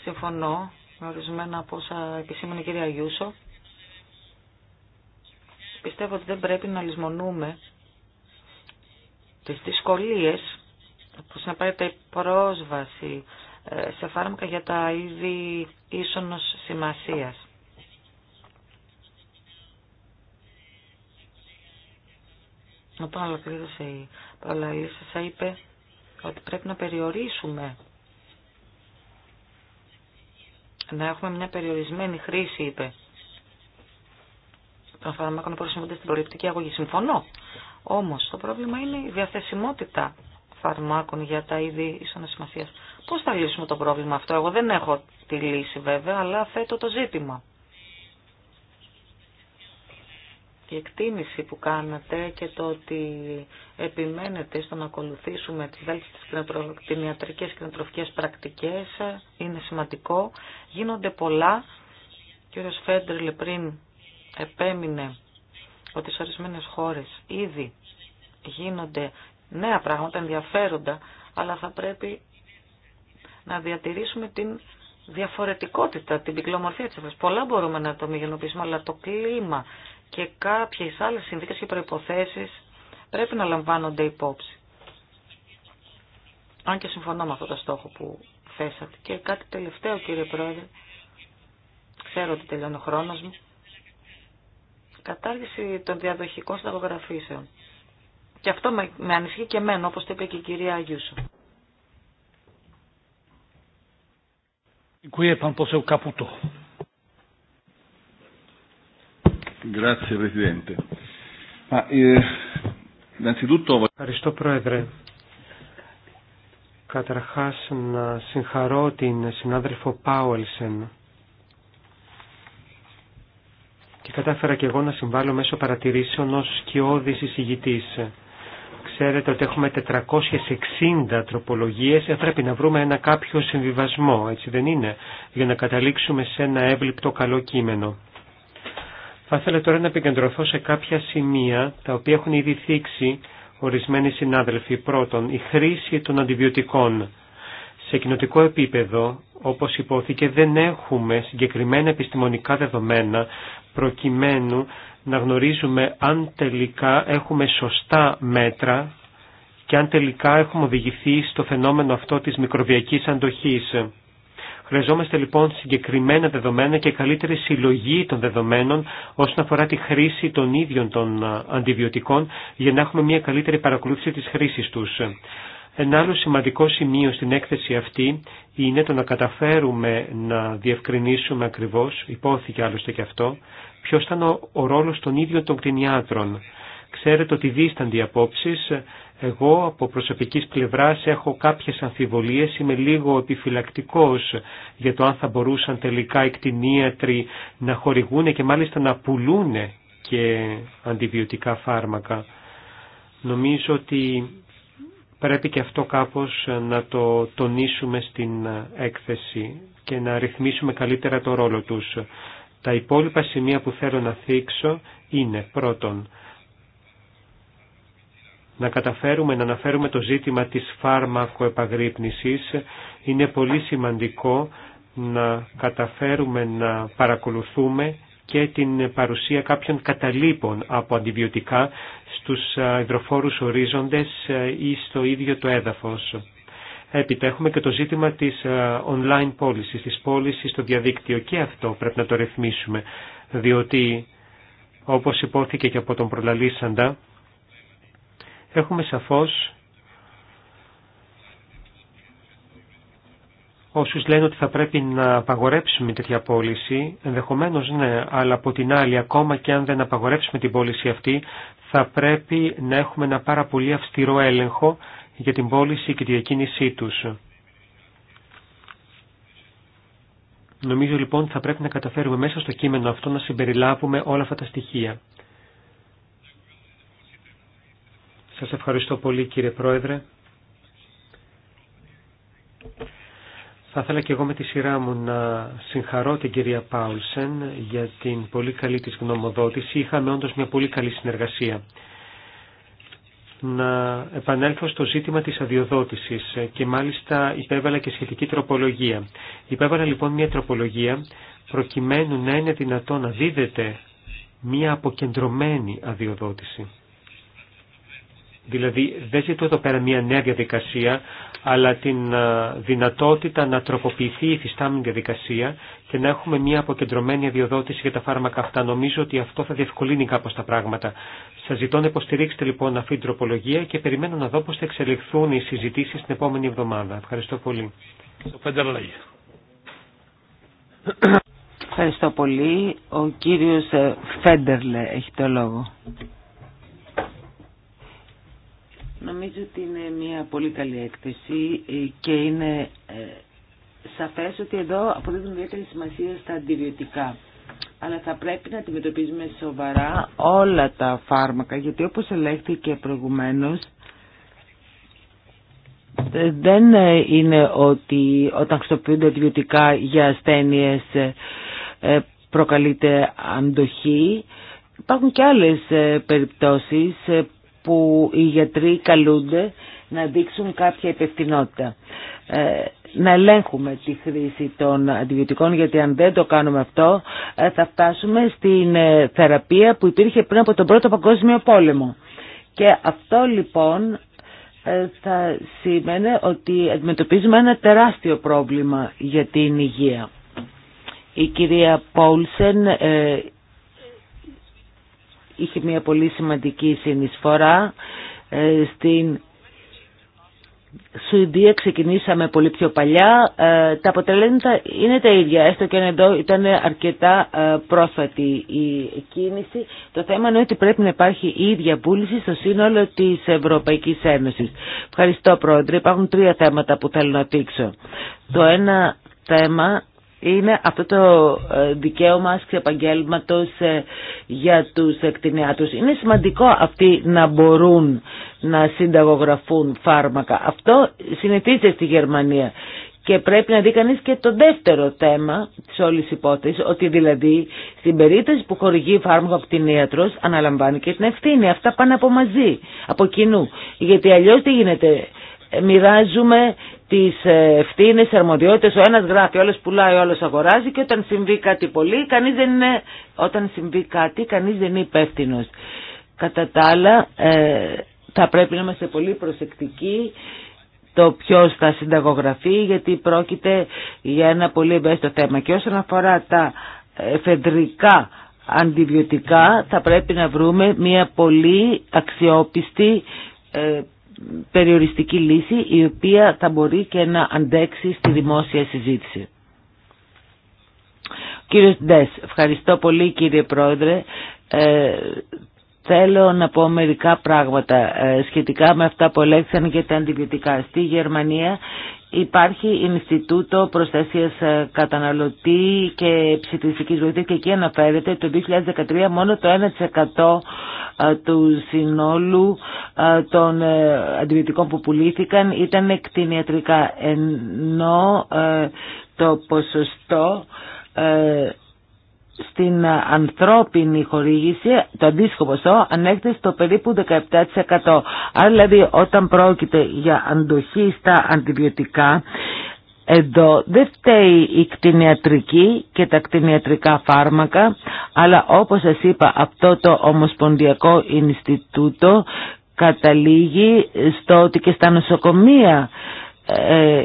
Συμφωνώ με ορισμένα από όσα επισήμανε η κυρία Γιούσο. Πιστεύω ότι δεν πρέπει να λησμονούμε τις δυσκολίες που συνεπάγεται η πρόσβαση ε, σε φάρμακα για τα είδη ίσονος σημασίας. Όταν ολοκλήρωσε η σα είπε ότι πρέπει να περιορίσουμε να έχουμε μια περιορισμένη χρήση, είπε, των φαρμάκων που χρησιμοποιούνται στην προληπτική αγωγή. Συμφωνώ. Όμως το πρόβλημα είναι η διαθεσιμότητα φαρμάκων για τα είδη ίσονα σημασία. Πώ θα λύσουμε το πρόβλημα αυτό, Εγώ δεν έχω τη λύση βέβαια, αλλά θέτω το ζήτημα. η εκτίμηση που κάνατε και το ότι επιμένετε στο να ακολουθήσουμε τις βέλτιστες κτηνιατρικές και νοτροφικές πρακτικές είναι σημαντικό. Γίνονται πολλά. Ο κ. Φέντριλε πριν επέμεινε ότι σε ορισμένες χώρες ήδη γίνονται νέα πράγματα, ενδιαφέροντα, αλλά θα πρέπει να διατηρήσουμε την διαφορετικότητα, την πυκλομορφία της Ευρώπης. Πολλά μπορούμε να το μηγενοποιήσουμε, αλλά το κλίμα, και κάποιες άλλες συνδίκες και προϋποθέσεις πρέπει να λαμβάνονται υπόψη. Αν και συμφωνώ με αυτό το στόχο που θέσατε. Και κάτι τελευταίο κύριε Πρόεδρε, ξέρω ότι τελειώνει ο χρόνος μου, κατάργηση των διαδοχικών συνταγογραφήσεων. Και αυτό με, με ανησυχεί και εμένα, όπως το είπε και η κυρία Αγιούσο. Grazie, eh, Ευχαριστώ, Πρόεδρε. Καταρχάς, να συγχαρώ την συνάδελφο Πάουελσεν και κατάφερα και εγώ να συμβάλλω μέσω παρατηρήσεων ως σκιώδης εισηγητής. Ξέρετε ότι έχουμε 460 τροπολογίες, ε, έπρεπε να βρούμε ένα κάποιο συμβιβασμό, έτσι δεν είναι, για να καταλήξουμε σε ένα εύληπτο καλό κείμενο. Θα ήθελα τώρα να επικεντρωθώ σε κάποια σημεία τα οποία έχουν ήδη θίξει ορισμένοι συνάδελφοι. Πρώτον, η χρήση των αντιβιωτικών. Σε κοινοτικό επίπεδο, όπως υπόθηκε, δεν έχουμε συγκεκριμένα επιστημονικά δεδομένα προκειμένου να γνωρίζουμε αν τελικά έχουμε σωστά μέτρα και αν τελικά έχουμε οδηγηθεί στο φαινόμενο αυτό της μικροβιακής αντοχής. Χρειαζόμαστε λοιπόν συγκεκριμένα δεδομένα και καλύτερη συλλογή των δεδομένων όσον αφορά τη χρήση των ίδιων των αντιβιωτικών για να έχουμε μια καλύτερη παρακολούθηση της χρήσης τους. Ένα άλλο σημαντικό σημείο στην έκθεση αυτή είναι το να καταφέρουμε να διευκρινίσουμε ακριβώς, υπόθηκε άλλωστε και αυτό, ποιος ήταν ο, ο ρόλος των ίδιων των κτηνιάτρων. Ξέρετε ότι δίστανται οι απόψεις, εγώ από προσωπικής πλευράς έχω κάποιες αμφιβολίες, είμαι λίγο επιφυλακτικός για το αν θα μπορούσαν τελικά οι κτηνίατροι να χορηγούν και μάλιστα να πουλούν και αντιβιωτικά φάρμακα. Νομίζω ότι πρέπει και αυτό κάπως να το τονίσουμε στην έκθεση και να ρυθμίσουμε καλύτερα το ρόλο τους. Τα υπόλοιπα σημεία που θέλω να θίξω είναι πρώτον να καταφέρουμε να αναφέρουμε το ζήτημα της φάρμακοεπαγρύπνησης. Είναι πολύ σημαντικό να καταφέρουμε να παρακολουθούμε και την παρουσία κάποιων καταλήπων από αντιβιωτικά στους υδροφόρους ορίζοντες ή στο ίδιο το έδαφος. Έπειτα έχουμε και το ζήτημα της online πώληση, της πώληση στο διαδίκτυο και αυτό πρέπει να το ρυθμίσουμε, διότι όπως υπόθηκε και από τον προλαλήσαντα, έχουμε σαφώς όσους λένε ότι θα πρέπει να απαγορέψουμε τέτοια πώληση, ενδεχομένως ναι, αλλά από την άλλη ακόμα και αν δεν απαγορέψουμε την πώληση αυτή, θα πρέπει να έχουμε ένα πάρα πολύ αυστηρό έλεγχο για την πώληση και τη διακίνησή τους. Νομίζω λοιπόν ότι θα πρέπει να καταφέρουμε μέσα στο κείμενο αυτό να συμπεριλάβουμε όλα αυτά τα στοιχεία. Σας ευχαριστώ πολύ κύριε Πρόεδρε. Θα ήθελα και εγώ με τη σειρά μου να συγχαρώ την κυρία Πάουλσεν για την πολύ καλή της γνωμοδότηση. Είχαμε όντως μια πολύ καλή συνεργασία. Να επανέλθω στο ζήτημα της αδειοδότησης και μάλιστα υπέβαλα και σχετική τροπολογία. Υπέβαλα λοιπόν μια τροπολογία προκειμένου να είναι δυνατό να δίδεται μια αποκεντρωμένη αδειοδότηση. Δηλαδή δεν ζητώ εδώ πέρα μια νέα διαδικασία, αλλά την δυνατότητα να τροποποιηθεί η φυστάμενη διαδικασία και να έχουμε μια αποκεντρωμένη αδειοδότηση για τα φάρμακα αυτά. Νομίζω ότι αυτό θα διευκολύνει κάπως τα πράγματα. Σας ζητώ να υποστηρίξετε λοιπόν αυτή την τροπολογία και περιμένω να δω πώς θα εξελιχθούν οι συζητήσεις την επόμενη εβδομάδα. Ευχαριστώ πολύ. Ευχαριστώ πολύ. Ο κύριος Φέντερλε έχει το λόγο. Νομίζω ότι είναι μια πολύ καλή έκθεση ε, και είναι ε, σαφές ότι εδώ αποδίδουν ιδιαίτερη σημασία στα αντιβιωτικά. Αλλά θα πρέπει να αντιμετωπίζουμε σοβαρά όλα τα φάρμακα, γιατί όπως ελέγχθηκε προηγουμένως, ε, δεν είναι ότι όταν χρησιμοποιούνται αντιβιωτικά για ασθένειες προκαλείται αντοχή. Υπάρχουν και άλλες περιπτώσεις που οι γιατροί καλούνται να δείξουν κάποια υπευθυνότητα. Ε, να ελέγχουμε τη χρήση των αντιβιωτικών γιατί αν δεν το κάνουμε αυτό ε, θα φτάσουμε στην ε, θεραπεία που υπήρχε πριν από τον Πρώτο Παγκόσμιο Πόλεμο. Και αυτό λοιπόν θα σημαίνει ότι αντιμετωπίζουμε ένα τεράστιο πρόβλημα για την υγεία. Η κυρία Πόλσεν είχε μια πολύ σημαντική συνεισφορά ε, στην Σουηδία ξεκινήσαμε πολύ πιο παλιά. Ε, τα αποτελέσματα είναι τα ίδια, έστω και εδώ ήταν αρκετά ε, πρόσφατη η κίνηση. Το θέμα είναι ότι πρέπει να υπάρχει η ίδια πούληση στο σύνολο της Ευρωπαϊκής Ένωσης. Ευχαριστώ Πρόεδρε. Υπάρχουν τρία θέματα που θέλω να δείξω. Το ένα θέμα είναι αυτό το ε, δικαίωμα άσκηση επαγγέλματος ε, για τους εκτινέατους. Είναι σημαντικό αυτοί να μπορούν να συνταγογραφούν φάρμακα. Αυτό συνηθίζεται στη Γερμανία. Και πρέπει να δει κανεί και το δεύτερο θέμα τη όλη υπόθεση, ότι δηλαδή στην περίπτωση που χορηγεί φάρμακο ιατρό, αναλαμβάνει και την ευθύνη. Αυτά πάνε από μαζί, από κοινού. Γιατί αλλιώ τι γίνεται, μοιράζουμε τις ε, ευθύνε, αρμοδιότητες, ο ένας γράφει, ο πουλάει, ο αγοράζει και όταν συμβεί κάτι πολύ, κανείς δεν είναι, όταν συμβεί κάτι, κανείς δεν είναι υπεύθυνο. Κατά τα άλλα, ε, θα πρέπει να είμαστε πολύ προσεκτικοί το ποιο θα συνταγογραφεί, γιατί πρόκειται για ένα πολύ ευαίσθητο θέμα. Και όσον αφορά τα εφεδρικά αντιβιωτικά, θα πρέπει να βρούμε μια πολύ αξιόπιστη ε, περιοριστική λύση η οποία θα μπορεί και να αντέξει στη δημόσια συζήτηση. Κύριε Ντές, ευχαριστώ πολύ κύριε Πρόεδρε. Ε, θέλω να πω μερικά πράγματα ε, σχετικά με αυτά που ελέγξαν για τα αντιβιωτικά. Στη Γερμανία Υπάρχει Ινστιτούτο Προστασίας ε, Καταναλωτή και Ψηφιστικής Βοήθειας και εκεί αναφέρεται το 2013 μόνο το 1% ε, του συνόλου ε, των αντιβιωτικών που πουλήθηκαν ήταν κτηνιατρικά ενώ το ποσοστό στην ανθρώπινη χορήγηση το αντίστοιχο ποσό ανέκτησε στο περίπου 17%. Άρα δηλαδή όταν πρόκειται για αντοχή στα αντιβιωτικά εδώ δεν φταίει η κτηνιατρική και τα κτηνιατρικά φάρμακα αλλά όπως σας είπα αυτό το Ομοσπονδιακό Ινστιτούτο καταλήγει στο ότι και στα νοσοκομεία ε,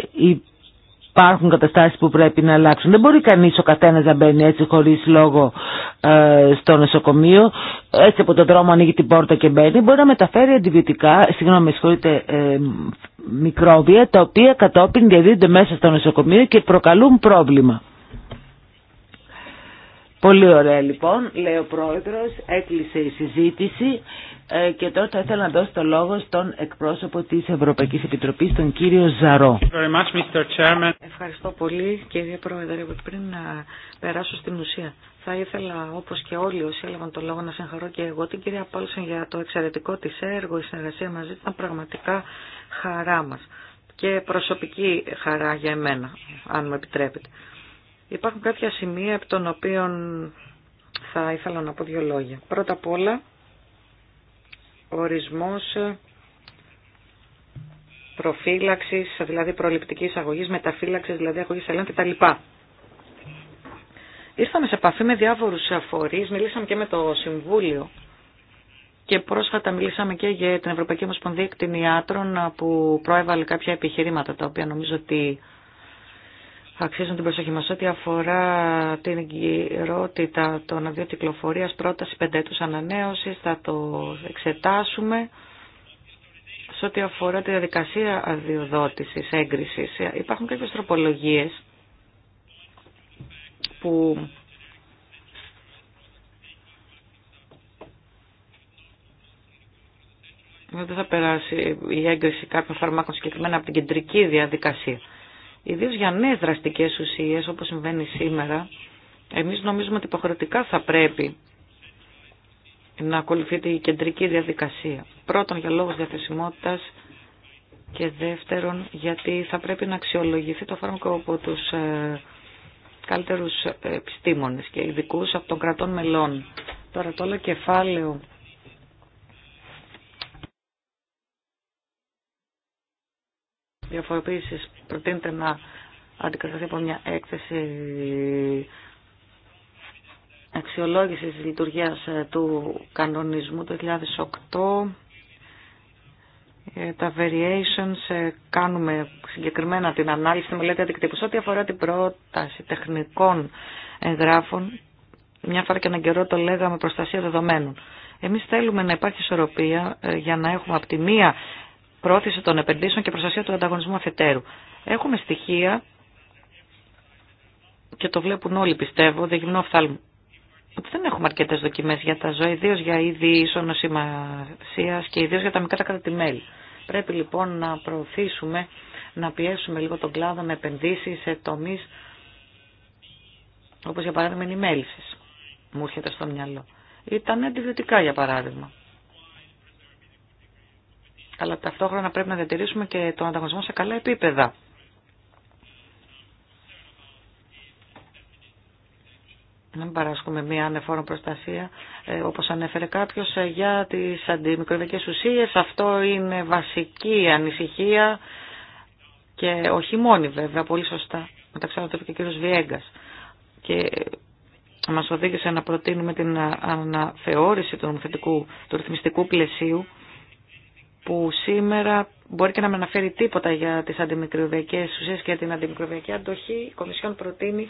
υπάρχουν καταστάσεις που πρέπει να αλλάξουν. Δεν μπορεί κανείς ο καθένας να μπαίνει έτσι χωρίς λόγο ε, στο νοσοκομείο. Έτσι από τον δρόμο ανοίγει την πόρτα και μπαίνει. Μπορεί να μεταφέρει αντιβιωτικά, συγγνώμη, συγχωρείτε, ε, μικρόβια τα οποία κατόπιν διαδίδονται μέσα στο νοσοκομείο και προκαλούν πρόβλημα. Πολύ ωραία λοιπόν, λέει ο πρόεδρος, έκλεισε η συζήτηση. Ε, και τώρα θα ήθελα να δώσω το λόγο στον εκπρόσωπο της Ευρωπαϊκής Επιτροπής, τον κύριο Ζαρό. Ευχαριστώ πολύ κύριε Πρόεδρε. Πριν να ε, περάσω στην ουσία, θα ήθελα όπως και όλοι όσοι έλαβαν το λόγο να συγχαρώ και εγώ την κυρία Πόλσεν για το εξαιρετικό της έργο. Η συνεργασία μαζί ήταν πραγματικά χαρά μας και προσωπική χαρά για εμένα, αν μου επιτρέπετε. Υπάρχουν κάποια σημεία από των οποίων θα ήθελα να πω δύο λόγια. Πρώτα απ' όλα, ορισμός προφύλαξης, δηλαδή προληπτικής αγωγής, μεταφύλαξης, δηλαδή αγωγής ελέγχου κτλ. Ήρθαμε σε επαφή με διάφορους φορείς, μιλήσαμε και με το Συμβούλιο και πρόσφατα μιλήσαμε και για την Ευρωπαϊκή Ομοσπονδία Εκτινιάτρων που προέβαλε κάποια επιχειρήματα τα οποία νομίζω ότι αξίζουν την προσοχή μας ό,τι αφορά την εγκυρότητα των αδειών κυκλοφορίας πρόταση πεντέτους ανανέωσης θα το εξετάσουμε σε ό,τι αφορά τη διαδικασία αδειοδότησης, έγκρισης υπάρχουν κάποιες τροπολογίες που δεν θα περάσει η έγκριση κάποιων φαρμάκων συγκεκριμένα από την κεντρική διαδικασία ιδίω για νέε δραστικέ ουσίε όπω συμβαίνει σήμερα, εμεί νομίζουμε ότι υποχρεωτικά θα πρέπει να ακολουθείται η κεντρική διαδικασία. Πρώτον, για λόγους διαθεσιμότητας και δεύτερον, γιατί θα πρέπει να αξιολογηθεί το φάρμακο από τους ε, καλύτερους επιστήμονες και ειδικού από των κρατών μελών. Τώρα το όλο κεφάλαιο διαφοροποίησης προτείνεται να αντικατασταθεί από μια έκθεση αξιολόγησης της λειτουργίας ε, του κανονισμού του 2008. Ε, τα variations ε, κάνουμε συγκεκριμένα την ανάλυση, τη μελέτη αντικτύπους. Ό,τι αφορά την πρόταση τεχνικών εγγράφων, μια φορά και έναν καιρό το λέγαμε προστασία δεδομένων. Εμείς θέλουμε να υπάρχει ισορροπία για να έχουμε από τη μία πρόθεση των επενδύσεων και προστασία του ανταγωνισμού αφετέρου. Έχουμε στοιχεία και το βλέπουν όλοι πιστεύω, δεν γυμνώ φθάλμου, ότι δεν έχουμε αρκετές δοκιμές για τα ζώα, ιδίως για είδη ισονοσημασίας και ιδίως για τα μικρά κράτη-μέλη. Πρέπει λοιπόν να προωθήσουμε, να πιέσουμε λίγο τον κλάδο με επενδύσει σε τομείς όπως για παράδειγμα είναι η μέληση μου έρχεται στο μυαλό. Ήταν αντιδυτικά για παράδειγμα αλλά ταυτόχρονα πρέπει να διατηρήσουμε και τον ανταγωνισμό σε καλά επίπεδα. Να μην παράσχουμε μία ανεφόρο προστασία, ε, όπως ανέφερε κάποιος, ε, για τις αντιμικροβιακές ουσίες. Αυτό είναι βασική ανησυχία και όχι μόνη βέβαια, πολύ σωστά. Μεταξύ άλλων το είπε και ο κύριος Βιέγκας. Και μας οδήγησε να προτείνουμε την αναθεώρηση του, του ρυθμιστικού πλαισίου που σήμερα μπορεί και να με αναφέρει τίποτα για τις αντιμικροβιακές ουσίες και την αντιμικροβιακή αντοχή, η Κομισιόν προτείνει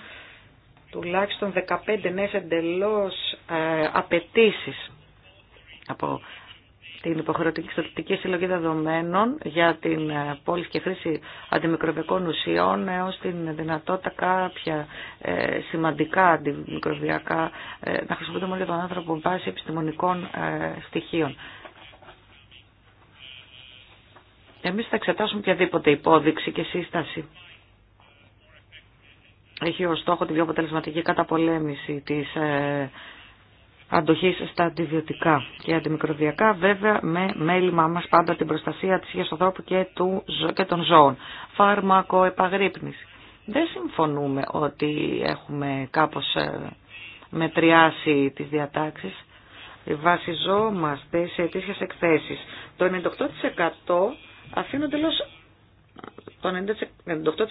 τουλάχιστον 15 νέες εντελώ ε, απαιτήσει από την υποχρεωτική στατιστική συλλογή δεδομένων για την ε, πώληση και χρήση αντιμικροβιακών ουσιών έως την δυνατότητα κάποια ε, σημαντικά αντιμικροβιακά ε, να χρησιμοποιούνται μόνο για τον άνθρωπο βάσει επιστημονικών ε, στοιχείων. Εμείς θα εξετάσουμε οποιαδήποτε υπόδειξη και σύσταση. Έχει ως στόχο την πιο αποτελεσματική καταπολέμηση της ε, αντοχής στα αντιβιωτικά και αντιμικροβιακά, βέβαια με μέλημά μας πάντα την προστασία της υγείας ανθρώπου και, του, των ζώων. Φάρμακο, επαγρύπνηση. Δεν συμφωνούμε ότι έχουμε κάπως ε, μετριάσει τις διατάξεις. Βασιζόμαστε σε αιτήσιες εκθέσεις. Το 98% αφήνω τελώ. Το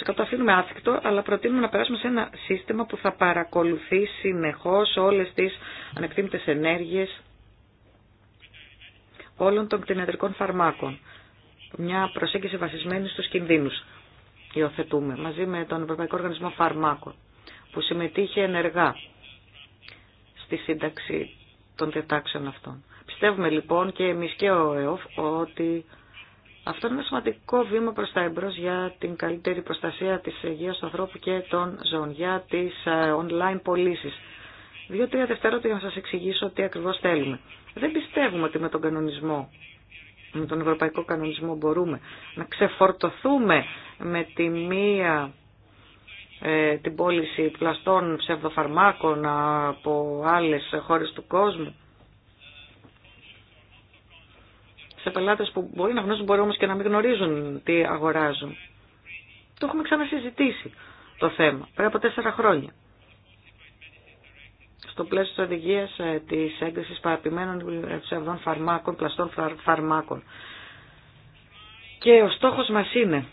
98% αφήνουμε άθικτο, αλλά προτείνουμε να περάσουμε σε ένα σύστημα που θα παρακολουθεί συνεχώ όλες τι ανεκτήμητε ενέργειες όλων των κτηνιατρικών φαρμάκων. Μια προσέγγιση βασισμένη στους κινδύνους υιοθετούμε μαζί με τον Ευρωπαϊκό Οργανισμό Φαρμάκων που συμμετείχε ενεργά στη σύνταξη των διατάξεων αυτών. Πιστεύουμε λοιπόν και εμείς και ο ΕΟΦ ότι αυτό είναι ένα σημαντικό βήμα προς τα εμπρός για την καλύτερη προστασία της υγείας του ανθρώπου και των ζώων, για τις ε, online πωλήσει. Δύο-τρία δευτερόλεπτα για να σας εξηγήσω τι ακριβώς θέλουμε. Δεν πιστεύουμε ότι με τον κανονισμό, με τον ευρωπαϊκό κανονισμό μπορούμε να ξεφορτωθούμε με τη μία ε, την πώληση πλαστών ψευδοφαρμάκων από άλλες χώρες του κόσμου σε πελάτες που μπορεί να γνωρίζουν, μπορεί όμως και να μην γνωρίζουν τι αγοράζουν. Το έχουμε ξανασυζητήσει το θέμα, πριν από τέσσερα χρόνια. Στο πλαίσιο της οδηγίας ε, της έγκρισης παραπημένων ψευδών φαρμάκων, πλαστών φαρμάκων. Και ο στόχος μας είναι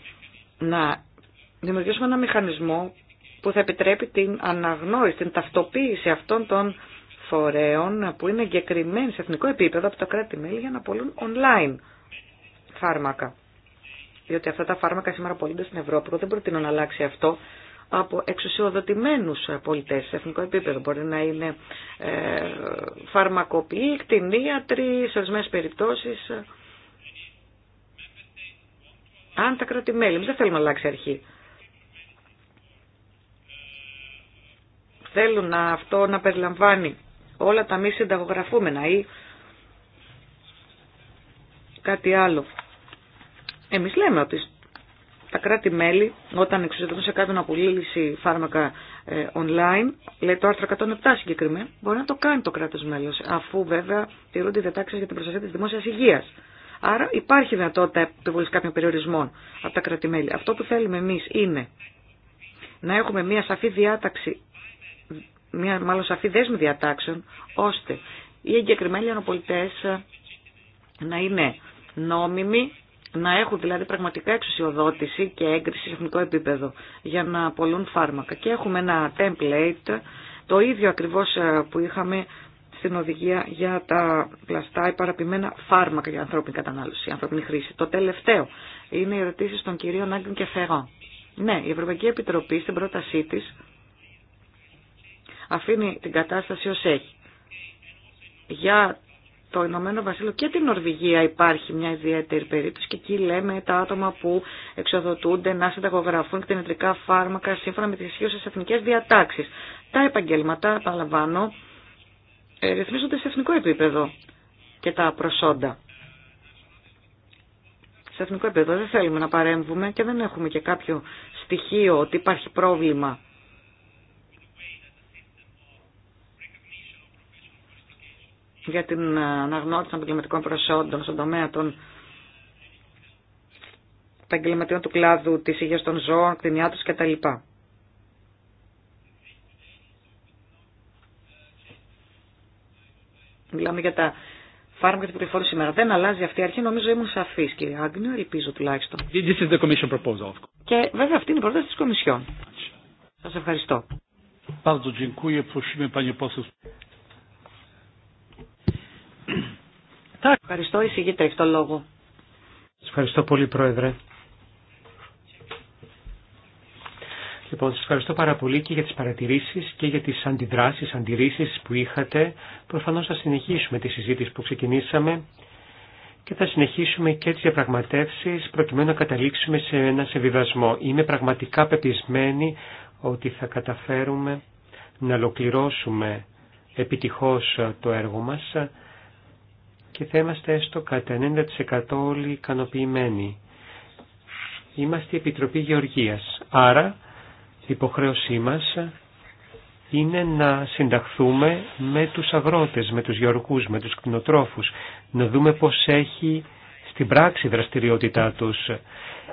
να δημιουργήσουμε ένα μηχανισμό που θα επιτρέπει την αναγνώριση, την ταυτοποίηση αυτών των φορέων που είναι εγκεκριμένοι σε εθνικό επίπεδο από τα κράτη-μέλη για να πωλούν online φάρμακα. Διότι αυτά τα φάρμακα σήμερα πολλούνται στην Ευρώπη. Εγώ δεν προτείνω να αλλάξει αυτό από εξουσιοδοτημένου πολιτέ. σε εθνικό επίπεδο. Μπορεί να είναι ε, φαρμακοποιοί, κτηνίατροι, σε ορισμένε περιπτώσεις. Ε, αν τα κράτη-μέλη, δεν θέλουν να αλλάξει αρχή. Θέλουν αυτό να περιλαμβάνει όλα τα μη συνταγογραφούμενα ή κάτι άλλο. Εμείς λέμε ότι τα κράτη-μέλη όταν εξουσιαστούν σε κάποιον να πουλήσει φάρμακα ε, online, λέει το άρθρο 107 συγκεκριμένα, μπορεί να το κάνει το κράτος μέλος, αφού βέβαια τηρούνται οι διατάξεις για την προστασία της δημόσιας υγείας. Άρα υπάρχει δυνατότητα επιβολής κάποιων περιορισμών από τα κράτη-μέλη. Αυτό που θέλουμε εμείς είναι να έχουμε μια σαφή διάταξη μια μάλλον σαφή δέσμη διατάξεων, ώστε οι εγκεκριμένοι ανοπολιτέ ε, να είναι νόμιμοι, να έχουν δηλαδή πραγματικά εξουσιοδότηση και έγκριση σε εθνικό επίπεδο για να πολλούν φάρμακα. Και έχουμε ένα template, το ίδιο ακριβώς ε, που είχαμε στην οδηγία για τα πλαστά ή παραπημένα φάρμακα για ανθρώπινη κατανάλωση, ανθρώπινη χρήση. Το τελευταίο είναι οι ερωτήσει των κυρίων Άγγιν και Φερό. Ναι, η Ευρωπαϊκή Επιτροπή στην πρότασή τη αφήνει την κατάσταση ως έχει. Για το Ηνωμένο Βασίλειο και την Νορβηγία υπάρχει μια ιδιαίτερη περίπτωση και εκεί λέμε τα άτομα που εξοδοτούνται να συνταγογραφούν εκτελετρικά φάρμακα σύμφωνα με τις ισχύωσε εθνικές διατάξεις. Τα επαγγέλματα, παραλαμβάνω, ε, ρυθμίζονται σε εθνικό επίπεδο και τα προσόντα. Σε εθνικό επίπεδο δεν θέλουμε να παρέμβουμε και δεν έχουμε και κάποιο στοιχείο ότι υπάρχει πρόβλημα για την αναγνώριση των επαγγελματικών προσόντων στον τομέα των επαγγελματιών του κλάδου της υγείας των ζώων, κτηνιάτρους κτλ. Μιλάμε για τα φάρμακα την πληροφόρηση σήμερα. Δεν αλλάζει αυτή η αρχή. Νομίζω ήμουν σαφή, κύριε Άγγνιο, Ελπίζω τουλάχιστον. This is the commission proposal. Και βέβαια αυτή είναι η πρόταση τη Κομισιόν. Σα ευχαριστώ. Ευχαριστώ, εισηγείται, έχει τον λόγο. Σας ευχαριστώ πολύ, Πρόεδρε. Λοιπόν, σας ευχαριστώ πάρα πολύ και για τις παρατηρήσεις και για τις αντιδράσεις, αντιρρήσεις που είχατε. Προφανώς θα συνεχίσουμε τη συζήτηση που ξεκινήσαμε και θα συνεχίσουμε και τις διαπραγματεύσει προκειμένου να καταλήξουμε σε ένα σεβιβασμό. Είμαι πραγματικά πεπισμένη ότι θα καταφέρουμε να ολοκληρώσουμε επιτυχώς το έργο μας και θα είμαστε έστω κατά 90% όλοι ικανοποιημένοι. Είμαστε η Επιτροπή Γεωργίας, άρα η υποχρέωσή μας είναι να συνταχθούμε με τους αγρότες, με τους γεωργούς, με τους κτηνοτρόφους, να δούμε πώς έχει στην πράξη δραστηριότητά τους.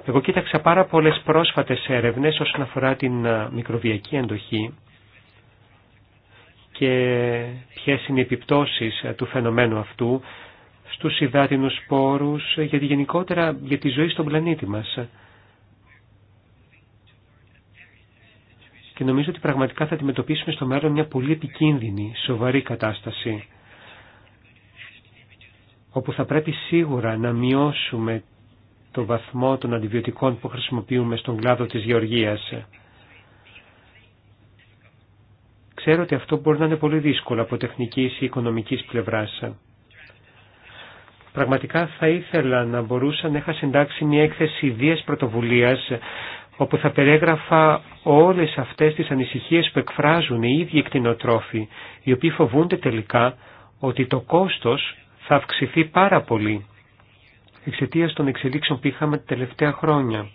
Εγώ κοίταξα πάρα πολλές πρόσφατες έρευνες όσον αφορά την μικροβιακή αντοχή και ποιες είναι οι επιπτώσεις του φαινομένου αυτού στους υδάτινους πόρους, γιατί γενικότερα για τη ζωή στον πλανήτη μας. Και νομίζω ότι πραγματικά θα αντιμετωπίσουμε στο μέλλον μια πολύ επικίνδυνη, σοβαρή κατάσταση, όπου θα πρέπει σίγουρα να μειώσουμε το βαθμό των αντιβιωτικών που χρησιμοποιούμε στον κλάδο της γεωργίας. Ξέρω ότι αυτό μπορεί να είναι πολύ δύσκολο από τεχνικής ή οικονομικής πλευράς. Πραγματικά θα ήθελα να μπορούσα να είχα συντάξει μια έκθεση ιδίας πρωτοβουλίας όπου θα περιέγραφα όλες αυτές τις ανησυχίες που εκφράζουν οι ίδιοι εκτινοτρόφοι, οι οποίοι φοβούνται τελικά ότι το κόστος θα αυξηθεί πάρα πολύ εξαιτίας των εξελίξεων που είχαμε τα τελευταία χρόνια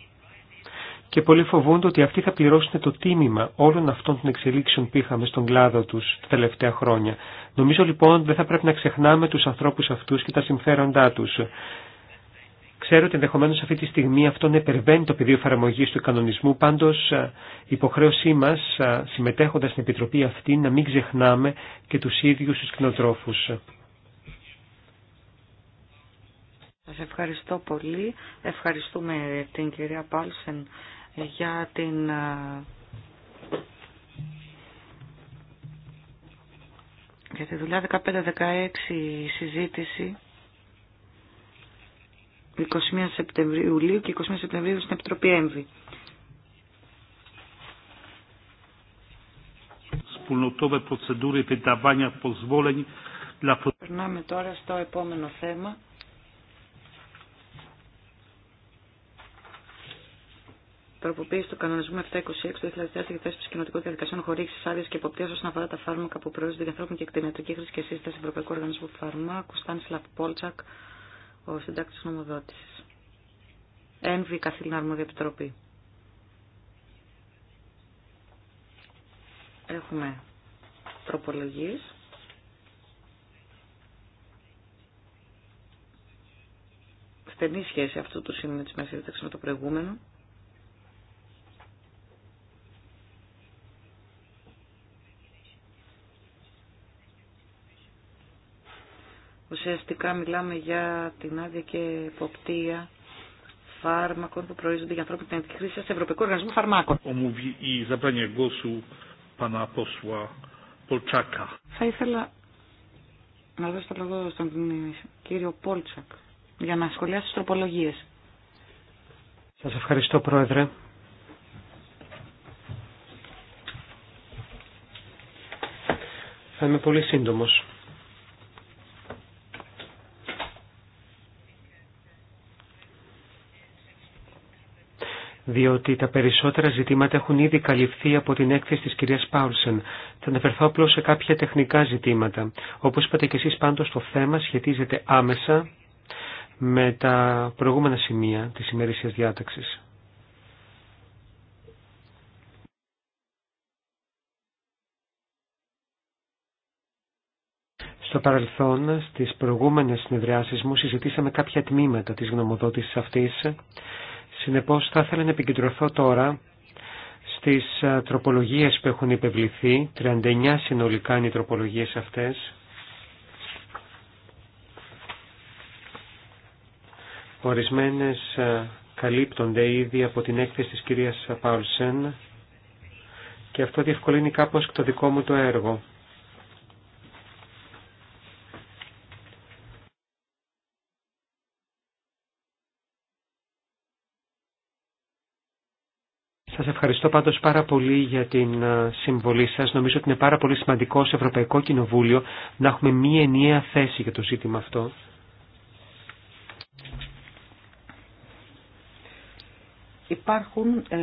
και πολλοί φοβούνται ότι αυτοί θα πληρώσουν το τίμημα όλων αυτών των εξελίξεων που είχαμε στον κλάδο τους τα τελευταία χρόνια. Νομίζω λοιπόν δεν θα πρέπει να ξεχνάμε τους ανθρώπους αυτούς και τα συμφέροντά τους. Ξέρω ότι ενδεχομένω αυτή τη στιγμή αυτό να το πεδίο εφαρμογή του κανονισμού, πάντω υποχρέωσή μα, συμμετέχοντα στην Επιτροπή αυτή, να μην ξεχνάμε και του ίδιου του κοινοτρόφου. Σα ευχαριστώ πολύ. Ευχαριστούμε την κυρία Πάλσεν για την ε, για τη δουλειά 15-16 συζήτηση 21 Σεπτεμβρίου Ιουλίου και 21 Σεπτεμβρίου στην Επιτροπή ΕΜΒΗ. Περνάμε τώρα στο επόμενο θέμα. τροποποίηση του κανονισμού 726 του 2004 για θέσει κοινοτικών διαδικασιών χορήγηση άδειε και υποπτία όσον αφορά τα φάρμακα που προέρχονται για ανθρώπινη και κτηνιατρική χρήση και σύσταση Ευρωπαϊκού Οργανισμού Φαρμάκου, Στάνισλαβ Πόλτσακ, ο συντάκτη νομοδότηση. ΕΝΒΙ, Καθήλυνα Αρμόδια Επιτροπή. Έχουμε τροπολογίε. Στενή σχέση αυτού του σημείου τη μεσαίταξη με το προηγούμενο. Ουσιαστικά μιλάμε για την άδεια και εποπτεία φάρμακων που προορίζονται για ανθρώπινη χρήση σε Ευρωπαϊκό Οργανισμό Φαρμάκων. Θα ήθελα να δώσω το λόγο στον κύριο Πόλτσακ για να σχολιάσει τις τροπολογίες. Σας ευχαριστώ Πρόεδρε. Θα είμαι πολύ σύντομος. διότι τα περισσότερα ζητήματα έχουν ήδη καλυφθεί από την έκθεση της κυρίας Πάουλσεν. Θα αναφερθώ απλώς σε κάποια τεχνικά ζητήματα. Όπως είπατε και εσείς πάντως το θέμα σχετίζεται άμεσα με τα προηγούμενα σημεία της ημερήσιας διάταξης. Στο παρελθόν, στις προηγούμενες συνεδριάσεις μου, συζητήσαμε κάποια τμήματα της γνωμοδότησης αυτής Συνεπώς θα ήθελα να επικεντρωθώ τώρα στις ε, τροπολογίες που έχουν υπευληθεί, 39 συνολικά είναι οι τροπολογίες αυτές. Ορισμένες ε, καλύπτονται ήδη από την έκθεση της κυρίας Πάουλσεν και αυτό διευκολύνει κάπως το δικό μου το έργο. Σας ευχαριστώ πάντως πάρα πολύ για την ε, συμβολή σας. Νομίζω ότι είναι πάρα πολύ σημαντικό σε Ευρωπαϊκό Κοινοβούλιο να έχουμε μία ενιαία θέση για το ζήτημα αυτό. Υπάρχουν ε,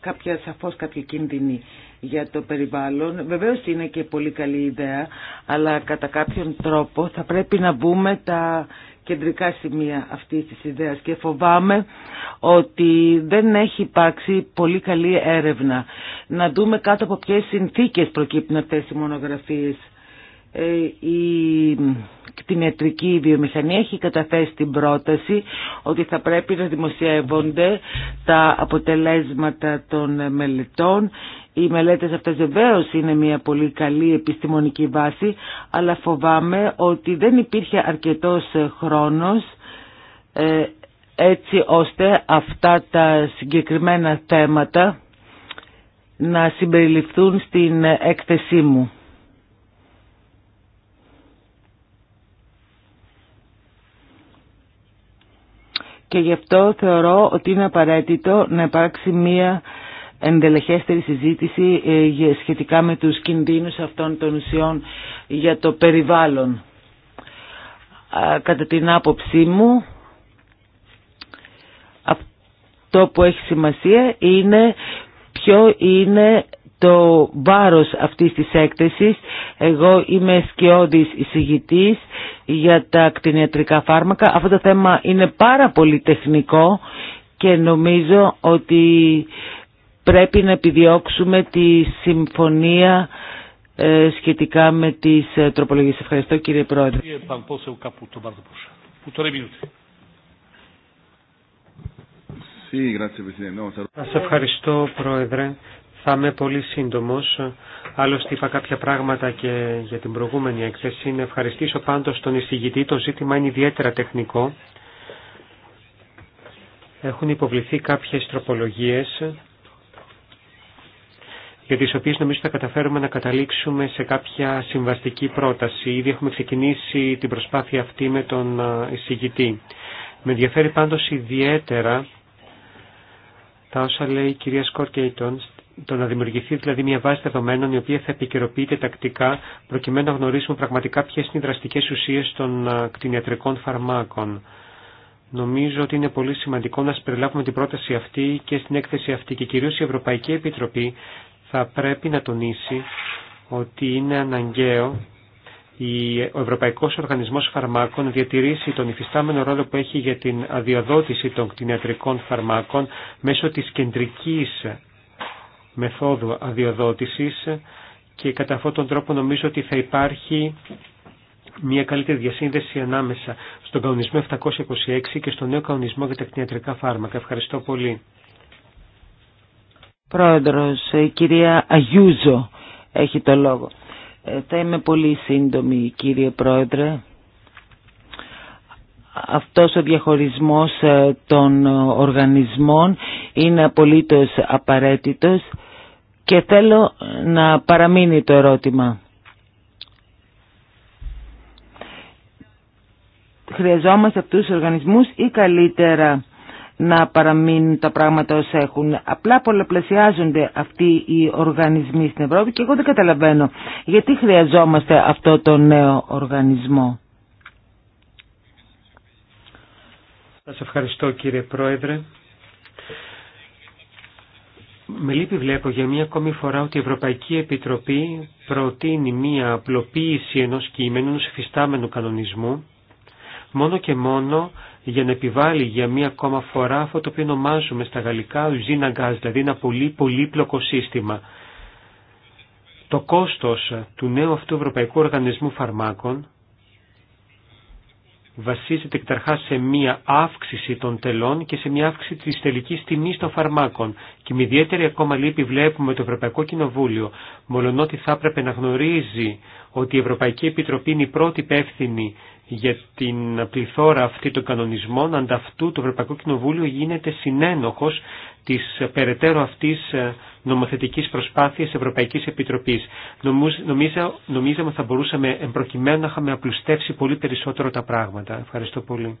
κάποια, σαφώς κάποια κίνδυνοι για το περιβάλλον. Βεβαίως είναι και πολύ καλή ιδέα, αλλά κατά κάποιον τρόπο θα πρέπει να μπούμε τα κεντρικά σημεία αυτής της ιδέας και φοβάμαι ότι δεν έχει υπάρξει πολύ καλή έρευνα. Να δούμε κάτω από ποιες συνθήκες προκύπτουν αυτέ οι μονογραφίες. Ε, η κτηνιατρική βιομηχανία έχει καταθέσει την πρόταση ότι θα πρέπει να δημοσιεύονται τα αποτελέσματα των μελετών. Οι μελέτες αυτές βεβαίω είναι μια πολύ καλή επιστημονική βάση, αλλά φοβάμαι ότι δεν υπήρχε αρκετός χρόνος ε, έτσι ώστε αυτά τα συγκεκριμένα θέματα να συμπεριληφθούν στην έκθεσή μου. και γι' αυτό θεωρώ ότι είναι απαραίτητο να υπάρξει μία ενδελεχέστερη συζήτηση ε, σχετικά με τους κινδύνους αυτών των ουσιών για το περιβάλλον. Κατά την άποψή μου, αυτό που έχει σημασία είναι ποιο είναι το βάρος αυτής της έκθεσης. Εγώ είμαι σκιώδης εισηγητής για τα κτηνιατρικά φάρμακα. Αυτό το θέμα είναι πάρα πολύ τεχνικό και νομίζω ότι πρέπει να επιδιώξουμε τη συμφωνία ε, σχετικά με τις ε, τροπολογίες. Ευχαριστώ κύριε Πρόεδρε. Σας ευχαριστώ Πρόεδρε. Θα είμαι πολύ σύντομος. Άλλωστε είπα κάποια πράγματα και για την προηγούμενη έκθεση. Να ευχαριστήσω πάντως τον εισηγητή. Το ζήτημα είναι ιδιαίτερα τεχνικό. Έχουν υποβληθεί κάποιες τροπολογίες για τις οποίες νομίζω θα καταφέρουμε να καταλήξουμε σε κάποια συμβαστική πρόταση. Ήδη έχουμε ξεκινήσει την προσπάθεια αυτή με τον εισηγητή. Με ενδιαφέρει πάντως ιδιαίτερα τα όσα λέει η κυρία Σκορκέιτον το να δημιουργηθεί δηλαδή μια βάση δεδομένων η οποία θα επικαιροποιείται τακτικά προκειμένου να γνωρίσουμε πραγματικά ποιε είναι οι δραστικέ ουσίε των ε, κτηνιατρικών φαρμάκων. Νομίζω ότι είναι πολύ σημαντικό να συμπεριλάβουμε την πρόταση αυτή και στην έκθεση αυτή και κυρίω η Ευρωπαϊκή Επιτροπή θα πρέπει να τονίσει ότι είναι αναγκαίο ο Ευρωπαϊκός Οργανισμός Φαρμάκων να διατηρήσει τον υφιστάμενο ρόλο που έχει για την αδειοδότηση των κτηνιατρικών φαρμάκων μέσω της κεντρικής μεθόδου αδειοδότησης και κατά αυτόν τον τρόπο νομίζω ότι θα υπάρχει μια καλύτερη διασύνδεση ανάμεσα στον κανονισμό 726 και στον νέο κανονισμό για τα κτηνιατρικά φάρμακα. Ευχαριστώ πολύ. Πρόεδρος, η ε, κυρία Αγιούζο έχει το λόγο. Ε, θα είμαι πολύ σύντομη κύριε Πρόεδρε. Αυτός ο διαχωρισμός ε, των οργανισμών είναι απολύτως απαραίτητος και θέλω να παραμείνει το ερώτημα. Χρειαζόμαστε αυτούς τους οργανισμούς ή καλύτερα να παραμείνουν τα πράγματα ως έχουν. Απλά πολλαπλασιάζονται αυτοί οι οργανισμοί στην Ευρώπη και εγώ δεν καταλαβαίνω γιατί χρειαζόμαστε αυτό το νέο οργανισμό. Σας ευχαριστώ κύριε Πρόεδρε. Με λύπη βλέπω για μία ακόμη φορά ότι η Ευρωπαϊκή Επιτροπή προτείνει μία απλοποίηση ενός κείμενου, ενός φυστάμενου κανονισμού, μόνο και μόνο για να επιβάλλει για μία ακόμα φορά αυτό το οποίο ονομάζουμε στα γαλλικά ουζίνα γκάζ, δηλαδή ένα πολύ πολύπλοκο σύστημα. Το κόστος του νέου αυτού Ευρωπαϊκού Οργανισμού Φαρμάκων βασίζεται εκταρχά σε μία αύξηση των τελών και σε μία αύξηση τη τελική τιμή των φαρμάκων. Και με ιδιαίτερη ακόμα λύπη βλέπουμε το Ευρωπαϊκό Κοινοβούλιο, μολονότι θα έπρεπε να γνωρίζει ότι η Ευρωπαϊκή Επιτροπή είναι η πρώτη υπεύθυνη για την πληθώρα αυτή των κανονισμών, ανταυτού το Ευρωπαϊκό Κοινοβούλιο γίνεται συνένοχο τη περαιτέρω αυτή ε, νομοθετικής προσπάθειας Ευρωπαϊκής Επιτροπής. Νομίζαμε ότι θα μπορούσαμε εμπροκειμένου να είχαμε απλουστεύσει πολύ περισσότερο τα πράγματα. Ευχαριστώ πολύ.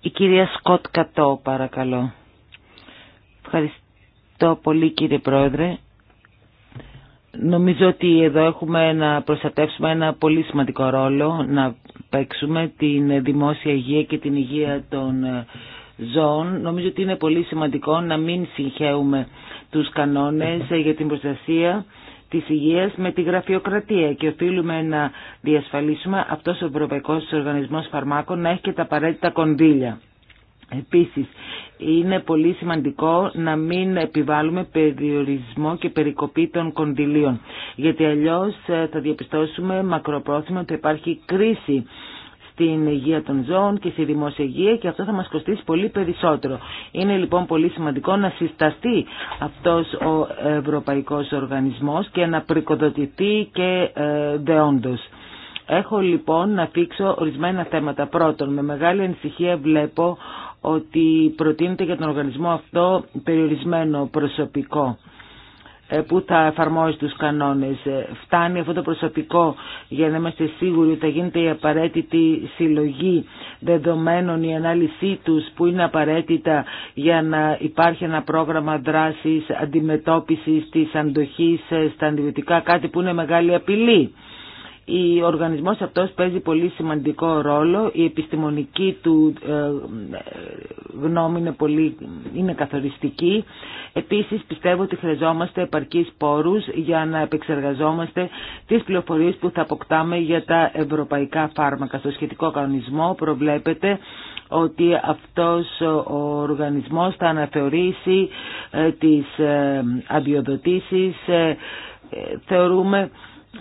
Η κυρία Σκοτ Κατώ, παρακαλώ. Ευχαριστώ πολύ κύριε Πρόεδρε. Νομίζω ότι εδώ έχουμε να προστατεύσουμε ένα πολύ σημαντικό ρόλο, να παίξουμε την δημόσια υγεία και την υγεία των ε, ζώων, νομίζω ότι είναι πολύ σημαντικό να μην συγχαίουμε τους κανόνες για την προστασία της υγείας με τη γραφειοκρατία και οφείλουμε να διασφαλίσουμε αυτός ο Ευρωπαϊκός Οργανισμός Φαρμάκων να έχει και τα απαραίτητα κονδύλια. Επίσης, είναι πολύ σημαντικό να μην επιβάλλουμε περιορισμό και περικοπή των κονδυλίων, γιατί αλλιώς ε, θα διαπιστώσουμε μακροπρόθεσμα ότι υπάρχει κρίση στην υγεία των ζώων και στη δημόσια υγεία και αυτό θα μας κοστίσει πολύ περισσότερο. Είναι λοιπόν πολύ σημαντικό να συσταστεί αυτός ο Ευρωπαϊκός Οργανισμός και να πρικοδοτηθεί και ε, δεόντως. Έχω λοιπόν να θίξω ορισμένα θέματα. Πρώτον, με μεγάλη ανησυχία βλέπω ότι προτείνεται για τον οργανισμό αυτό περιορισμένο προσωπικό. Ε, που θα εφαρμόζει τους κανόνες. Ε, φτάνει αυτό το προσωπικό για να είμαστε σίγουροι ότι θα γίνεται η απαραίτητη συλλογή δεδομένων, η ανάλυση τους που είναι απαραίτητα για να υπάρχει ένα πρόγραμμα δράσης, αντιμετώπισης της αντοχής ε, στα αντιβιωτικά, κάτι που είναι μεγάλη απειλή. Ο οργανισμός αυτός παίζει πολύ σημαντικό ρόλο, η επιστημονική του ε, ε, γνώμη είναι, πολύ, είναι καθοριστική. Επίσης πιστεύω ότι χρειαζόμαστε επαρκείς πόρους για να επεξεργαζόμαστε τις πληροφορίες που θα αποκτάμε για τα ευρωπαϊκά φάρμακα. Στο σχετικό κανονισμό προβλέπεται ότι αυτός ο οργανισμός θα αναθεωρήσει ε, τις αδειοδοτήσεις. Θεωρούμε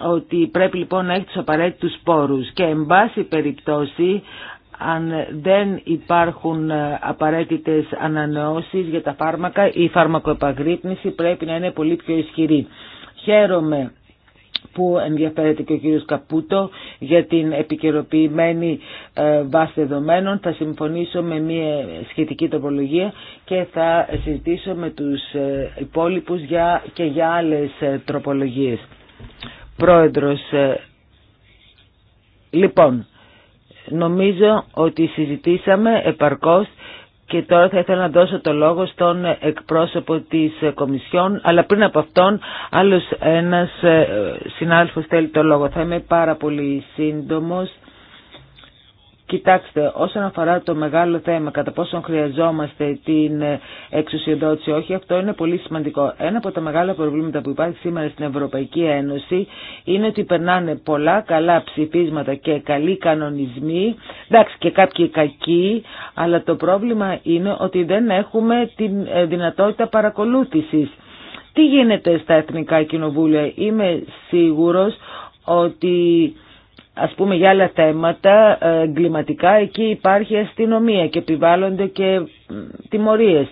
ότι πρέπει λοιπόν να έχει τους απαραίτητους πόρους και εν πάση περιπτώσει αν δεν υπάρχουν ε, απαραίτητες ανανεώσεις για τα φάρμακα η φαρμακοεπαγρύπνηση πρέπει να είναι πολύ πιο ισχυρή. Χαίρομαι που ενδιαφέρεται και ο κύριος Καπούτο για την επικαιροποιημένη ε, βάση δεδομένων. Θα συμφωνήσω με μια σχετική τοπολογία και θα συζητήσω με τους ε, υπόλοιπους για, και για άλλες τροπολογίες. Πρόεδρος, ε, λοιπόν, νομίζω ότι συζητήσαμε επαρκώς και τώρα θα ήθελα να δώσω το λόγο στον εκπρόσωπο της Κομισιόν, αλλά πριν από αυτόν άλλος ένας ε, συνάδελφος θέλει το λόγο. Θα είμαι πάρα πολύ σύντομος. Κοιτάξτε, όσον αφορά το μεγάλο θέμα, κατά πόσον χρειαζόμαστε την εξουσιοδότηση, όχι, αυτό είναι πολύ σημαντικό. Ένα από τα μεγάλα προβλήματα που υπάρχει σήμερα στην Ευρωπαϊκή Ένωση είναι ότι περνάνε πολλά καλά ψηφίσματα και καλοί κανονισμοί, εντάξει και κάποιοι κακοί, αλλά το πρόβλημα είναι ότι δεν έχουμε τη ε, δυνατότητα παρακολούθησης. Τι γίνεται στα Εθνικά Κοινοβούλια, είμαι σίγουρος ότι ας πούμε για άλλα θέματα ε, εγκληματικά εκεί υπάρχει αστυνομία και επιβάλλονται και τιμωρίες.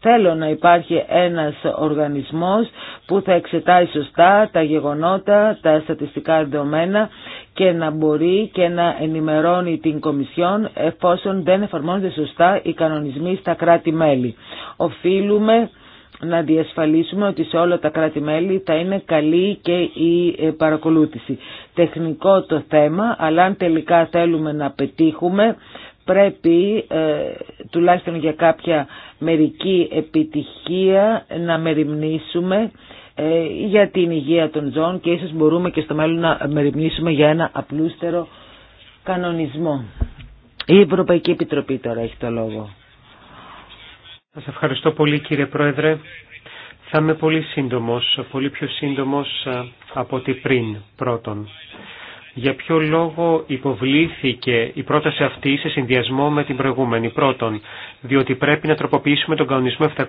Θέλω να υπάρχει ένας οργανισμός που θα εξετάει σωστά τα γεγονότα, τα στατιστικά δεδομένα και να μπορεί και να ενημερώνει την Κομισιόν εφόσον δεν εφαρμόζονται σωστά οι κανονισμοί στα κράτη-μέλη. Οφείλουμε να διασφαλίσουμε ότι σε όλα τα κράτη-μέλη θα είναι καλή και η ε, παρακολούθηση. Τεχνικό το θέμα, αλλά αν τελικά θέλουμε να πετύχουμε πρέπει ε, τουλάχιστον για κάποια μερική επιτυχία να μεριμνήσουμε ε, για την υγεία των ζώων και ίσως μπορούμε και στο μέλλον να μεριμνήσουμε για ένα απλούστερο κανονισμό. Η Ευρωπαϊκή Επιτροπή τώρα έχει το λόγο. Σας ευχαριστώ πολύ κύριε Πρόεδρε. Θα είμαι πολύ σύντομος, πολύ πιο σύντομος ε, από ό,τι πριν πρώτον. Για ποιο λόγο υποβλήθηκε η πρόταση αυτή σε συνδυασμό με την προηγούμενη πρώτον, διότι πρέπει να τροποποιήσουμε τον κανονισμό 726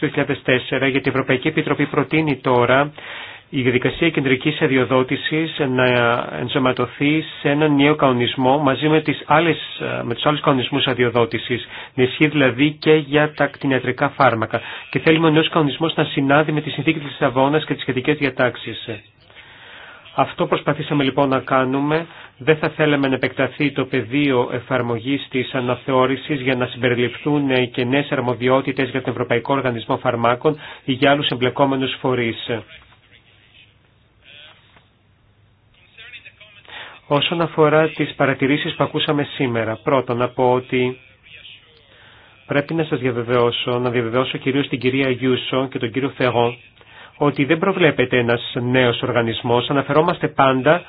του 2004, γιατί η Ευρωπαϊκή Επιτροπή προτείνει τώρα η διαδικασία κεντρική αδειοδότησης να ενσωματωθεί σε έναν νέο κανονισμό μαζί με, τις άλλες, ε, με τους άλλους κανονισμούς αδειοδότησης. Να ισχύει δηλαδή και για τα κτηνιατρικά φάρμακα. Και θέλουμε ο νέος κανονισμός να συνάδει με τη συνθήκη της Λισαβόνας και τις σχετικές διατάξεις. Αυτό προσπαθήσαμε λοιπόν να κάνουμε. Δεν θα θέλαμε να επεκταθεί το πεδίο εφαρμογής της αναθεώρησης για να συμπεριληφθούν και νέες αρμοδιότητες για τον Ευρωπαϊκό Οργανισμό Φαρμάκων ή για άλλου εμπλεκόμενου φορείς. Όσον αφορά τις παρατηρήσεις που ακούσαμε σήμερα, πρώτον να πω ότι πρέπει να σας διαβεβαιώσω, να διαβεβαιώσω κυρίως την κυρία Γιούσο και τον κύριο Φεγό, ότι δεν προβλέπεται ένας νέος οργανισμός, αναφερόμαστε πάντα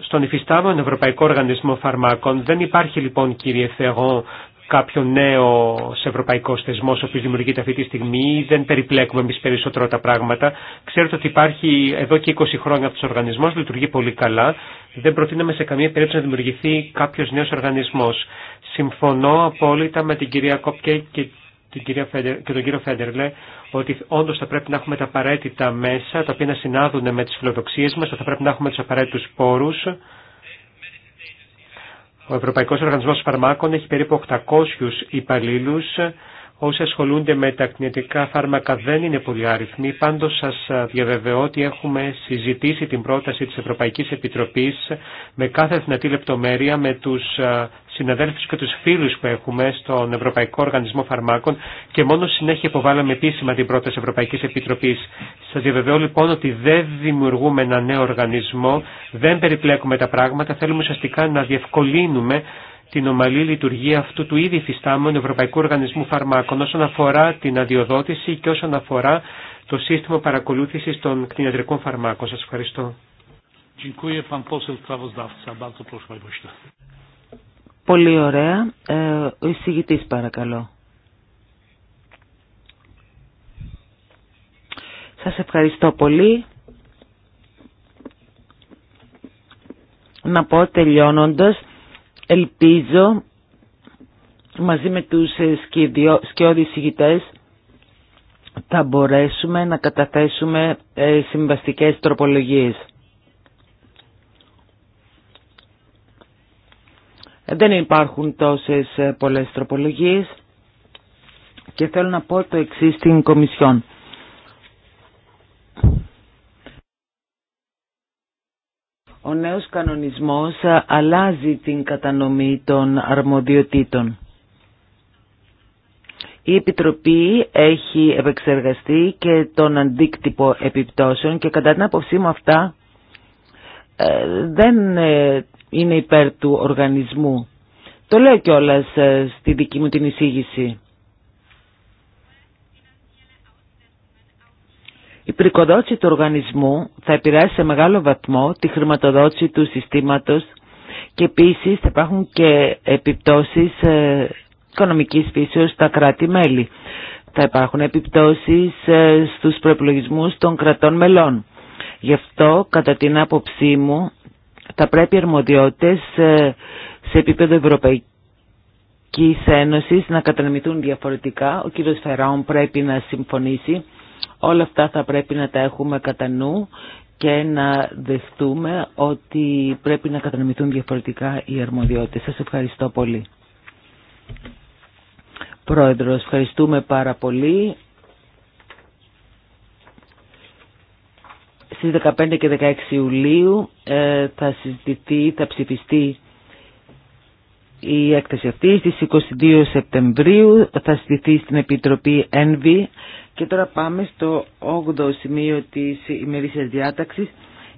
στον υφιστάμενο Ευρωπαϊκό Οργανισμό Φαρμάκων. Δεν υπάρχει λοιπόν κύριε Θεό κάποιο νέο ευρωπαϊκό θεσμό, ο οποίο δημιουργείται αυτή τη στιγμή. Δεν περιπλέκουμε εμεί περισσότερο τα πράγματα. Ξέρετε ότι υπάρχει εδώ και 20 χρόνια αυτό ο οργανισμό, λειτουργεί πολύ καλά. Δεν προτείναμε σε καμία περίπτωση να δημιουργηθεί κάποιο νέο οργανισμό. Συμφωνώ απόλυτα με την κυρία Κόπκε και την κυρία Φέντερ, και τον κύριο Φέντερλε ότι όντω θα πρέπει να έχουμε τα απαραίτητα μέσα τα οποία να συνάδουν με τι φιλοδοξίε μα, θα πρέπει να έχουμε του απαραίτητου πόρου. Ο Ευρωπαϊκός Οργανισμός Φαρμάκων έχει περίπου 800 υπαλλήλους Όσοι ασχολούνται με τα κνητικά φάρμακα δεν είναι πολύ αριθμοί, πάντως σας διαβεβαιώ ότι έχουμε συζητήσει την πρόταση της Ευρωπαϊκής Επιτροπής με κάθε δυνατή λεπτομέρεια με τους συναδέλφους και τους φίλους που έχουμε στον Ευρωπαϊκό Οργανισμό Φαρμάκων και μόνο συνέχεια υποβάλαμε επίσημα την πρόταση Ευρωπαϊκής Επιτροπής. Σας διαβεβαιώ λοιπόν ότι δεν δημιουργούμε ένα νέο οργανισμό, δεν περιπλέκουμε τα πράγματα, θέλουμε ουσιαστικά να διευκολύνουμε την ομαλή λειτουργία αυτού του ήδη φυστάμενου Ευρωπαϊκού Οργανισμού Φαρμάκων όσον αφορά την αδειοδότηση και όσον αφορά το σύστημα παρακολούθηση των κτηνιατρικών φαρμάκων. Σα ευχαριστώ. Πολύ ωραία. Ε, ο εισηγητή, παρακαλώ. Σα ευχαριστώ πολύ. Να πω τελειώνοντας Ελπίζω μαζί με τους ε, σκιώδεις ηγητές θα μπορέσουμε να καταθέσουμε ε, συμβαστικές τροπολογίες. Ε, δεν υπάρχουν τόσες πολλές τροπολογίες και θέλω να πω το εξής στην Κομισιόν. Ο νέος κανονισμός αλλάζει την κατανομή των αρμοδιοτήτων. Η Επιτροπή έχει επεξεργαστεί και τον αντίκτυπο επιπτώσεων και κατά την άποψή μου αυτά ε, δεν ε, είναι υπέρ του οργανισμού. Το λέω κιόλας ε, στη δική μου την εισήγηση. Η πρικοδότηση του οργανισμού θα επηρεάσει σε μεγάλο βαθμό τη χρηματοδότηση του συστήματος και επίσης θα υπάρχουν και επιπτώσεις ε, οικονομικής φύσεως στα κράτη-μέλη. Θα υπάρχουν επιπτώσεις ε, στους προεπλογισμούς των κρατών μελών. Γι' αυτό, κατά την άποψή μου, θα πρέπει οι αρμοδιότητες ε, σε επίπεδο Ευρωπαϊκής Ένωσης να κατανεμηθούν διαφορετικά. Ο κύριος Φεράων πρέπει να συμφωνήσει Όλα αυτά θα πρέπει να τα έχουμε κατά νου και να δεχτούμε ότι πρέπει να κατανοηθούν διαφορετικά οι αρμοδιότητες. Σας ευχαριστώ πολύ. Πρόεδρος, ευχαριστούμε πάρα πολύ. Στις 15 και 16 Ιουλίου ε, θα συζητηθεί, θα ψηφιστεί η έκθεση αυτή. Στις 22 Σεπτεμβρίου θα συζητηθεί στην Επιτροπή ΕΝΒΗ και τώρα πάμε στο 8ο σημείο της ημερήσιας διάταξης,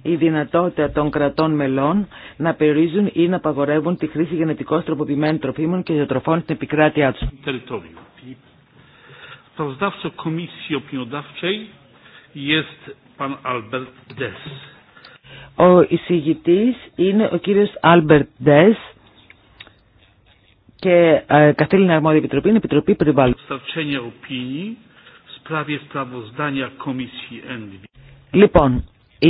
η δυνατότητα των κρατών μελών να περιορίζουν ή να απαγορεύουν τη χρήση γενετικώς τροποποιημένων τροφίμων και ζωοτροφών στην επικράτειά τους. Ο εισηγητής είναι ο κύριος Άλμπερτ Dess και ε, καθήλυνα αρμόδια επιτροπή είναι Επιτροπή Περιβάλλοντος. Komisji Λοιπόν, η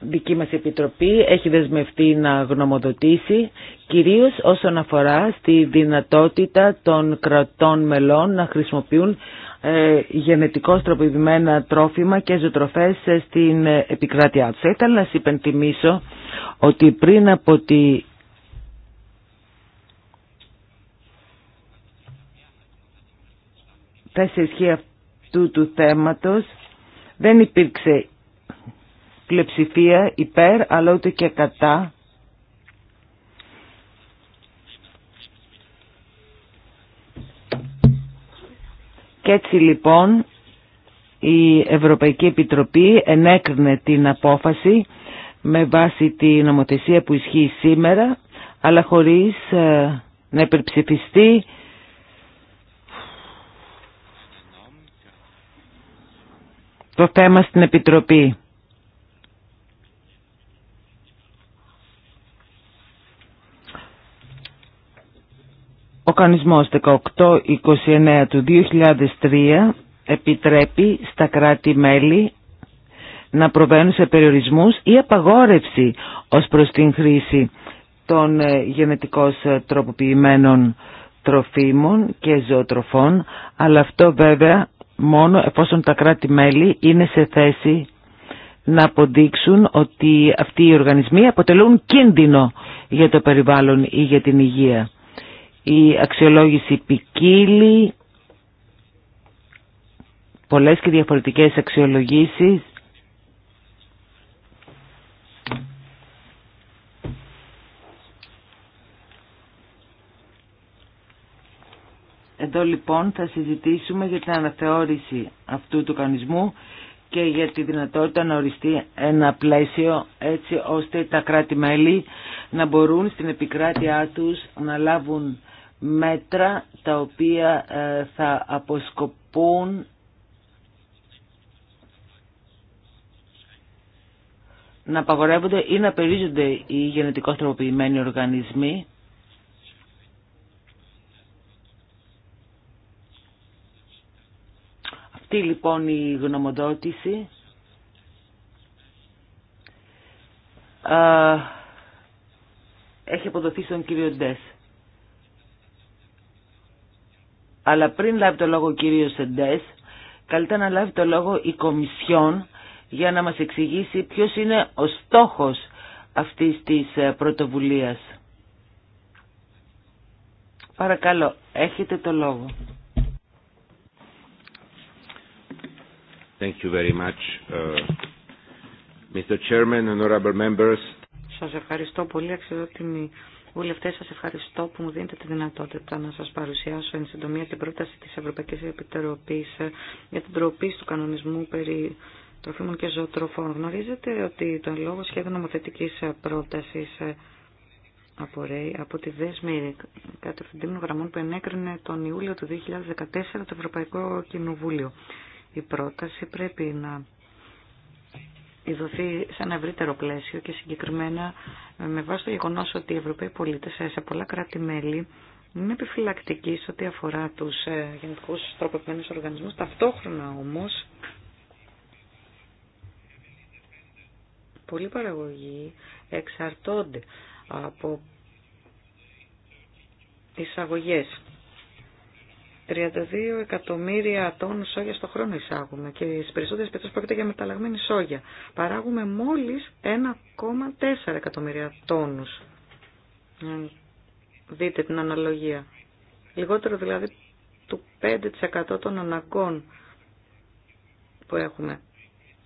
δική μας Επιτροπή έχει δεσμευτεί να γνωμοδοτήσει κυρίως όσον αφορά στη δυνατότητα των κρατών μελών να χρησιμοποιούν ε, γενετικώς τροποποιημένα τρόφιμα και ζωτροφές στην επικράτειά τους. Θα ήθελα να σας υπενθυμίσω ότι πριν από τη Σε σχέση αυτού του θέματος δεν υπήρξε πλειοψηφία υπέρ αλλά ούτε και κατά. Και έτσι λοιπόν η Ευρωπαϊκή Επιτροπή ενέκρινε την απόφαση με βάση την νομοθεσία που ισχύει σήμερα αλλά χωρίς ε, να υπερψηφιστεί το θέμα στην Επιτροπή. Ο κανονισμός 1829 του 2003 επιτρέπει στα κράτη-μέλη να προβαίνουν σε περιορισμούς ή απαγόρευση ως προς την χρήση των ε, γενετικώς ε, τροποποιημένων τροφίμων και ζωοτροφών, αλλά αυτό βέβαια μόνο εφόσον τα κράτη-μέλη είναι σε θέση να αποδείξουν ότι αυτοί οι οργανισμοί αποτελούν κίνδυνο για το περιβάλλον ή για την υγεία. Η αξιολόγηση ποικίλει, πολλές και διαφορετικές αξιολογήσεις Εδώ λοιπόν θα συζητήσουμε για την αναθεώρηση αυτού του κανονισμού και για τη δυνατότητα να οριστεί ένα πλαίσιο έτσι ώστε τα κράτη-μέλη να μπορούν στην επικράτειά τους να λάβουν μέτρα τα οποία ε, θα αποσκοπούν να απαγορεύονται ή να περίζονται οι γενετικώς τροποποιημένοι οργανισμοί Αυτή λοιπόν η γνωμοδότηση έχει αποδοθεί στον κύριο Ντές. Αλλά πριν λάβει το λόγο ο κύριος Ντές, καλύτερα να λάβει το λόγο η Κομισιόν για να μας εξηγήσει ποιος είναι ο στόχος αυτής της ε, πρωτοβουλίας. Παρακαλώ, έχετε το λόγο. Thank you very much, uh, Mr. Chairman, honorable members. Σας ευχαριστώ πολύ, αξιότιμοι βουλευτές. Σας ευχαριστώ που μου δίνετε τη δυνατότητα να σας παρουσιάσω εν συντομία την πρόταση της Ευρωπαϊκής Επιτροπής για την τροπή του κανονισμού περί τροφίμων και ζωοτροφών. Γνωρίζετε ότι το λόγο σχέδιο νομοθετικής πρότασης απορρέει από τη δέσμη κατευθυντήμων γραμμών που ενέκρινε τον Ιούλιο του 2014 το Ευρωπαϊκό Κοινοβούλιο η πρόταση πρέπει να ειδωθεί σε ένα ευρύτερο πλαίσιο και συγκεκριμένα με βάση το γεγονό ότι οι Ευρωπαίοι πολίτες σε πολλά κράτη-μέλη είναι επιφυλακτικοί σε ό,τι αφορά τους ε, γενικούς τροποποιημένους οργανισμούς. Ταυτόχρονα όμως πολλοί παραγωγοί εξαρτώνται από εισαγωγές 32 εκατομμύρια τόνου σόγια στο χρόνο εισάγουμε και στι περισσότερε περιπτώσει πρόκειται για μεταλλαγμένη σόγια. Παράγουμε μόλι 1,4 εκατομμύρια τόνου. Δείτε την αναλογία. Λιγότερο δηλαδή του 5% των αναγκών που έχουμε.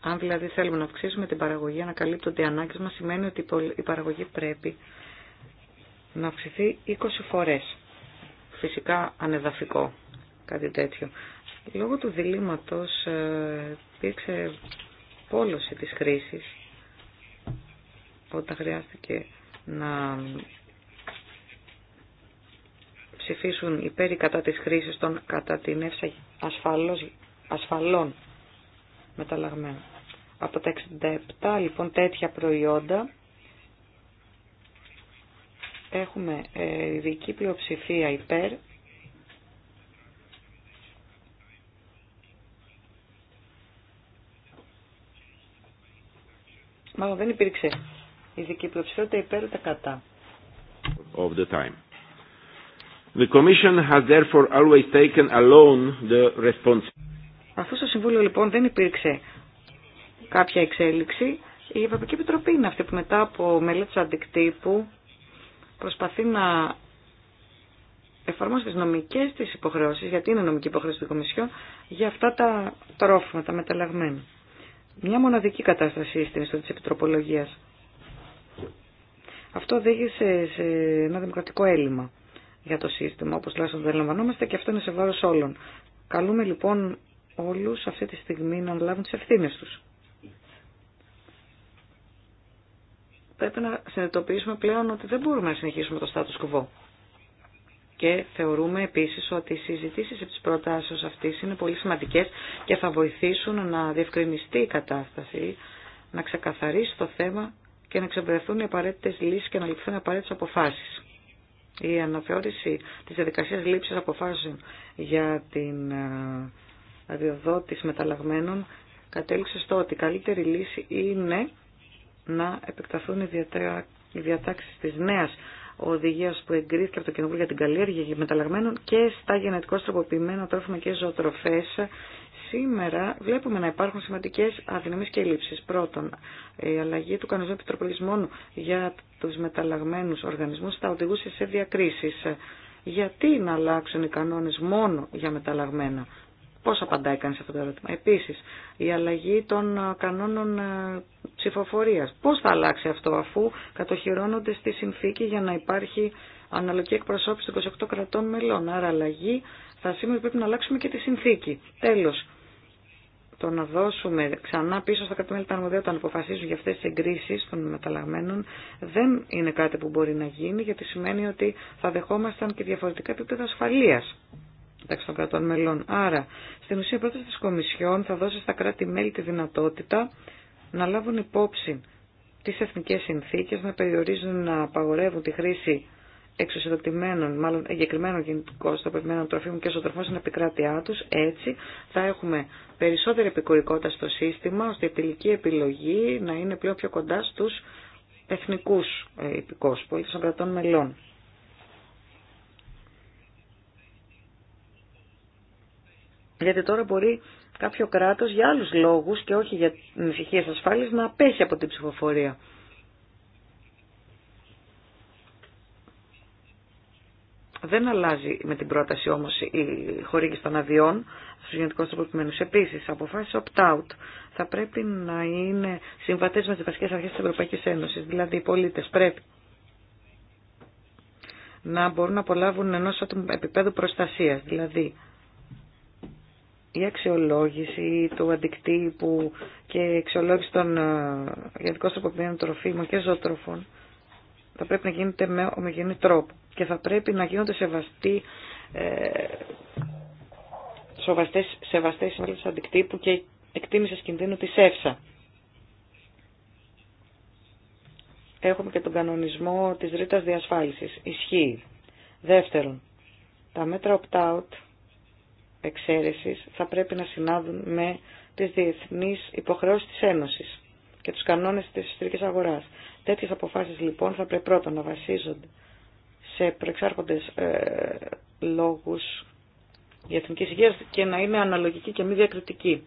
Αν δηλαδή θέλουμε να αυξήσουμε την παραγωγή, να καλύπτονται οι ανάγκες μας, σημαίνει ότι η παραγωγή πρέπει να αυξηθεί 20 φορές. Φυσικά ανεδαφικό κάτι τέτοιο. Λόγω του διλήμματος ε, υπήρξε πόλωση της χρήσης όταν χρειάστηκε να ψηφίσουν υπέρ κατά της χρήσης των κατά την εύσα ασφαλος ασφαλών μεταλλαγμένων. Από τα 67 λοιπόν τέτοια προϊόντα έχουμε ε, ειδική πλειοψηφία υπέρ Μάλλον δεν υπήρξε ειδική πλειοψηφία υπέρ ούτε κατά. Of the time. The Commission has therefore always taken alone the Αφού στο Συμβούλιο λοιπόν δεν υπήρξε κάποια εξέλιξη, η Ευρωπαϊκή Επιτροπή είναι αυτή που μετά από μελέτη αντικτύπου προσπαθεί να εφαρμόσει τις νομικές της υποχρεώσεις, γιατί είναι νομική υποχρέωση του Κομισιόν, για αυτά τα τρόφιμα, τα μεταλλαγμένα. Μια μοναδική κατάσταση στην ιστορία της επιτροπολογίας. Αυτό οδήγησε σε ένα δημοκρατικό έλλειμμα για το σύστημα, όπως τουλάχιστον δεν λαμβανόμαστε και αυτό είναι σε βάρος όλων. Καλούμε λοιπόν όλους αυτή τη στιγμή να λάβουν τις ευθύνες τους. Πρέπει να συνειδητοποιήσουμε πλέον ότι δεν μπορούμε να συνεχίσουμε το status quo και θεωρούμε επίσης ότι οι συζητήσεις από τις προτάσεις αυτής είναι πολύ σημαντικές και θα βοηθήσουν να διευκρινιστεί η κατάσταση, να ξεκαθαρίσει το θέμα και να εξευρεθούν οι απαραίτητε λύσεις και να ληφθούν οι απαραίτητε αποφάσει. Η αναθεώρηση τη διαδικασία λήψη αποφάσεων για την ε, αδειοδότηση μεταλλαγμένων κατέληξε στο ότι η καλύτερη λύση είναι να επεκταθούν οι διατάξεις της νέας Οδηγία που εγκρίθηκε από το Κοινοβούλιο για την καλλιέργεια μεταλλαγμένων και στα γενετικώ τροποποιημένα τρόφιμα και ζωοτροφές σήμερα βλέπουμε να υπάρχουν σημαντικέ αδυναμίε και ελλείψει. Πρώτον, η αλλαγή του κανονισμού επιτροπολισμών για του μεταλλαγμένου οργανισμού θα οδηγούσε σε διακρίσει. Γιατί να αλλάξουν οι κανόνε μόνο για μεταλλαγμένα Πώς απαντάει κανείς αυτό το ερώτημα. Επίσης, η αλλαγή των ε, κανόνων ε, ψηφοφορίας. Πώς θα αλλάξει αυτό αφού κατοχυρώνονται στη συνθήκη για να υπάρχει αναλογική εκπροσώπηση των 28 κρατών μελών. Άρα αλλαγή θα σημαίνει ότι πρέπει να αλλάξουμε και τη συνθήκη. Τέλος, το να δώσουμε ξανά πίσω στα κρατημέλη τα αρμοδία όταν αποφασίζουν για αυτές τις εγκρίσεις των μεταλλαγμένων δεν είναι κάτι που μπορεί να γίνει γιατί σημαίνει ότι θα δεχόμασταν και διαφορετικά επίπεδα ασφαλείας μεταξύ των κρατών μελών. Άρα, στην ουσία η πρόταση της Κομισιόν θα δώσει στα κράτη-μέλη τη δυνατότητα να λάβουν υπόψη τις εθνικές συνθήκες, να περιορίζουν να απαγορεύουν τη χρήση εξουσιοδοτημένων, μάλλον εγκεκριμένων γενικοστοπευμένων τροφίμων και ζωοτροφών στην επικράτειά τους. Έτσι θα έχουμε περισσότερη επικουρικότητα στο σύστημα, ώστε η τελική επιλογή να είναι πλέον πιο κοντά στους εθνικούς ε, υπηκούς πολίτες των κρατών μελών. Γιατί τώρα μπορεί κάποιο κράτο για άλλου λόγου και όχι για ησυχία ασφάλεια να απέχει από την ψηφοφορία. Δεν αλλάζει με την πρόταση όμω η χορήγηση των αδειών στου γενετικους τροποποιημενου προκειμένου. Επίση, αποφάσεις opt-out θα πρέπει να είναι συμβατέ με τις βασικέ αρχέ τη Ευρωπαϊκή Ένωση. Δηλαδή οι πολίτε πρέπει να μπορούν να απολάβουν ενό επίπεδου προστασία, Δηλαδή η αξιολόγηση του αντικτύπου και η αξιολόγηση των ε, γενικών στροποποιημένων τροφίμων και ζωοτροφών θα πρέπει να γίνεται με ομογενή τρόπο και θα πρέπει να γίνονται σεβαστοί, ε, σοβαστές, σεβαστές αντικτύπου και εκτίμηση κινδύνου της ΕΦΣΑ. Έχουμε και τον κανονισμό της ρήτας διασφάλισης. Ισχύει. Δεύτερον, τα μέτρα opt-out θα πρέπει να συνάδουν με τις διεθνείς υποχρεώσεις της Ένωσης και τους κανόνες της ιστορικής αγοράς. Τέτοιες αποφάσεις λοιπόν θα πρέπει πρώτα να βασίζονται σε προεξάρχοντες ε, λόγους για εθνική υγεία και να είναι αναλογική και μη διακριτική.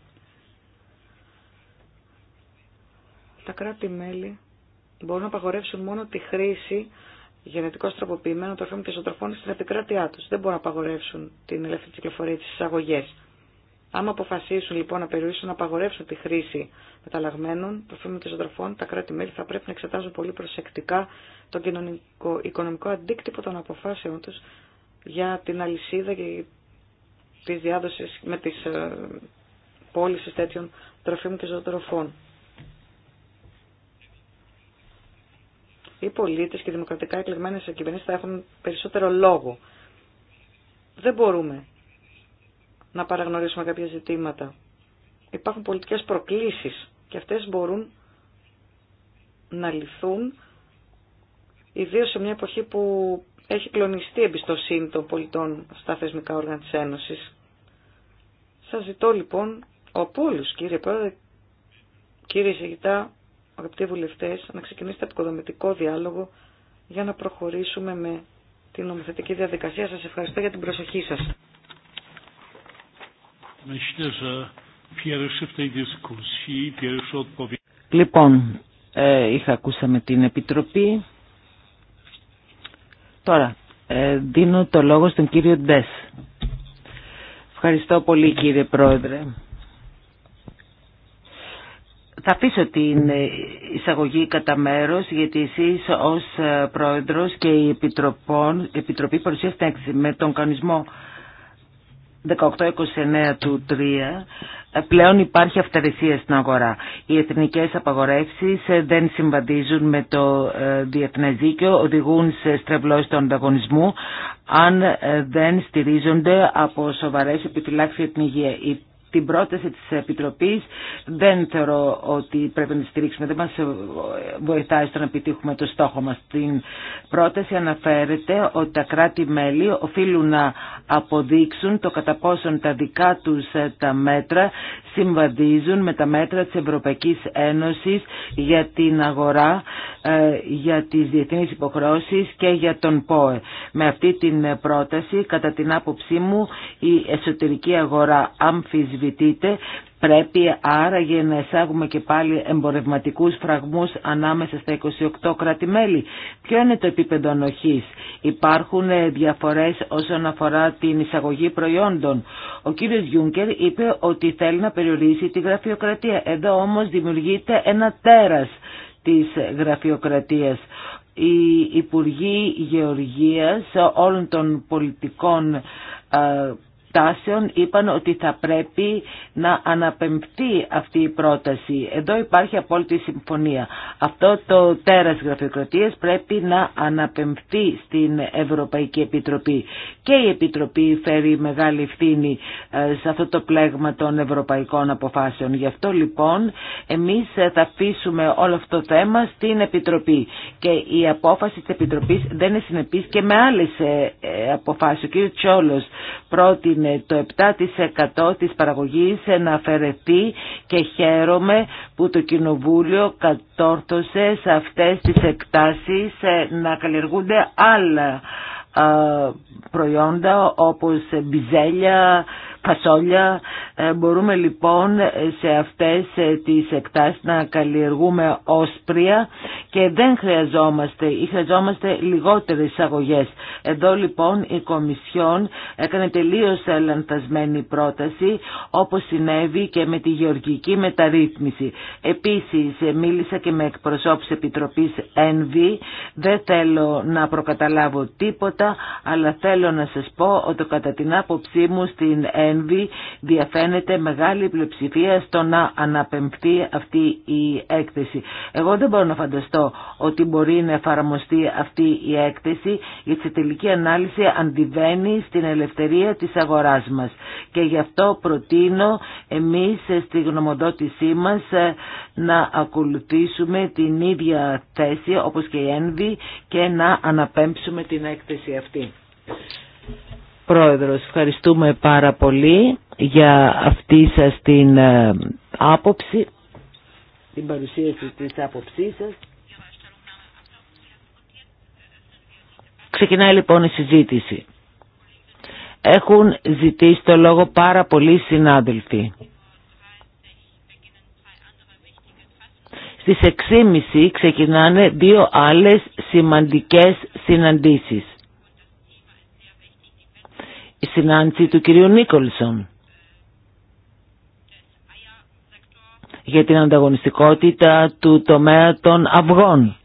Τα κράτη-μέλη μπορούν να απαγορεύσουν μόνο τη χρήση γενετικώ τροποποιημένο τροφίμων και ζωοτροφών στην επικράτειά του. Δεν μπορούν να απαγορεύσουν την ελεύθερη κυκλοφορία τη εισαγωγή. Άμα αποφασίσουν λοιπόν να περιορίσουν, να απαγορεύσουν τη χρήση μεταλλαγμένων τροφίμων και ζωοτροφών, τα κράτη-μέλη θα πρέπει να εξετάζουν πολύ προσεκτικά τον κοινωνικό, οικονομικό αντίκτυπο των αποφάσεων του για την αλυσίδα και τη διάδοση με τι ε, πώληση τέτοιων τροφίμων και ζωοτροφών. οι πολίτες και οι δημοκρατικά εκλεγμένες κυβερνήσεις θα έχουν περισσότερο λόγο. Δεν μπορούμε να παραγνωρίσουμε κάποια ζητήματα. Υπάρχουν πολιτικές προκλήσεις και αυτές μπορούν να λυθούν ιδίως σε μια εποχή που έχει κλονιστεί η εμπιστοσύνη των πολιτών στα θεσμικά όργανα της Ένωσης. Σας ζητώ λοιπόν ο όλους κύριε Πρόεδρε, κύριε Σεγητά, αγαπητοί βουλευτές, να ξεκινήσετε επικοδομητικό διάλογο για να προχωρήσουμε με την νομοθετική διαδικασία. Σας ευχαριστώ για την προσοχή σας. Λοιπόν, ε, είχα ακούσαμε την Επιτροπή. Τώρα, ε, δίνω το λόγο στον κύριο Ντές. Ευχαριστώ πολύ κύριε Πρόεδρε. Θα αφήσω την ε, εισαγωγή κατά μέρο γιατί εσεί ω ε, πρόεδρο και η Επιτροπή παρουσιάσετε με τον κανονισμό 1829 του 3 ε, πλέον υπάρχει αυταρρυσία στην αγορά. Οι εθνικές απαγορεύσει δεν συμβαδίζουν με το διεθνές δίκαιο, οδηγούν σε στρεβλώσεις του ανταγωνισμού αν δεν στηρίζονται από σοβαρέ επιφυλάξει για την υγεία την πρόταση της Επιτροπής δεν θεωρώ ότι πρέπει να τη στηρίξουμε. Δεν μας βοηθάει στο να επιτύχουμε το στόχο μας. την πρόταση αναφέρεται ότι τα κράτη-μέλη οφείλουν να αποδείξουν το κατά πόσον τα δικά τους ε, τα μέτρα συμβαδίζουν με τα μέτρα της Ευρωπαϊκής Ένωσης για την αγορά, ε, για τις διεθνείς υποχρεώσεις και για τον ΠΟΕ. Με αυτή την πρόταση, κατά την άποψή μου, η εσωτερική αγορά Πρέπει άραγε να εισάγουμε και πάλι εμπορευματικούς φραγμούς ανάμεσα στα 28 κράτη-μέλη. Ποιο είναι το επίπεδο ανοχής. Υπάρχουν διαφορές όσον αφορά την εισαγωγή προϊόντων. Ο κύριος Γιούγκερ είπε ότι θέλει να περιορίσει τη γραφειοκρατία. Εδώ όμως δημιουργείται ένα τέρας της γραφειοκρατίας. Οι Υπουργοί Γεωργίας όλων των πολιτικών τάσεων είπαν ότι θα πρέπει να αναπεμφθεί αυτή η πρόταση. Εδώ υπάρχει απόλυτη συμφωνία. Αυτό το τέρας γραφειοκρατίας πρέπει να αναπεμφθεί στην Ευρωπαϊκή Επιτροπή. Και η Επιτροπή φέρει μεγάλη ευθύνη ε, σε αυτό το πλέγμα των ευρωπαϊκών αποφάσεων. Γι' αυτό λοιπόν εμείς θα αφήσουμε όλο αυτό το θέμα στην Επιτροπή. Και η απόφαση της Επιτροπής δεν είναι συνεπής και με άλλες ε, ε, αποφάσεις. Ο κ. Τσόλος το 7% της παραγωγής να αφαιρεθεί και χαίρομαι που το Κοινοβούλιο κατόρθωσε σε αυτές τις εκτάσεις ε, να καλλιεργούνται άλλα ε, προϊόντα όπως μπιζέλια, Πασόλια, ε, Μπορούμε λοιπόν σε αυτές ε, τις εκτάσεις να καλλιεργούμε όσπρια και δεν χρειαζόμαστε ή χρειαζόμαστε λιγότερες εισαγωγές. Εδώ λοιπόν η Κομισιόν έκανε τελείως λανθασμένη τελειως έλαντασμένη όπως συνέβη και με τη γεωργική μεταρρύθμιση. Επίσης ε, μίλησα και με εκπροσώπους Επιτροπής ΕΝΒΗ. Δεν θέλω να προκαταλάβω τίποτα αλλά θέλω να σας πω ότι κατά την άποψή μου στην ΕΝΒΗ διαφαίνεται μεγάλη πλειοψηφία στο να αναπεμφθεί αυτή η έκθεση. Εγώ δεν μπορώ να φανταστώ ότι μπορεί να εφαρμοστεί αυτή η έκθεση γιατί σε τελική ανάλυση αντιβαίνει στην ελευθερία της αγοράς μας. Και γι' αυτό προτείνω εμείς στη γνωμοδότησή μας ε, να ακολουθήσουμε την ίδια θέση όπως και η και να αναπέμψουμε την έκθεση αυτή. Πρόεδρος, ευχαριστούμε πάρα πολύ για αυτή σας την ε, άποψη, την παρουσίαση της άποψής σας. Ξεκινάει λοιπόν η συζήτηση. Έχουν ζητήσει το λόγο πάρα πολλοί συνάδελφοι. Στις 6.30 ξεκινάνε δύο άλλες σημαντικές συναντήσεις η συνάντηση του κυρίου Νίκολσον για την ανταγωνιστικότητα του τομέα των αυγών.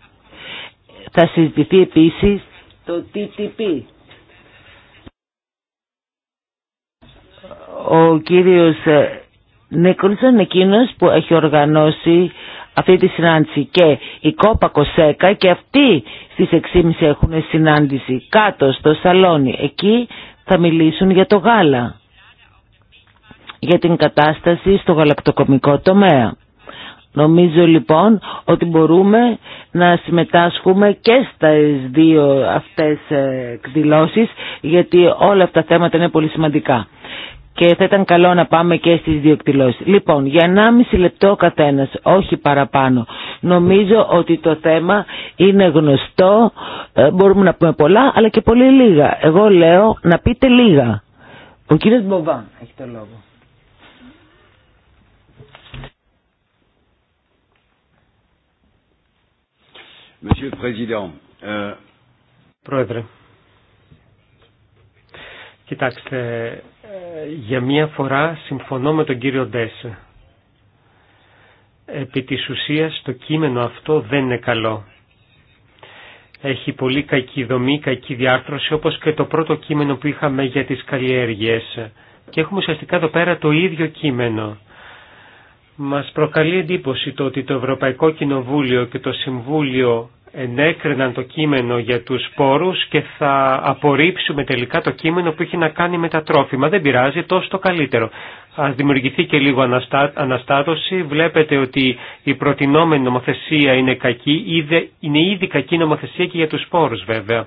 Θα συζητηθεί επίσης το TTP. Ο κύριος ε, Νίκολσον, εκείνος που έχει οργανώσει αυτή τη συνάντηση και η Κόπα Κοσέκα και αυτοί στις 6.30 έχουν συνάντηση κάτω στο σαλόνι. Εκεί θα μιλήσουν για το γάλα, για την κατάσταση στο γαλακτοκομικό τομέα. Νομίζω λοιπόν ότι μπορούμε να συμμετάσχουμε και στις δύο αυτές ε, εκδηλώσεις γιατί όλα αυτά τα θέματα είναι πολύ σημαντικά και θα ήταν καλό να πάμε και στις δύο εκδηλώσεις. Λοιπόν, για 1,5 λεπτό ο καθένας, όχι παραπάνω. Νομίζω ότι το θέμα είναι γνωστό, ε, μπορούμε να πούμε πολλά, αλλά και πολύ λίγα. Εγώ λέω να πείτε λίγα. Ο κύριος Μποβάν. έχει το λόγο. Euh, Πρόεδρε, κοιτάξτε, ε, για μία φορά συμφωνώ με τον κύριο Ντέσε. Επί της ουσίας το κείμενο αυτό δεν είναι καλό. Έχει πολύ κακή δομή, κακή διάρθρωση, όπως και το πρώτο κείμενο που είχαμε για τις καλλιέργειες. Και έχουμε ουσιαστικά εδώ πέρα το ίδιο κείμενο. Μας προκαλεί εντύπωση το ότι το Ευρωπαϊκό Κοινοβούλιο και το Συμβούλιο ενέκριναν το κείμενο για τους σπόρους και θα απορρίψουμε τελικά το κείμενο που έχει να κάνει με τα τρόφιμα. Δεν πειράζει, τόσο το καλύτερο. Ας δημιουργηθεί και λίγο αναστάτωση. Βλέπετε ότι η προτινόμενη νομοθεσία είναι κακή, είναι ήδη κακή νομοθεσία και για τους σπόρους βέβαια.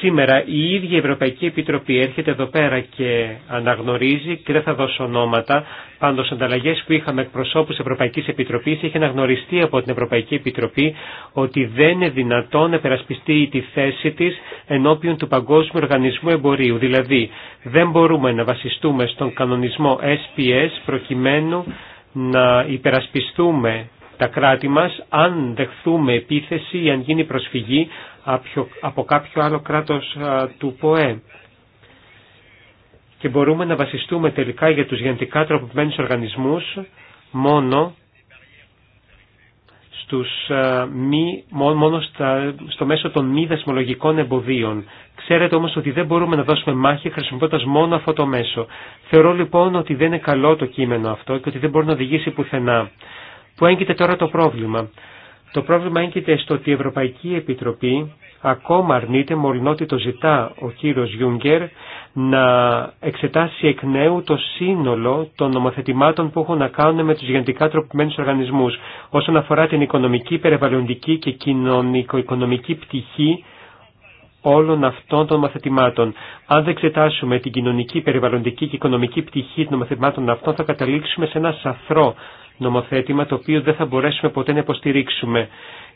Σήμερα η ίδια η Ευρωπαϊκή Επιτροπή έρχεται εδώ πέρα και αναγνωρίζει και δεν θα δώσω ονόματα. Πάντως ανταλλαγές που είχαμε εκπροσώπους Ευρωπαϊκής Επιτροπής είχε αναγνωριστεί από την Ευρωπαϊκή Επιτροπή ότι δεν είναι δυνατόν να περασπιστεί τη θέση της ενώπιον του Παγκόσμιου Οργανισμού Εμπορίου. Δηλαδή δεν μπορούμε να βασιστούμε στον κανονισμό SPS προκειμένου να υπερασπιστούμε τα κράτη μας αν δεχθούμε επίθεση ή αν γίνει προσφυγή από κάποιο άλλο κράτος του ΠΟΕ. Και μπορούμε να βασιστούμε τελικά για τους γενετικά τροποποιημένους οργανισμούς μόνο στους, μη, μόνο στα, στο μέσο των μη δεσμολογικών εμποδίων. Ξέρετε όμως ότι δεν μπορούμε να δώσουμε μάχη χρησιμοποιώντας μόνο αυτό το μέσο. Θεωρώ λοιπόν ότι δεν είναι καλό το κείμενο αυτό και ότι δεν μπορεί να οδηγήσει πουθενά. Που έγκυται τώρα το πρόβλημα. Το πρόβλημα έγκυται στο ότι η Ευρωπαϊκή Επιτροπή ακόμα αρνείται μολυνότι το ζητά ο κύριος Γιούγκερ να εξετάσει εκ νέου το σύνολο των νομοθετημάτων που έχουν να κάνουν με τους γενετικά τροποποιημένους οργανισμούς όσον αφορά την οικονομική, περιβαλλοντική και κοινωνικο-οικονομική πτυχή όλων αυτών των νομοθετημάτων. Αν δεν εξετάσουμε την κοινωνική, περιβαλλοντική και οικονομική πτυχή των νομοθετημάτων αυτών θα καταλήξουμε σε ένα σαθρό νομοθέτημα το οποίο δεν θα μπορέσουμε ποτέ να υποστηρίξουμε.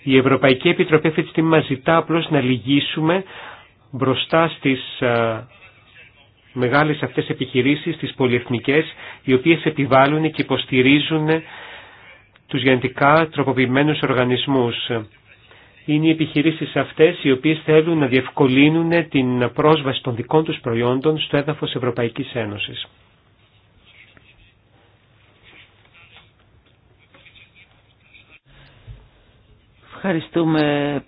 Η Ευρωπαϊκή Επιτροπή αυτή τη στιγμή μας ζητά απλώς να λυγίσουμε μπροστά στις μεγάλες αυτές επιχειρήσεις, τις πολυεθνικές, οι οποίες επιβάλλουν και υποστηρίζουν τους γενετικά τροποποιημένους οργανισμούς. Είναι οι επιχειρήσεις αυτές οι οποίες θέλουν να διευκολύνουν την πρόσβαση των δικών τους προϊόντων στο έδαφος Ευρωπαϊκής Ένωσης. Ευχαριστούμε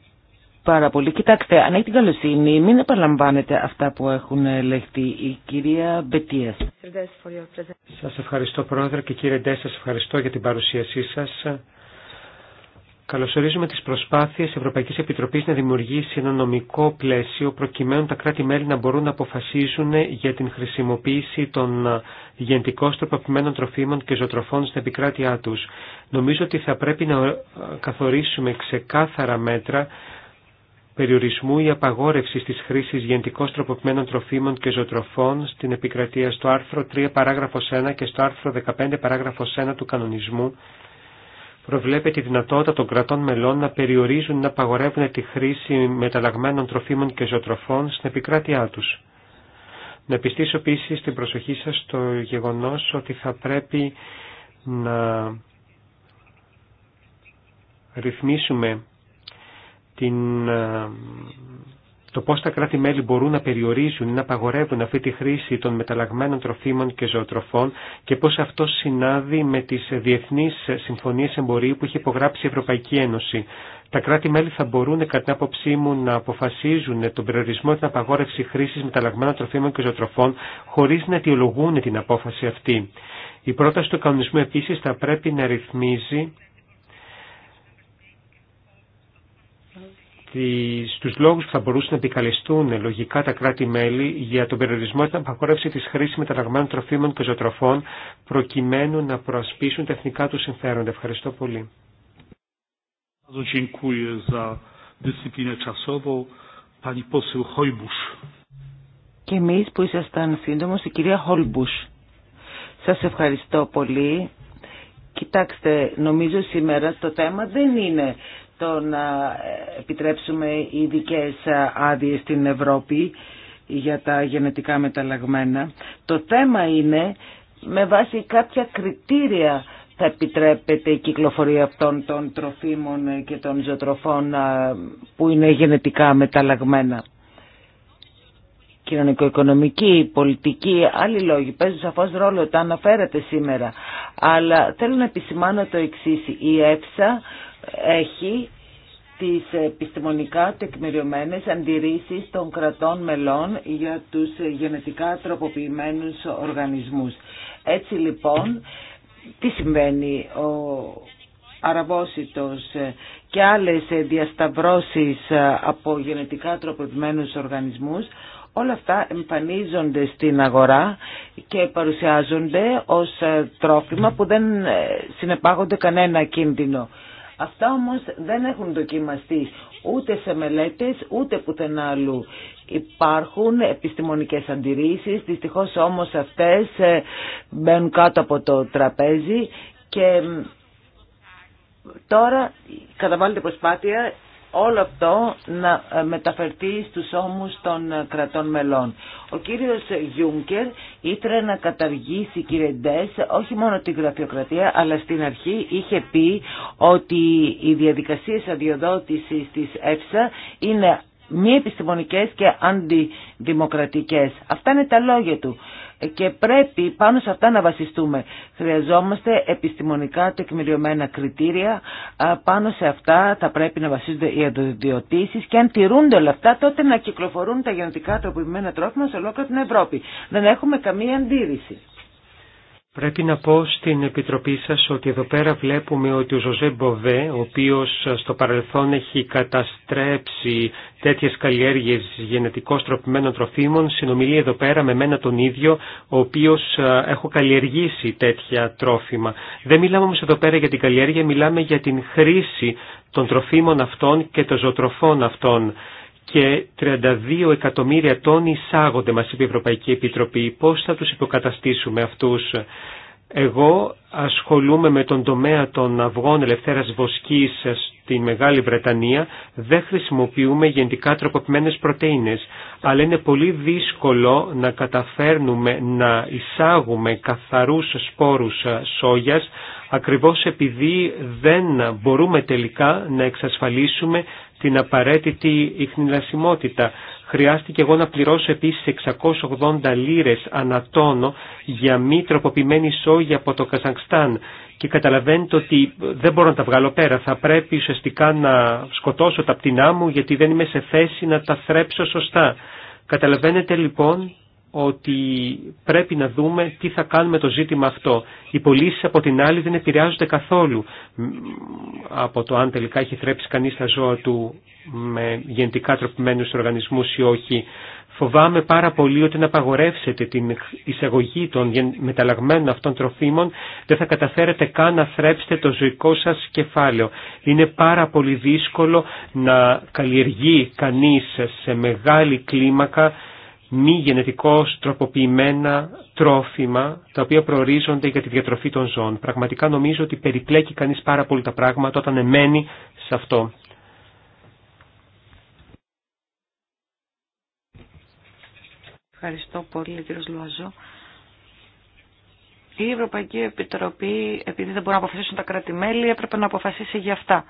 πάρα πολύ. Κοιτάξτε, αν έχει την καλοσύνη, μην επαλαμβάνετε αυτά που έχουν λεχτεί Η κυρία Μπετία. Σας ευχαριστώ, Πρόεδρε, και κύριε Ντέ, σας ευχαριστώ για την παρουσίασή σας. Καλωσορίζουμε τις προσπάθειες Ευρωπαϊκής Επιτροπής να δημιουργήσει ένα νομικό πλαίσιο προκειμένου τα κράτη-μέλη να μπορούν να αποφασίζουν για την χρησιμοποίηση των γενετικώς τροποποιημένων τροφίμων και ζωοτροφών στην επικράτειά τους. Νομίζω ότι θα πρέπει να καθορίσουμε ξεκάθαρα μέτρα περιορισμού ή απαγόρευση της χρήσης γενικών τροποποιημένων τροφίμων και ζωοτροφών στην επικρατεία στο άρθρο 3 παράγραφος 1 και στο άρθρο 15 παράγραφος 1 του κανονισμού προβλέπει τη δυνατότητα των κρατών μελών να περιορίζουν να απαγορεύουν τη χρήση μεταλλαγμένων τροφίμων και ζωοτροφών στην επικράτειά τους. Να επιστήσω επίση την προσοχή σας στο γεγονός ότι θα πρέπει να ρυθμίσουμε την ε, το πώς τα κράτη-μέλη μπορούν να περιορίζουν ή να απαγορεύουν αυτή τη χρήση των μεταλλαγμένων τροφίμων και ζωοτροφών και πώς αυτό συνάδει με τις διεθνείς συμφωνίες εμπορίου που έχει υπογράψει η Ευρωπαϊκή Ένωση. Τα κράτη-μέλη θα μπορούν κατά την άποψή μου να αποφασίζουν τον περιορισμό Η την απαγόρευση χρήσης μεταλλαγμένων τροφίμων και ζωοτροφών χωρίς να αιτιολογούν την απόφαση αυτή. Η πρόταση του κανονισμού επίσης θα πρέπει να ρυθμίζει στους λόγους που θα μπορούσαν να επικαλεστούν λογικά τα κράτη-μέλη για τον περιορισμό της απαγόρευση της χρήσης μεταλλαγμένων τροφίμων και ζωοτροφών προκειμένου να προασπίσουν τα εθνικά τους συμφέροντα. Ευχαριστώ πολύ. Και εμείς που ήσασταν σύντομος, η κυρία Χόλμπους. Σας ευχαριστώ πολύ. Κοιτάξτε, νομίζω σήμερα το θέμα δεν είναι το να επιτρέψουμε ειδικέ άδειες στην Ευρώπη για τα γενετικά μεταλλαγμένα. Το θέμα είναι με βάση κάποια κριτήρια θα επιτρέπεται η κυκλοφορία αυτών των τροφίμων και των ζωοτροφών που είναι γενετικά μεταλλαγμένα. Κοινωνικο-οικονομική, πολιτική, άλλοι λόγοι παίζουν σαφώς ρόλο, τα αναφέρατε σήμερα. Αλλά θέλω να επισημάνω το εξής, η ΕΦΣΑ έχει τις επιστημονικά τεκμηριωμένες αντιρρήσεις των κρατών μελών για τους γενετικά τροποποιημένους οργανισμούς. Έτσι λοιπόν, τι συμβαίνει ο αραβόσιτος και άλλες διασταυρώσεις από γενετικά τροποποιημένους οργανισμούς, όλα αυτά εμφανίζονται στην αγορά και παρουσιάζονται ως τρόφιμα που δεν συνεπάγονται κανένα κίνδυνο. Αυτά όμως δεν έχουν δοκιμαστεί ούτε σε μελέτες ούτε πουθενά αλλού. Υπάρχουν επιστημονικές αντιρρήσεις, δυστυχώς όμως αυτές ε, μπαίνουν κάτω από το τραπέζι και τώρα καταβάλλεται προσπάθεια όλο αυτό να ε, μεταφερθεί στους ώμους των ε, κρατών μελών. Ο κύριος Γιούγκερ ήθελε να καταργήσει κύριε Ντες, όχι μόνο τη γραφειοκρατία αλλά στην αρχή είχε πει ότι οι διαδικασίες αδειοδότησης της ΕΦΣΑ είναι μη επιστημονικές και αντιδημοκρατικές. Αυτά είναι τα λόγια του και πρέπει πάνω σε αυτά να βασιστούμε. Χρειαζόμαστε επιστημονικά τεκμηριωμένα κριτήρια, πάνω σε αυτά θα πρέπει να βασίζονται οι αντιδιωτήσεις και αν τηρούνται όλα αυτά τότε να κυκλοφορούν τα γενετικά τροποποιημένα τρόφιμα σε ολόκληρη την Ευρώπη. Δεν έχουμε καμία αντίρρηση. Πρέπει να πω στην Επιτροπή σας ότι εδώ πέρα βλέπουμε ότι ο Ζωζέ Μποβέ, ο οποίος στο παρελθόν έχει καταστρέψει τέτοιες καλλιέργειες γενετικώς τροπημένων τροφίμων, συνομιλεί εδώ πέρα με μένα τον ίδιο, ο οποίος έχω καλλιεργήσει τέτοια τρόφιμα. Δεν μιλάμε όμως εδώ πέρα για την καλλιέργεια, μιλάμε για την χρήση των τροφίμων αυτών και των ζωοτροφών αυτών και 32 εκατομμύρια τόνοι εισάγονται, μας είπε η Ευρωπαϊκή Επιτροπή. Πώς θα τους υποκαταστήσουμε αυτούς. Εγώ ασχολούμαι με τον τομέα των αυγών ελευθέρας βοσκής στη Μεγάλη Βρετανία. Δεν χρησιμοποιούμε γενικά τροποποιημένες πρωτεΐνες, αλλά είναι πολύ δύσκολο να καταφέρνουμε να εισάγουμε καθαρούς σπόρους σόγιας ακριβώς επειδή δεν μπορούμε τελικά να εξασφαλίσουμε την απαραίτητη ιχνηλασιμότητα. Χρειάστηκε εγώ να πληρώσω επίσης 680 λίρες ανατόνο για μη τροποποιημένη σόγια από το Καζακστάν και καταλαβαίνετε ότι δεν μπορώ να τα βγάλω πέρα. Θα πρέπει ουσιαστικά να σκοτώσω τα πτηνά μου γιατί δεν είμαι σε θέση να τα θρέψω σωστά. Καταλαβαίνετε λοιπόν ότι πρέπει να δούμε τι θα κάνουμε το ζήτημα αυτό. Οι πωλήσει από την άλλη δεν επηρεάζονται καθόλου από το αν τελικά έχει θρέψει κανείς τα ζώα του με γενετικά τροπημένους οργανισμούς ή όχι. Φοβάμαι πάρα πολύ ότι να απαγορεύσετε την εισαγωγή των μεταλλαγμένων αυτών τροφίμων δεν θα καταφέρετε καν να θρέψετε το ζωικό σας κεφάλαιο. Είναι πάρα πολύ δύσκολο να καλλιεργεί κανείς σε μεγάλη κλίμακα μη γενετικώς τροποποιημένα τρόφιμα τα οποία προορίζονται για τη διατροφή των ζώων. Πραγματικά νομίζω ότι περιπλέκει κανείς πάρα πολύ τα πράγματα όταν εμένει σε αυτό. Ευχαριστώ πολύ κύριο Λουαζό. Η Ευρωπαϊκή Επιτροπή, επειδή δεν μπορούν να αποφασίσουν τα κράτη-μέλη, έπρεπε να αποφασίσει για αυτά.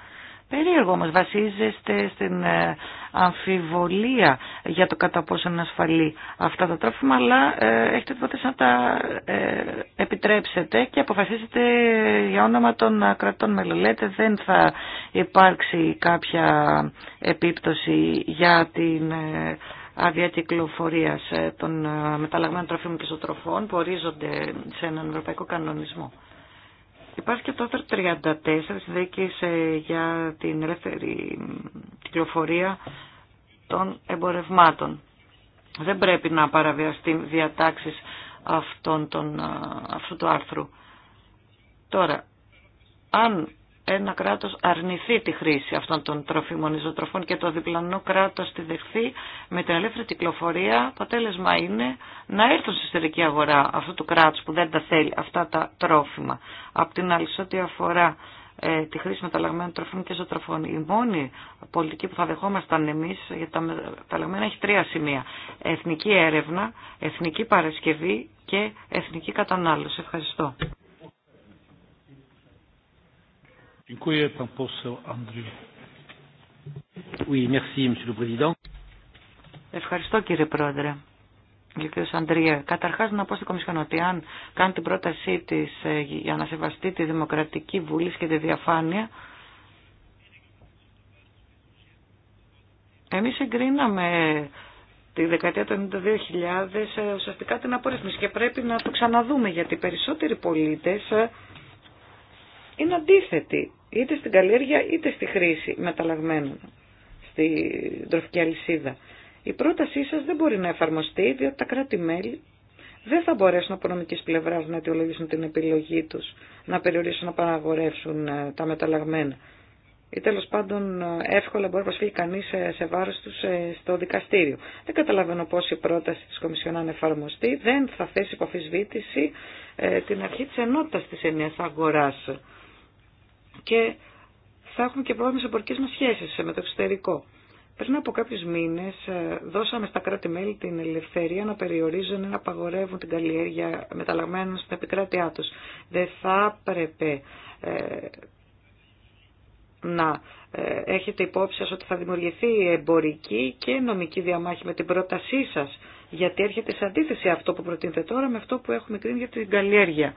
Περίεργο όμως βασίζεστε στην ε, αμφιβολία για το κατά πόσο είναι ασφαλή αυτά τα τρόφιμα, αλλά ε, έχετε τότε να τα ε, επιτρέψετε και αποφασίσετε για όνομα των κρατών μελολέτε δεν θα υπάρξει κάποια επίπτωση για την άδεια κυκλοφορία των μεταλλαγμένων τροφίμων και ζωοτροφών που ορίζονται σε έναν ευρωπαϊκό κανονισμό. Υπάρχει και το άρθρο 34 για την ελεύθερη κυκλοφορία των εμπορευμάτων. Δεν πρέπει να παραβιαστεί διατάξεις αυτών των, αυτού του άρθρου. Τώρα, αν ένα κράτος αρνηθεί τη χρήση αυτών των τροφίμων ζωοτροφών και το διπλανό κράτος τη δεχθεί με την ελεύθερη κυκλοφορία, αποτέλεσμα είναι να έρθουν στη στερική αγορά αυτού του κράτους που δεν τα θέλει αυτά τα τρόφιμα. Απ' την άλλη, σε ό,τι αφορά ε, τη χρήση μεταλλαγμένων τροφών και ζωοτροφών. Η μόνη πολιτική που θα δεχόμασταν εμείς για τα μεταλλαγμένα έχει τρία σημεία. Εθνική έρευνα, εθνική παρασκευή και εθνική κατανάλωση. Ευχαριστώ. Ευχαριστώ κύριε Πρόεδρε. κύριος Αντρία, καταρχά να πω στην Κομισιόν ότι αν κάνει την πρότασή τη ε, για να σεβαστεί τη δημοκρατική Βουλή και τη διαφάνεια, εμεί εγκρίναμε τη δεκαετία του 92.000 ε, ουσιαστικά την απορρίθμιση και πρέπει να το ξαναδούμε γιατί περισσότεροι πολίτες ε, είναι αντίθετη είτε στην καλλιέργεια είτε στη χρήση μεταλλαγμένων στη τροφική αλυσίδα. Η πρότασή σας δεν μπορεί να εφαρμοστεί διότι τα κράτη-μέλη δεν θα μπορέσουν από νομικής πλευράς να αιτιολογήσουν την επιλογή τους να περιορίσουν να παραγορεύσουν ε, τα μεταλλαγμένα. Ή τέλο πάντων ε, εύκολα μπορεί να προσφύγει κανεί σε, σε βάρο του ε, στο δικαστήριο. Δεν καταλαβαίνω πώ η πρόταση τη Κομισιόν αν εφαρμοστεί δεν θα θέσει υποφυσβήτηση την αρχή τη ενότητα τη ενιαία αγορά και θα έχουμε και πρόβλημα σε εμπορικέ μα σχέσει με το εξωτερικό. Πριν από κάποιου μήνε ε, δώσαμε στα κράτη-μέλη την ελευθερία να περιορίζουν ή να απαγορεύουν την καλλιέργεια μεταλλαγμένων στην επικράτειά του. Δεν θα έπρεπε ε, να ε, έχετε υπόψη σας ότι θα δημιουργηθεί εμπορική και νομική διαμάχη με την πρότασή σα γιατί έρχεται σε αντίθεση αυτό που προτείνετε τώρα με αυτό που έχουμε κρίνει για την καλλιέργεια.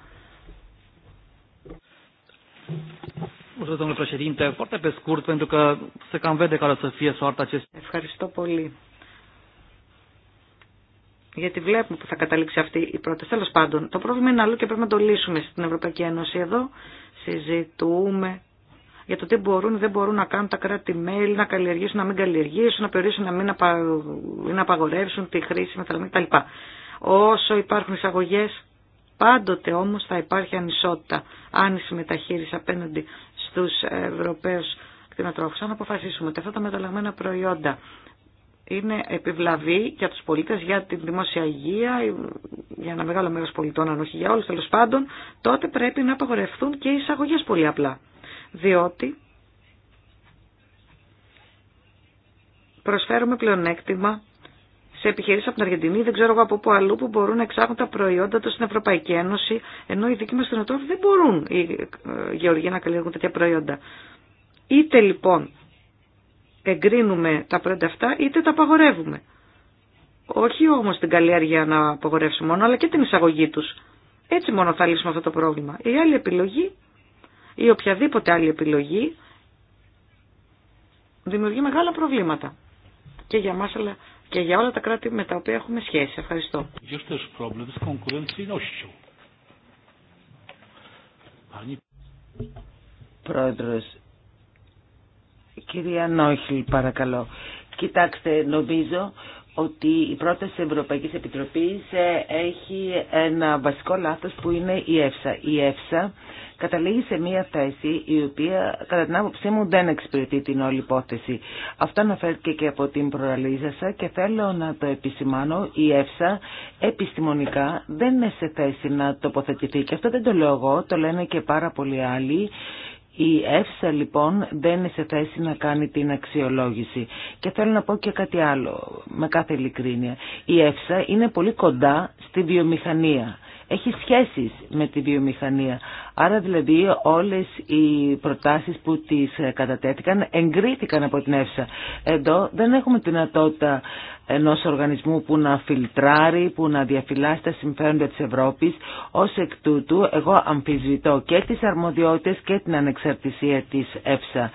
Mulțumesc, domnule președinte. Foarte pe scurt, pentru că se cam vede care să fie soarta Ευχαριστώ πολύ. Γιατί βλέπουμε που θα καταλήξει αυτή η πρόταση. Τέλο πάντων, το πρόβλημα είναι αλλού και πρέπει να το λύσουμε στην Ευρωπαϊκή Ένωση. Εδώ συζητούμε για το τι μπορούν ή δεν μπορούν να κάνουν τα κράτη-μέλη, να καλλιεργήσουν, να μην καλλιεργήσουν, να περιορίσουν, να μην απα... να απαγορεύσουν τη χρήση μεταλλαγμών κτλ. Όσο υπάρχουν εισαγωγέ, πάντοτε όμω θα υπάρχει ανισότητα, άνηση μεταχείριση απέναντι στους Ευρωπαίους κτηνοτρόφους. Αν αποφασίσουμε ότι αυτά τα μεταλλαγμένα προϊόντα είναι επιβλαβή για τους πολίτες, για την δημόσια υγεία, για ένα μεγάλο μέρος πολιτών, αν όχι για όλους τέλος πάντων, τότε πρέπει να απαγορευτούν και οι εισαγωγές πολύ απλά. Διότι προσφέρουμε πλεονέκτημα σε επιχειρήσει από την Αργεντινή, δεν ξέρω εγώ από πού αλλού, που μπορούν να εξάγουν τα προϊόντα του στην Ευρωπαϊκή Ένωση, ενώ οι δικοί μα στενοτρόφοι δεν μπορούν οι ε, γεωργοί να καλλιεργούν τέτοια προϊόντα. Είτε λοιπόν εγκρίνουμε τα προϊόντα αυτά, είτε τα απαγορεύουμε. Όχι όμω την καλλιέργεια να απαγορεύσουμε μόνο, αλλά και την εισαγωγή του. Έτσι μόνο θα λύσουμε αυτό το πρόβλημα. Η άλλη επιλογή ή οποιαδήποτε άλλη επιλογή δημιουργεί μεγάλα προβλήματα. Και για μας και για όλα τα κράτη με τα οποία έχουμε σχέση. Ευχαριστώ. Πρόεδρος, κυρία Νόχιλ παρακαλώ. Κοιτάξτε, νομίζω ότι η πρόταση της Ευρωπαϊκής Επιτροπής ε, έχει ένα βασικό λάθος που είναι η ΕΦΣΑ. Η ΕΦΣΑ καταλήγει σε μία θέση η οποία κατά την άποψή μου δεν εξυπηρετεί την όλη υπόθεση. Αυτό αναφέρθηκε και από την προαλήζασα και θέλω να το επισημάνω. Η ΕΦΣΑ επιστημονικά δεν είναι σε θέση να τοποθετηθεί και αυτό δεν το λέω εγώ, το λένε και πάρα πολλοί άλλοι η ΕΦΣΑ λοιπόν δεν είναι σε θέση να κάνει την αξιολόγηση. Και θέλω να πω και κάτι άλλο, με κάθε ειλικρίνεια. Η ΕΦΣΑ είναι πολύ κοντά στη βιομηχανία. Έχει σχέσεις με τη βιομηχανία. Άρα δηλαδή όλες οι προτάσεις που τις κατατέθηκαν εγκρίθηκαν από την ΕΦΣΑ. Εδώ δεν έχουμε δυνατότητα ενός οργανισμού που να φιλτράρει, που να διαφυλάσει τα συμφέροντα της Ευρώπης. Ως εκ τούτου εγώ αμφισβητώ και τις αρμοδιότητες και την ανεξαρτησία της ΕΦΣΑ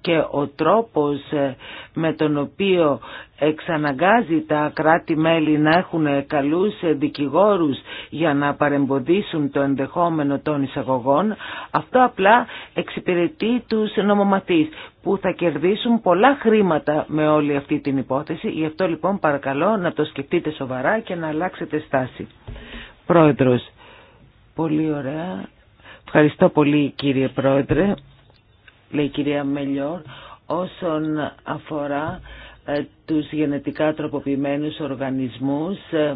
και ο τρόπος ε, με τον οποίο εξαναγκάζει τα κράτη-μέλη να έχουν καλούς δικηγόρους για να παρεμποδίσουν το ενδεχόμενο των εισαγωγών, αυτό απλά εξυπηρετεί τους νομοματείς που θα κερδίσουν πολλά χρήματα με όλη αυτή την υπόθεση. Γι' αυτό λοιπόν παρακαλώ να το σκεφτείτε σοβαρά και να αλλάξετε στάση. Πρόεδρος, πολύ ωραία. Ευχαριστώ πολύ κύριε Πρόεδρε λέει η κυρία Μελιόρ, όσον αφορά ε, τους γενετικά τροποποιημένους οργανισμούς ε,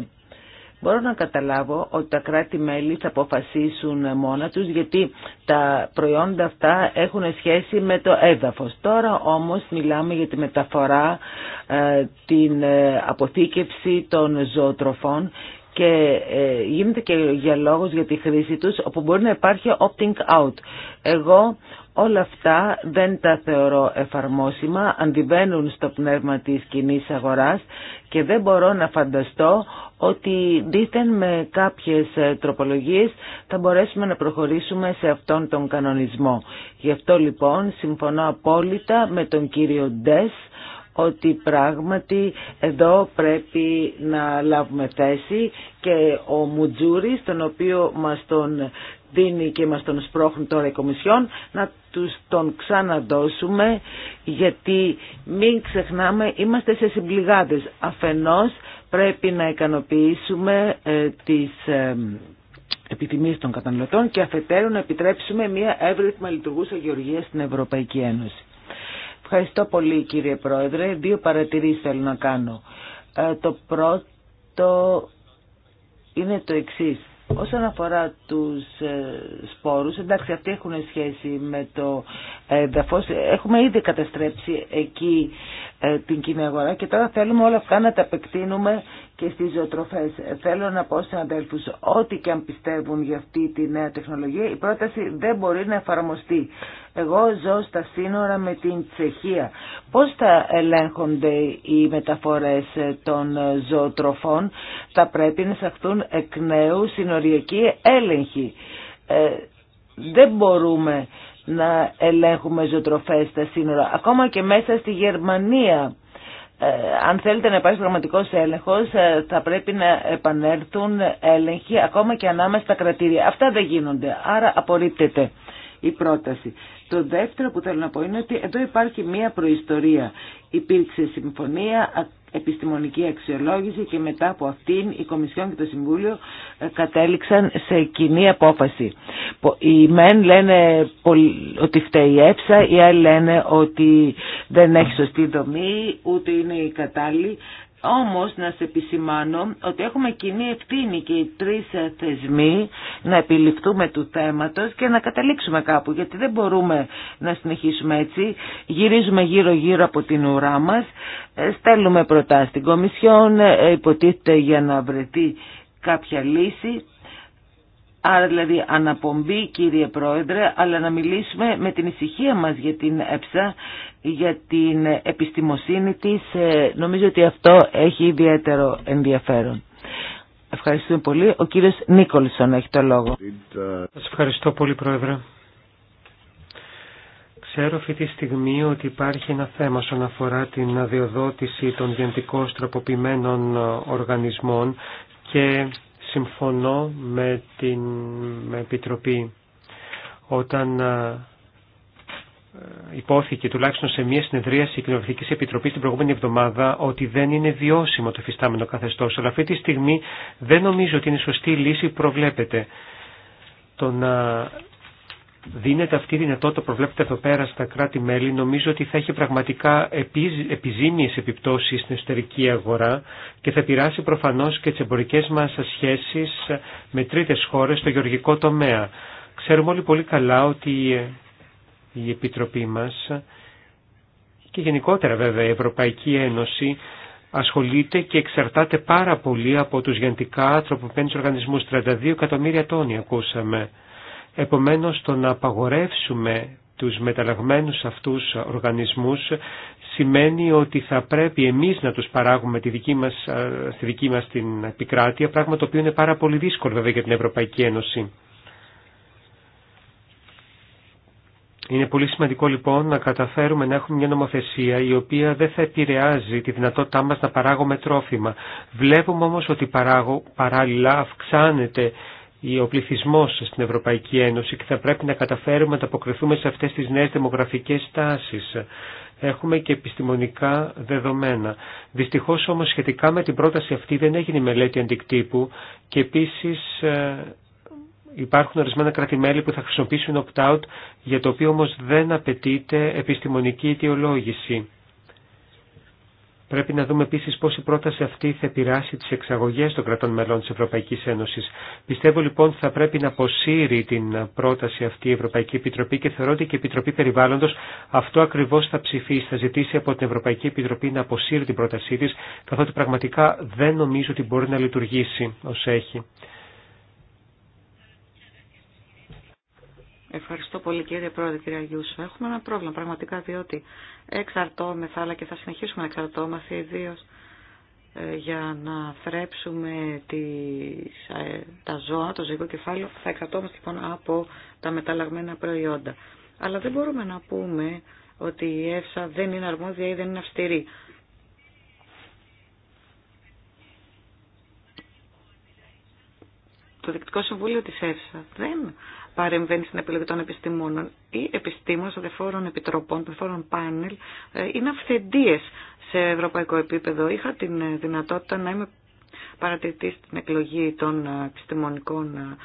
Μπορώ να καταλάβω ότι τα κράτη-μέλη θα αποφασίσουν μόνα τους γιατί τα προϊόντα αυτά έχουν σχέση με το έδαφος. Τώρα όμως μιλάμε για τη μεταφορά, ε, την αποθήκευση των ζωοτροφών και γίνεται και για λόγους για τη χρήση τους όπου μπορεί να υπάρχει opting out. Εγώ Όλα αυτά δεν τα θεωρώ εφαρμόσιμα, αντιβαίνουν στο πνεύμα της κοινή αγοράς και δεν μπορώ να φανταστώ ότι δήθεν με κάποιες ε, τροπολογίες θα μπορέσουμε να προχωρήσουμε σε αυτόν τον κανονισμό. Γι' αυτό λοιπόν συμφωνώ απόλυτα με τον κύριο Ντες ότι πράγματι εδώ πρέπει να λάβουμε θέση και ο Μουτζούρης τον οποίο μας τον δίνει και μας τον σπρώχνει τώρα η Κομισιόν, να τους τον ξαναδώσουμε γιατί μην ξεχνάμε είμαστε σε συμπληγάδες. Αφενός πρέπει να ικανοποιήσουμε ε, τις ε, επιθυμίες των καταναλωτών και αφετέρου να επιτρέψουμε μια εύρυθμα λειτουργούσα γεωργία στην Ευρωπαϊκή Ένωση. Ευχαριστώ πολύ κύριε Πρόεδρε. Δύο παρατηρήσεις θέλω να κάνω. Ε, το πρώτο είναι το εξής. Όσον αφορά τους ε, σπόρους, εντάξει αυτοί έχουν σχέση με το δαφός. Έχουμε ήδη καταστρέψει εκεί ε, την κοινή αγορά και τώρα θέλουμε όλα αυτά να τα επεκτείνουμε και στις ζωοτροφές. Θέλω να πω στους αδέλφους, ό,τι και αν πιστεύουν για αυτή τη νέα τεχνολογία, η πρόταση δεν μπορεί να εφαρμοστεί. Εγώ ζω στα σύνορα με την Τσεχία. Πώς θα ελέγχονται οι μεταφορές των ζωοτροφών, θα πρέπει να εισαχθούν εκ νέου συνοριακοί έλεγχοι. Ε, δεν μπορούμε να ελέγχουμε ζωοτροφές στα σύνορα, ακόμα και μέσα στη Γερμανία. Ε, αν θέλετε να υπάρχει πραγματικό έλεγχος, ε, θα πρέπει να επανέλθουν έλεγχοι ακόμα και ανάμεσα στα κρατήρια. Αυτά δεν γίνονται, άρα απορρίπτεται η πρόταση. Το δεύτερο που θέλω να πω είναι ότι εδώ υπάρχει μία προϊστορία. Υπήρξε συμφωνία, επιστημονική αξιολόγηση και μετά από αυτήν η Κομισιόν και το Συμβούλιο ε, κατέληξαν σε κοινή απόφαση. Οι μεν λένε ότι φταίει η ΕΦΣΑ, οι άλλοι λένε ότι δεν έχει σωστή δομή, ούτε είναι η κατάλληλη. Όμως να σε επισημάνω ότι έχουμε κοινή ευθύνη και οι τρεις θεσμοί να επιληφθούμε του θέματος και να καταλήξουμε κάπου γιατί δεν μπορούμε να συνεχίσουμε έτσι. Γυρίζουμε γύρω-γύρω από την ουρά μας, ε, στέλνουμε προτάσεις στην Κομισιόν, ε, υποτίθεται για να βρεθεί κάποια λύση. Άρα δηλαδή αναπομπή κύριε Πρόεδρε, αλλά να μιλήσουμε με την ησυχία μας για την ΕΨΑ, για την επιστημοσύνη της. Ε, νομίζω ότι αυτό έχει ιδιαίτερο ενδιαφέρον. Ευχαριστούμε πολύ. Ο κύριος Νίκολσον έχει το λόγο. Σας ευχαριστώ πολύ Πρόεδρε. Ξέρω αυτή τη στιγμή ότι υπάρχει ένα θέμα όσον αφορά την αδειοδότηση των γενετικώς τροποποιημένων οργανισμών και συμφωνώ με την Επιτροπή. Όταν ε, ε, υπόθηκε τουλάχιστον σε μια συνεδρίαση κοινοβουλευτική Επιτροπής την προηγούμενη εβδομάδα ότι δεν είναι βιώσιμο το φυστάμενο καθεστώ, αλλά αυτή τη στιγμή δεν νομίζω ότι είναι σωστή λύση που προβλέπεται. Το να δίνεται αυτή η δυνατότητα που βλέπετε εδώ πέρα στα κράτη-μέλη, νομίζω ότι θα έχει πραγματικά επιζήμιες επιπτώσεις στην εσωτερική αγορά και θα επηρεάσει προφανώς και τις εμπορικές μας σχέσεις με τρίτες χώρες στο γεωργικό τομέα. Ξέρουμε όλοι πολύ καλά ότι η Επιτροπή μας και γενικότερα βέβαια η Ευρωπαϊκή Ένωση ασχολείται και εξαρτάται πάρα πολύ από τους γεντικά τροποποιημένους οργανισμούς. 32 εκατομμύρια τόνοι ακούσαμε. Επομένως, το να απαγορεύσουμε τους μεταλλαγμένους αυτούς οργανισμούς σημαίνει ότι θα πρέπει εμείς να τους παράγουμε τη δική μας, στη δική μας την επικράτεια, πράγμα το οποίο είναι πάρα πολύ δύσκολο βέβαια για την Ευρωπαϊκή Ένωση. Είναι πολύ σημαντικό λοιπόν να καταφέρουμε να έχουμε μια νομοθεσία η οποία δεν θα επηρεάζει τη δυνατότητά μας να παράγουμε τρόφιμα. Βλέπουμε όμως ότι παράγω, παράλληλα αυξάνεται ο πληθυσμό στην Ευρωπαϊκή Ένωση και θα πρέπει να καταφέρουμε να ανταποκριθούμε σε αυτές τις νέες δημογραφικές τάσει. Έχουμε και επιστημονικά δεδομένα. Δυστυχώς όμως σχετικά με την πρόταση αυτή δεν έγινε η μελέτη αντικτύπου και επίσης ε, υπάρχουν ορισμένα κράτη-μέλη που θα χρησιμοποιήσουν opt-out για το οποίο όμω δεν απαιτείται επιστημονική αιτιολόγηση. Πρέπει να δούμε επίση πώ η πρόταση αυτή θα επηρεάσει τι εξαγωγέ των κρατών μελών τη Ευρωπαϊκή Ένωση. Πιστεύω λοιπόν ότι θα πρέπει να αποσύρει την πρόταση αυτή η Ευρωπαϊκή Επιτροπή και θεωρώ ότι και η Επιτροπή Περιβάλλοντο αυτό ακριβώ θα ψηφίσει. Θα ζητήσει από την Ευρωπαϊκή Επιτροπή να αποσύρει την πρότασή τη, καθότι πραγματικά δεν νομίζω ότι μπορεί να λειτουργήσει ω έχει. Ευχαριστώ πολύ κύριε Πρόεδρε, κύριε Αγιούσο. Έχουμε ένα πρόβλημα πραγματικά διότι εξαρτώμεθα αλλά και θα συνεχίσουμε να εξαρτώμαστε ιδίω ε, για να θρέψουμε τις, ε, τα ζώα, το ζωικό κεφάλαιο, θα εξαρτώμαστε λοιπόν από τα μεταλλαγμένα προϊόντα. Αλλά δεν μπορούμε να πούμε ότι η ΕΦΣΑ δεν είναι αρμόδια ή δεν είναι αυστηρή. Το Δεκτικό Συμβούλιο της ΕΦΣΑ δεν παρεμβαίνει στην επιλογή των επιστημόνων. Οι επιστήμονε των διαφόρων επιτροπών, των διαφόρων πάνελ, ε, είναι αυθεντίε σε ευρωπαϊκό επίπεδο. Είχα την ε, δυνατότητα να είμαι παρατηρητή στην εκλογή των ε, επιστημονικών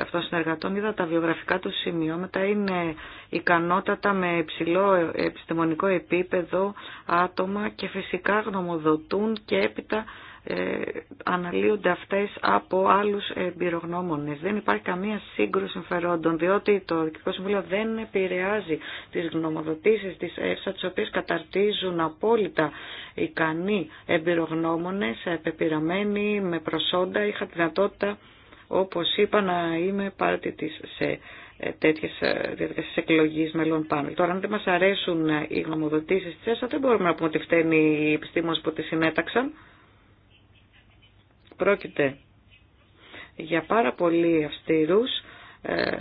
αυτών συνεργατών. Είδα τα βιογραφικά του σημειώματα. Είναι ικανότατα με υψηλό επιστημονικό επίπεδο άτομα και φυσικά γνωμοδοτούν και έπειτα ε, αναλύονται αυτές από άλλους εμπειρογνώμονες. Δεν υπάρχει καμία σύγκρουση συμφερόντων, διότι το Διοικητικό Συμβούλιο δεν επηρεάζει τις γνωμοδοτήσεις της ΕΦΣΑ, τις οποίες καταρτίζουν απόλυτα ικανοί εμπειρογνώμονες, επεπειραμένοι, με προσόντα. Είχα τη δυνατότητα, όπως είπα, να είμαι της σε ε, τέτοιες ε, διαδικασίε εκλογή μελών πάνελ. Τώρα, αν δεν μα αρέσουν οι γνωμοδοτήσει τη ΕΣΑ, δεν μπορούμε να πούμε ότι φταίνει οι επιστήμονε που τη συνέταξαν. Πρόκειται για πάρα πολύ αυστηρούς ε,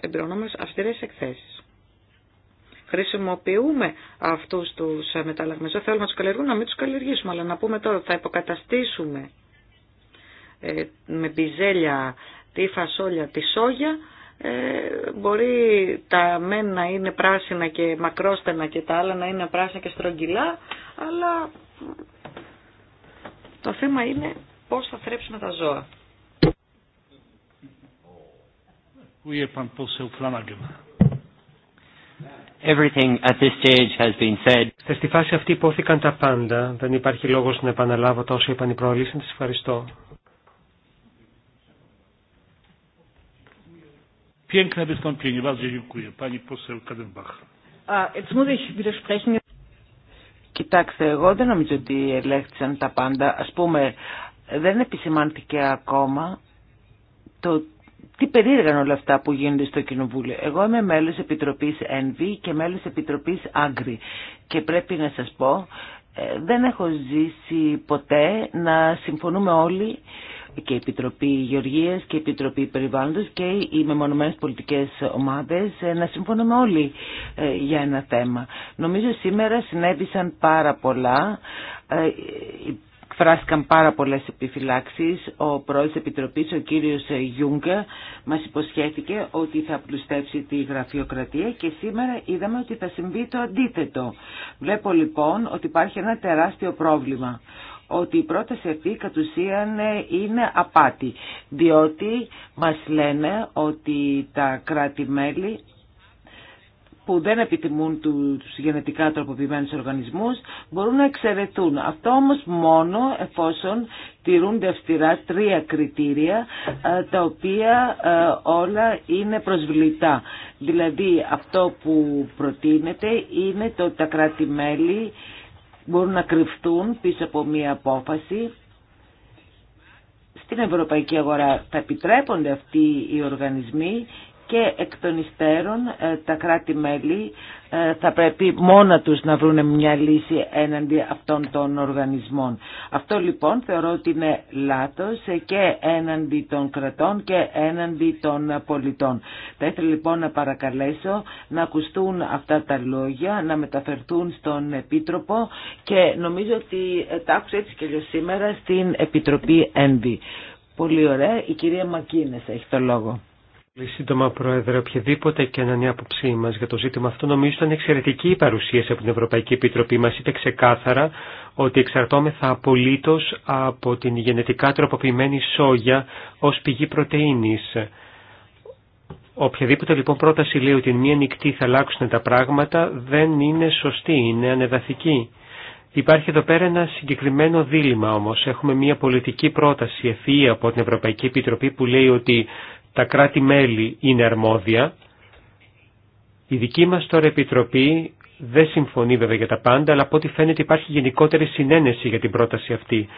εμπειρονόμες αυστηρές εκθέσεις. Χρησιμοποιούμε αυτούς τους ε, μεταλλαγμένους. Δεν θέλουμε να τους καλλιεργούμε, να μην τους καλλιεργήσουμε, αλλά να πούμε τώρα ότι θα υποκαταστήσουμε ε, με πιζέλια τη φασόλια, τη σόγια, ε, μπορεί τα μένα είναι πράσινα και μακρόστενα και τα άλλα να είναι πράσινα και στρογγυλά, αλλά το θέμα είναι πώς θα θρέψουμε τα ζώα. Everything at this stage has been said. Σε Στη φάση αυτή υπόθηκαν τα πάντα. Δεν υπάρχει λόγος να επαναλάβω τα όσα είπαν οι προαλήσεις. Σας Ευχαριστώ. Piękne wystąpienie, bardzo dziękuję. Pani poseł Kadenbach. Jetzt muss ich widersprechen. Κοιτάξτε, εγώ δεν νομίζω ότι ελέγχθησαν τα πάντα. Ας πούμε, δεν επισημάνθηκε ακόμα το τι περίεργαν όλα αυτά που γίνονται στο Κοινοβούλιο. Εγώ είμαι μέλος Επιτροπής ΕΝΒΗ και μέλος Επιτροπής Άγκρη και πρέπει να σας πω ε, δεν έχω ζήσει ποτέ να συμφωνούμε όλοι και η Επιτροπή Γεωργίας και η Επιτροπή Περιβάλλοντος και οι μεμονωμένες πολιτικές ομάδες ε, να συμφωνούμε όλοι ε, για ένα θέμα. Νομίζω σήμερα συνέβησαν πάρα πολλά εκφράστηκαν πάρα πολλές επιφυλάξεις. Ο πρόεδρος Επιτροπής, ο κύριος Γιούγκα, μας υποσχέθηκε ότι θα πλουστεύσει τη γραφειοκρατία και σήμερα είδαμε ότι θα συμβεί το αντίθετο. Βλέπω λοιπόν ότι υπάρχει ένα τεράστιο πρόβλημα ότι η πρόταση αυτή κατ' ουσίαν είναι απάτη, διότι μας λένε ότι τα κράτη-μέλη που δεν επιτιμούν τους γενετικά τροποποιημένους οργανισμούς μπορούν να εξαιρεθούν. Αυτό όμως μόνο εφόσον τηρούνται αυστηρά τρία κριτήρια ε, τα οποία ε, όλα είναι προσβλητά. Δηλαδή αυτό που προτείνεται είναι το ότι τα κράτη-μέλη μπορούν να κρυφτούν πίσω από μία απόφαση στην ευρωπαϊκή αγορά θα επιτρέπονται αυτοί οι οργανισμοί και εκ των υστέρων ε, τα κράτη-μέλη ε, θα πρέπει μόνα τους να βρουν μια λύση έναντι αυτών των οργανισμών. Αυτό λοιπόν θεωρώ ότι είναι λάθος και έναντι των κρατών και έναντι των πολιτών. Θα ήθελα λοιπόν να παρακαλέσω να ακουστούν αυτά τα λόγια, να μεταφερθούν στον Επίτροπο και νομίζω ότι ε, τα άκουσα έτσι και σήμερα στην Επιτροπή ΕΝΒΗ. Πολύ ωραία. Η κυρία Μακίνες έχει το λόγο. Πολύ σύντομα, Πρόεδρε, οποιαδήποτε και να είναι η άποψή μα για το ζήτημα αυτό, νομίζω ήταν εξαιρετική η παρουσίαση από την Ευρωπαϊκή Επιτροπή. Μα είπε ξεκάθαρα ότι εξαρτώμεθα απολύτω από την γενετικά τροποποιημένη σόγια ω πηγή πρωτενη. Οποιαδήποτε λοιπόν πρόταση λέει ότι μία νυχτή θα αλλάξουν τα πράγματα δεν είναι σωστή, είναι ανεδαφική. Υπάρχει εδώ πέρα ένα συγκεκριμένο δίλημα όμως. Έχουμε μία πολιτική πρόταση ευφυή από την Ευρωπαϊκή Επιτροπή που λέει ότι τα κράτη-μέλη είναι αρμόδια. Η δική μας τώρα επιτροπή δεν συμφωνεί βέβαια για τα πάντα, αλλά από ό,τι φαίνεται υπάρχει γενικότερη συνένεση για την πρόταση αυτή.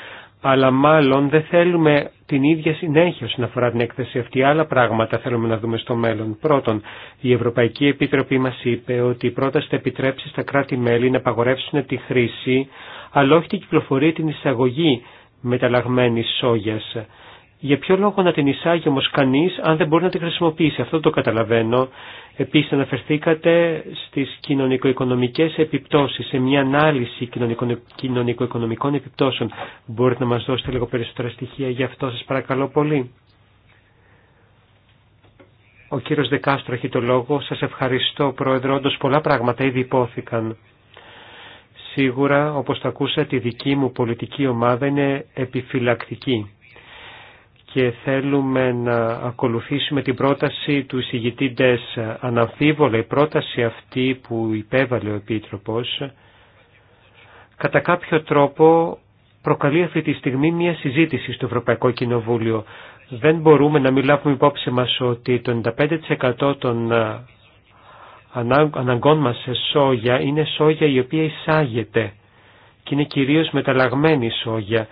Αλλά μάλλον δεν θέλουμε την ίδια συνέχεια όσον αφορά την έκθεση αυτή. Άλλα πράγματα θέλουμε να δούμε στο μέλλον. Πρώτον, η Ευρωπαϊκή Επιτροπή μας είπε ότι η πρόταση θα επιτρέψει στα κράτη-μέλη να απαγορεύσουν τη χρήση, αλλά όχι την κυκλοφορία την εισαγωγή μεταλλαγμένης σόγιας. Για ποιο λόγο να την εισάγει όμως κανείς αν δεν μπορεί να την χρησιμοποιήσει. Αυτό το καταλαβαίνω. Επίσης αναφερθήκατε στις κοινωνικο-οικονομικές επιπτώσεις, σε μια ανάλυση κοινωνικο-οικονομικών επιπτώσεων. Μπορείτε να μας δώσετε λίγο περισσότερα στοιχεία γι' αυτό σας παρακαλώ πολύ. Ο κύριος Δεκάστρο έχει το λόγο. Σας ευχαριστώ πρόεδρο. Όντως πολλά πράγματα ήδη υπόθηκαν. Σίγουρα, όπως το ακούσατε, η δική μου πολιτική ομάδα είναι επιφυλακτική και θέλουμε να ακολουθήσουμε την πρόταση του εισηγητή Ντες. Αναμφίβολα η πρόταση αυτή που υπέβαλε ο Επίτροπος κατά κάποιο τρόπο προκαλεί αυτή τη στιγμή μια συζήτηση στο Ευρωπαϊκό Κοινοβούλιο. Δεν μπορούμε να μην λάβουμε υπόψη μας ότι το 95% των ε, αναγκών μας σε σόγια είναι σόγια η οποία εισάγεται και είναι κυρίως μεταλλαγμένη σόγια.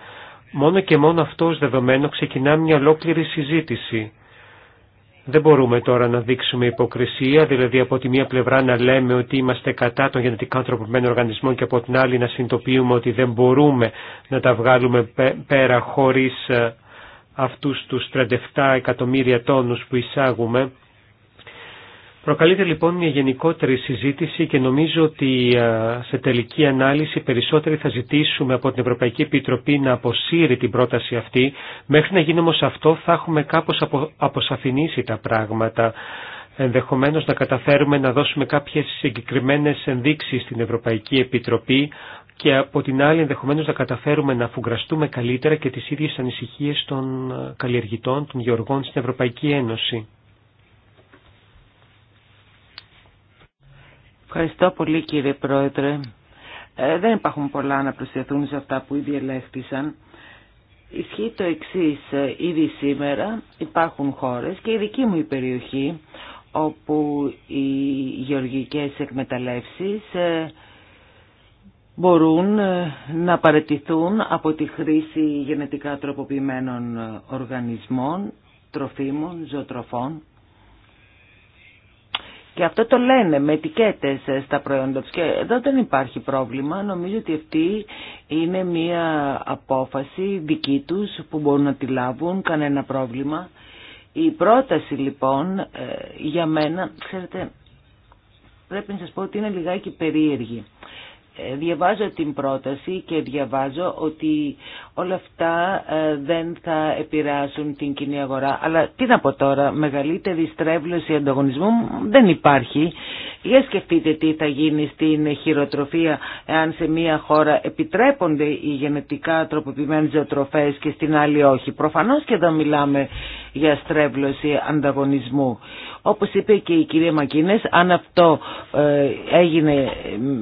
Μόνο και μόνο αυτό ως δεδομένο ξεκινά μια ολόκληρη συζήτηση. Δεν μπορούμε τώρα να δείξουμε υποκρισία, δηλαδή από τη μία πλευρά να λέμε ότι είμαστε κατά των γενετικά ανθρωποποιημένων οργανισμών και από την άλλη να συνειδητοποιούμε ότι δεν μπορούμε να τα βγάλουμε πέρα χωρίς ε, αυτούς τους 37 εκατομμύρια τόνους που εισάγουμε. Προκαλείται λοιπόν μια γενικότερη συζήτηση και νομίζω ότι σε τελική ανάλυση περισσότεροι θα ζητήσουμε από την Ευρωπαϊκή Επιτροπή να αποσύρει την πρόταση αυτή. Μέχρι να γίνει όμως αυτό θα έχουμε κάπως απο, αποσαφηνίσει τα πράγματα. Ενδεχομένως να καταφέρουμε να δώσουμε κάποιες συγκεκριμένες ενδείξεις στην Ευρωπαϊκή Επιτροπή και από την άλλη ενδεχομένως να καταφέρουμε να αφουγκραστούμε καλύτερα και τις ίδιες ανησυχίες των καλλιεργητών, των γεωργών στην Ευρωπαϊκή Ένωση. Ευχαριστώ πολύ κύριε Πρόεδρε. Ε, δεν υπάρχουν πολλά να προσθεθούν σε αυτά που ήδη ελέγχθησαν. Ισχύει το εξής, ε, ήδη σήμερα υπάρχουν χώρες και η δική μου η περιοχή όπου οι γεωργικές εκμεταλλεύσεις ε, μπορούν να παρετηθούν από τη χρήση γενετικά τροποποιημένων οργανισμών, τροφίμων, ζωοτροφών. Και αυτό το λένε με ετικέτες ε, στα προϊόντα τους. Και εδώ δεν υπάρχει πρόβλημα. Νομίζω ότι αυτή είναι μια απόφαση δική τους που μπορούν να τη λάβουν, κανένα πρόβλημα. Η πρόταση λοιπόν ε, για μένα, ξέρετε, πρέπει να σας πω ότι είναι λιγάκι περίεργη. Ε, διαβάζω την πρόταση και διαβάζω ότι όλα αυτά ε, δεν θα επηρεάσουν την κοινή αγορά. Αλλά τι να πω τώρα, μεγαλύτερη στρέβλωση ανταγωνισμού δεν υπάρχει. Για σκεφτείτε τι θα γίνει στην χειροτροφία εάν σε μία χώρα επιτρέπονται οι γενετικά τροποποιημένες ζωοτροφές και στην άλλη όχι. Προφανώς και εδώ μιλάμε για στρέβλωση ανταγωνισμού. Όπως είπε και η κυρία Μακίνες, αν αυτό ε, έγινε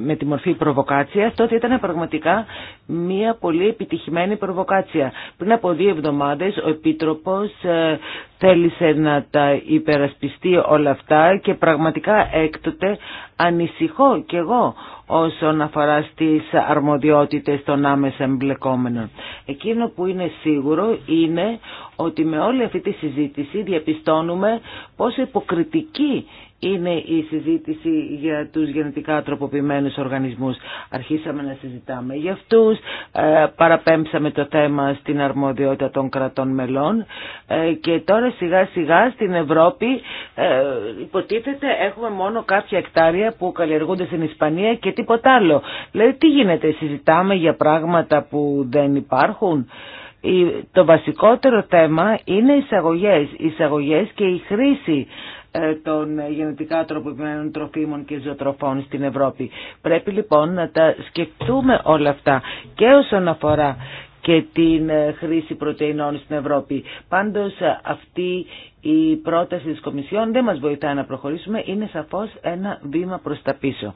με τη μορφή προβοκάτσια, τότε ήταν πραγματικά μία πολύ επιτυχημένη προβοκάτσια. Πριν από δύο εβδομάδες ο Επίτροπος ε, θέλησε να τα υπερασπιστεί όλα αυτά και πραγματικά έκτοτε ανησυχώ κι εγώ όσον αφορά στις αρμοδιότητες των άμεσα εμπλεκόμενων. Εκείνο που είναι σίγουρο είναι ότι με όλη αυτή τη συζήτηση διαπιστώνουμε πόσο υποκριτική είναι η συζήτηση για τους γενετικά τροποποιημένους οργανισμούς. Αρχίσαμε να συζητάμε για αυτούς, ε, παραπέμψαμε το θέμα στην αρμοδιότητα των κρατών μελών ε, και τώρα σιγά σιγά στην Ευρώπη ε, υποτίθεται έχουμε μόνο κάποια εκτάρια που καλλιεργούνται στην Ισπανία και τίποτα άλλο. Δηλαδή τι γίνεται, συζητάμε για πράγματα που δεν υπάρχουν. Το βασικότερο θέμα είναι οι εισαγωγές, οι και η χρήση ε, των γενετικά τροποποιημένων τροφίμων και ζωοτροφών στην Ευρώπη. Πρέπει λοιπόν να τα σκεφτούμε όλα αυτά και όσον αφορά και την ε, χρήση πρωτεϊνών στην Ευρώπη. Πάντως ε, αυτή η πρόταση της Κομισιόν δεν μας βοηθάει να προχωρήσουμε, είναι σαφώς ένα βήμα προς τα πίσω.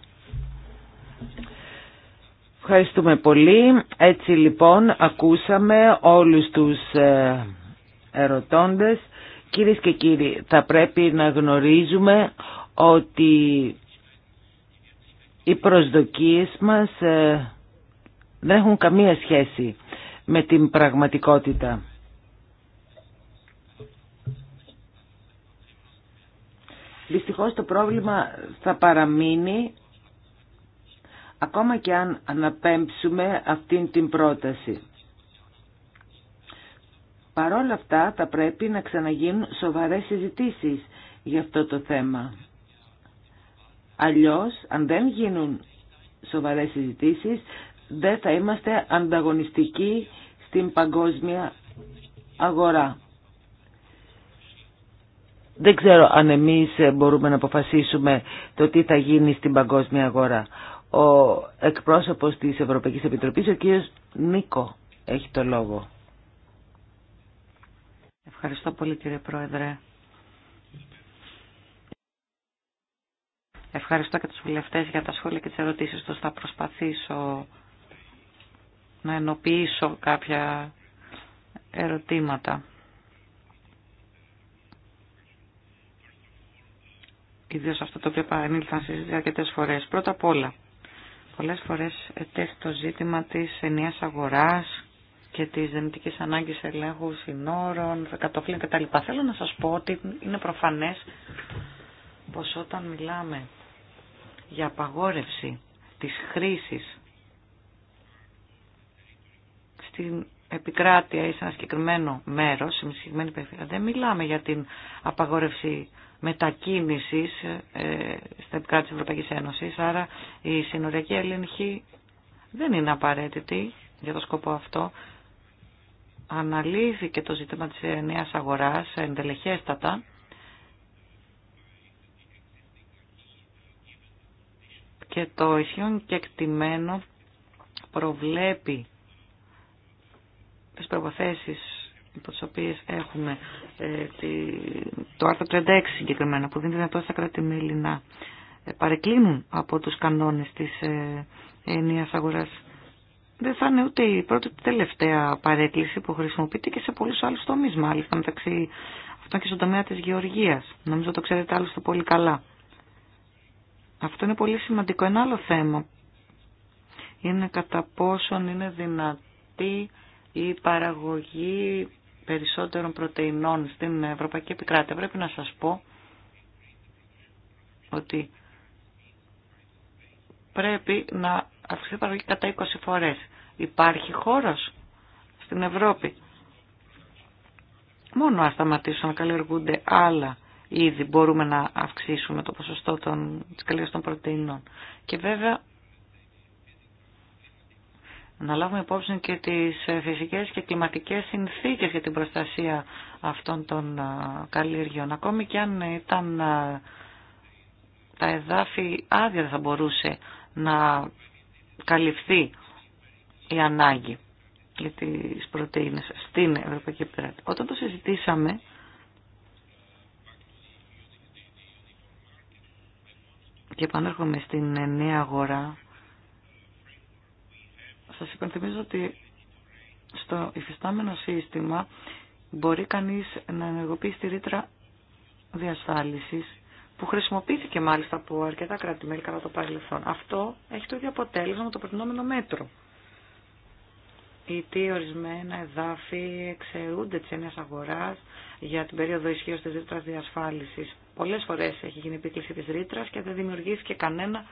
Ευχαριστούμε πολύ. Έτσι λοιπόν ακούσαμε όλους τους ερωτώντες. Κυρίες και κύριοι, θα πρέπει να γνωρίζουμε ότι οι προσδοκίες μας ε, δεν έχουν καμία σχέση με την πραγματικότητα. Δυστυχώς το πρόβλημα θα παραμείνει ακόμα και αν αναπέμψουμε αυτήν την πρόταση. Παρόλα αυτά θα πρέπει να ξαναγίνουν σοβαρές συζητήσεις για αυτό το θέμα. Αλλιώς, αν δεν γίνουν σοβαρές συζητήσεις, δεν θα είμαστε ανταγωνιστικοί στην παγκόσμια αγορά. Δεν ξέρω αν εμείς μπορούμε να αποφασίσουμε το τι θα γίνει στην παγκόσμια αγορά. Ο εκπρόσωπος της Ευρωπαϊκής Επιτροπής, ο κύριος Νίκο, έχει το λόγο. Ευχαριστώ πολύ κύριε Πρόεδρε. Ευχαριστώ και τους βουλευτές για τα σχόλια και τις ερωτήσεις τους. Θα προσπαθήσω να ενοποιήσω κάποια ερωτήματα. Ιδίω αυτό το οποίο επανήλθαν συζήτηση αρκετέ φορέ. Πρώτα απ' όλα, πολλέ φορέ ετέθη το ζήτημα τη ενιαία αγορά και τις δυνητικές ανάγκες ελέγχου συνόρων, κατοφλήν κτλ. Θέλω να σας πω ότι είναι προφανές πως όταν μιλάμε για απαγόρευση της χρήσης στην επικράτεια ή σε ένα συγκεκριμένο μέρος, σε μια συγκεκριμένη περιφέρεια, δεν μιλάμε για την απαγόρευση μετακίνησης ε, στα επικράτεια της Ευρωπαϊκής Ένωσης, άρα η συνοριακή ελληνική δεν είναι απαραίτητη για το σκοπό αυτό αναλύθηκε το ζήτημα της νέας αγοράς εντελεχέστατα και το ισχύον και εκτιμένο προβλέπει τις προποθέσεις υπό τις οποίες έχουμε ε, το άρθρο 36 συγκεκριμένα που δίνει δυνατότητα στα κράτη-μέλη να παρεκκλίνουν από τους κανόνες της ενίας αγοράς δεν θα είναι ούτε η πρώτη ούτε τελευταία παρέκκληση που χρησιμοποιείται και σε πολλού άλλου τομεί μάλιστα μεταξύ αυτών και στον τομέα της γεωργίας. Νομίζω το ξέρετε άλλωστε πολύ καλά. Αυτό είναι πολύ σημαντικό. Ένα άλλο θέμα είναι κατά πόσον είναι δυνατή η παραγωγή περισσότερων πρωτεϊνών στην Ευρωπαϊκή Επικράτεια. Πρέπει να σας πω ότι πρέπει να αυξηθεί η παραγωγή κατά 20 φορές. Υπάρχει χώρος στην Ευρώπη. Μόνο αν σταματήσουν να καλλιεργούνται άλλα είδη μπορούμε να αυξήσουμε το ποσοστό των, της των πρωτεϊνών. Και βέβαια να λάβουμε υπόψη και τις ε, φυσικές και κλιματικές συνθήκες για την προστασία αυτών των ε, καλλιεργειών. Ακόμη και αν ήταν ε, τα εδάφη άδεια θα μπορούσε να καλυφθεί η ανάγκη για τις πρωτεΐνες στην Ευρωπαϊκή Επιτροπή. Όταν το συζητήσαμε, και επανέρχομαι στην νέα αγορά, σας υπενθυμίζω ότι στο υφιστάμενο σύστημα μπορεί κανείς να ενεργοποιήσει τη ρήτρα διασφάλισης που χρησιμοποιήθηκε μάλιστα από αρκετά κράτη-μέλη κατά το παρελθόν. Αυτό έχει το ίδιο αποτέλεσμα με το προτινόμενο μέτρο. Γιατί ορισμένα εδάφη εξαιρούνται τη έννοια αγορά για την περίοδο ισχύω τη ρήτρα διασφάλιση. Πολλέ φορέ έχει γίνει επίκληση τη ρήτρα και δεν δημιουργήθηκε κανένα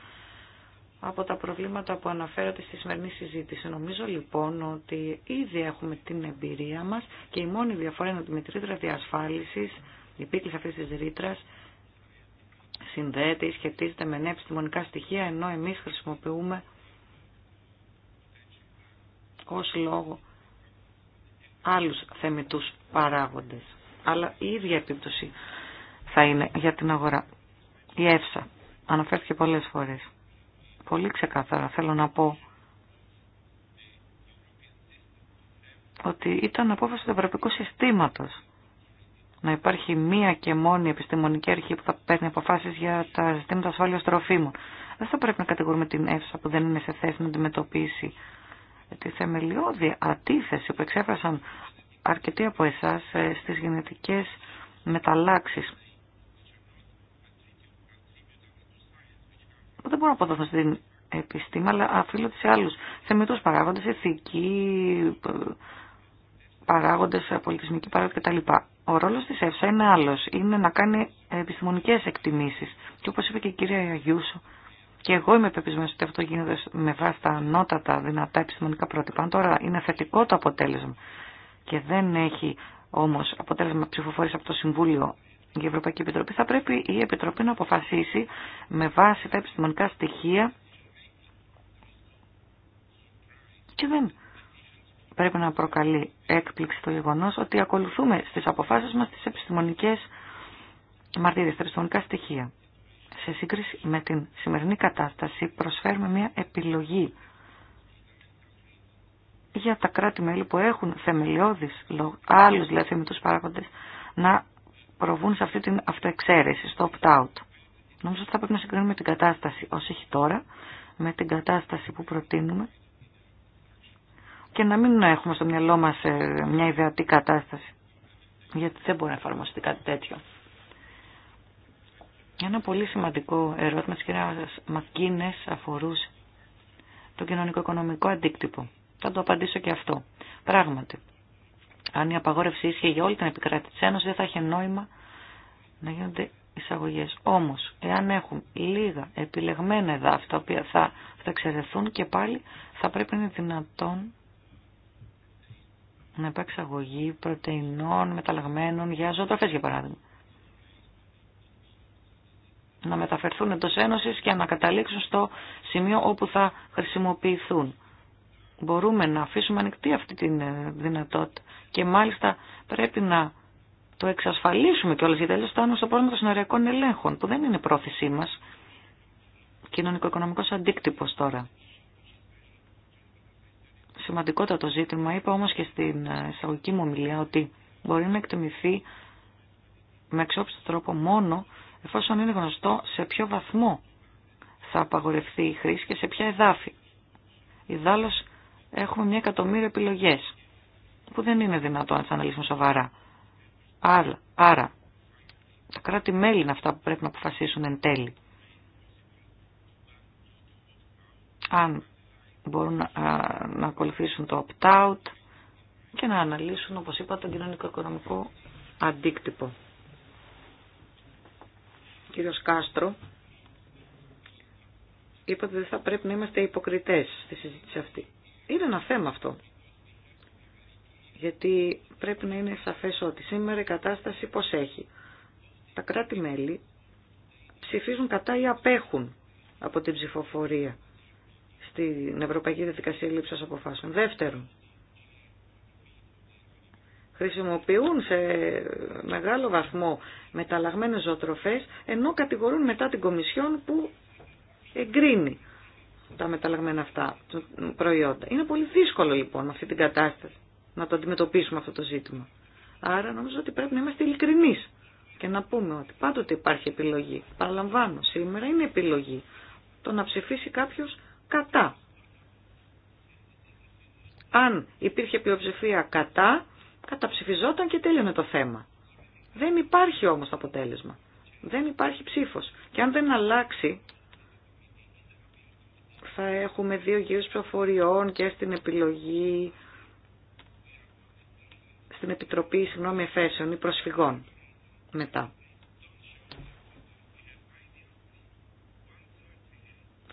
από τα προβλήματα που αναφέρονται στη σημερινή συζήτηση. Νομίζω λοιπόν ότι ήδη έχουμε την εμπειρία μα και η μόνη διαφορά είναι ότι με τη ρήτρα διασφάλιση, η επίκληση αυτή τη ρήτρα, συνδέεται ή σχετίζεται με νέα επιστημονικά στοιχεία, ενώ εμείς χρησιμοποιούμε ως λόγο άλλους θεμητούς παράγοντες. Αλλά η ίδια επίπτωση θα είναι για την αγορά. Η ΕΦΣΑ αναφέρθηκε πολλές φορές. Πολύ ξεκάθαρα θέλω να πω ότι ήταν απόφαση του Ευρωπαϊκού Συστήματος να υπάρχει μία και μόνη επιστημονική αρχή που θα παίρνει αποφάσει για τα ζητήματα ασφάλεια τροφίμων. Δεν θα πρέπει να κατηγορούμε την ΕΦΣΑ που δεν είναι σε θέση να αντιμετωπίσει τη θεμελιώδη αντίθεση που εξέφρασαν αρκετοί από εσά ε, στι γενετικέ μεταλλάξει. Δεν μπορώ να αποδοθώ στην επιστήμη, αλλά αφήνονται σε άλλου θεμητού παράγοντε, ηθικοί ε, παράγοντε, ε, πολιτισμικοί παράγοντε κτλ. Ο ρόλο τη ΕΦΣΑ είναι άλλο. Είναι να κάνει επιστημονικέ εκτιμήσει. Και όπω είπε και η κυρία Αγιούσο, και εγώ είμαι πεπισμένος ότι αυτό γίνεται με βάση τα ανώτατα δυνατά επιστημονικά πρότυπα. Αν τώρα είναι θετικό το αποτέλεσμα και δεν έχει όμω αποτέλεσμα ψηφοφορία από το Συμβούλιο η Ευρωπαϊκή Επιτροπή, θα πρέπει η Επιτροπή να αποφασίσει με βάση τα επιστημονικά στοιχεία και δεν πρέπει να προκαλεί έκπληξη το γεγονός ότι ακολουθούμε στις αποφάσεις μας τις επιστημονικές μαρτύρες, τα επιστημονικά στοιχεία. Σε σύγκριση με την σημερινή κατάσταση προσφέρουμε μια επιλογή για τα κράτη-μέλη που έχουν θεμελιώδεις άλλους δηλαδή θεμητούς παράγοντες να προβούν σε αυτή την αυτοεξαίρεση, στο opt-out. Νομίζω ότι θα πρέπει να συγκρίνουμε την κατάσταση όσο έχει τώρα με την κατάσταση που προτείνουμε και να μην έχουμε στο μυαλό μας ε, μια ιδεατή κατάσταση. Γιατί δεν μπορεί να εφαρμοστεί κάτι τέτοιο. Ένα πολύ σημαντικό ερώτημα της κυρίας Μακίνες αφορούσε το κοινωνικο-οικονομικό αντίκτυπο. Θα το απαντήσω και αυτό. Πράγματι, αν η απαγόρευση ίσχυε για όλη την επικράτη της Ένωσης, δεν θα είχε νόημα να γίνονται εισαγωγές. Όμως, εάν έχουν λίγα επιλεγμένα εδάφη, τα οποία θα, θα εξαιρεθούν και πάλι θα πρέπει να είναι δυνατόν να υπάρξει αγωγή πρωτεϊνών μεταλλαγμένων για ζωοτροφές για παράδειγμα. Να μεταφερθούν εντό Ένωση και να καταλήξουν στο σημείο όπου θα χρησιμοποιηθούν. Μπορούμε να αφήσουμε ανοιχτή αυτή τη ε, δυνατότητα και μάλιστα πρέπει να το εξασφαλίσουμε κιόλας γιατί τέλος φτάνουμε στο πρόβλημα των συνοριακών ελέγχων που δεν είναι πρόθεσή μας. Κοινωνικο-οικονομικός αντίκτυπος τώρα σημαντικότατο ζήτημα. Είπα όμως και στην εισαγωγική μου ομιλία ότι μπορεί να εκτιμηθεί με εξόπιστο τρόπο μόνο εφόσον είναι γνωστό σε ποιο βαθμό θα απαγορευτεί η χρήση και σε ποια εδάφη. Ιδάλλως έχουμε μια εκατομμύρια επιλογές που δεν είναι δυνατόν να τις αναλύσουμε σοβαρά. Άρα, άρα τα κράτη-μέλη είναι αυτά που πρέπει να αποφασίσουν εν τέλει. Αν μπορούν να ακολουθήσουν το opt-out και να αναλύσουν, όπως είπα, τον κοινωνικό-οικονομικό αντίκτυπο. κύριος Κάστρο είπε ότι δεν θα πρέπει να είμαστε υποκριτές στη συζήτηση αυτή. Είναι ένα θέμα αυτό. Γιατί πρέπει να είναι σαφές ότι σήμερα η κατάσταση πώς έχει. Τα κράτη-μέλη ψηφίζουν κατά ή απέχουν από την ψηφοφορία στην Ευρωπαϊκή Διαδικασία Λήψης Αποφάσεων. Δεύτερον, χρησιμοποιούν σε μεγάλο βαθμό μεταλλαγμένες ζωοτροφές, ενώ κατηγορούν μετά την Κομισιόν που εγκρίνει τα μεταλλαγμένα αυτά προϊόντα. Είναι πολύ δύσκολο λοιπόν αυτή την κατάσταση να το αντιμετωπίσουμε αυτό το ζήτημα. Άρα νομίζω ότι πρέπει να είμαστε ειλικρινεί και να πούμε ότι πάντοτε υπάρχει επιλογή. Παραλαμβάνω, σήμερα είναι επιλογή το να ψηφίσει κάποιος κατά. Αν υπήρχε πλειοψηφία κατά, καταψηφιζόταν και τέλειωνε το θέμα. Δεν υπάρχει όμως το αποτέλεσμα. Δεν υπάρχει ψήφος. Και αν δεν αλλάξει, θα έχουμε δύο γύρους προφοριών και στην επιλογή, στην Επιτροπή Συγγνώμη Εφέσεων ή Προσφυγών μετά.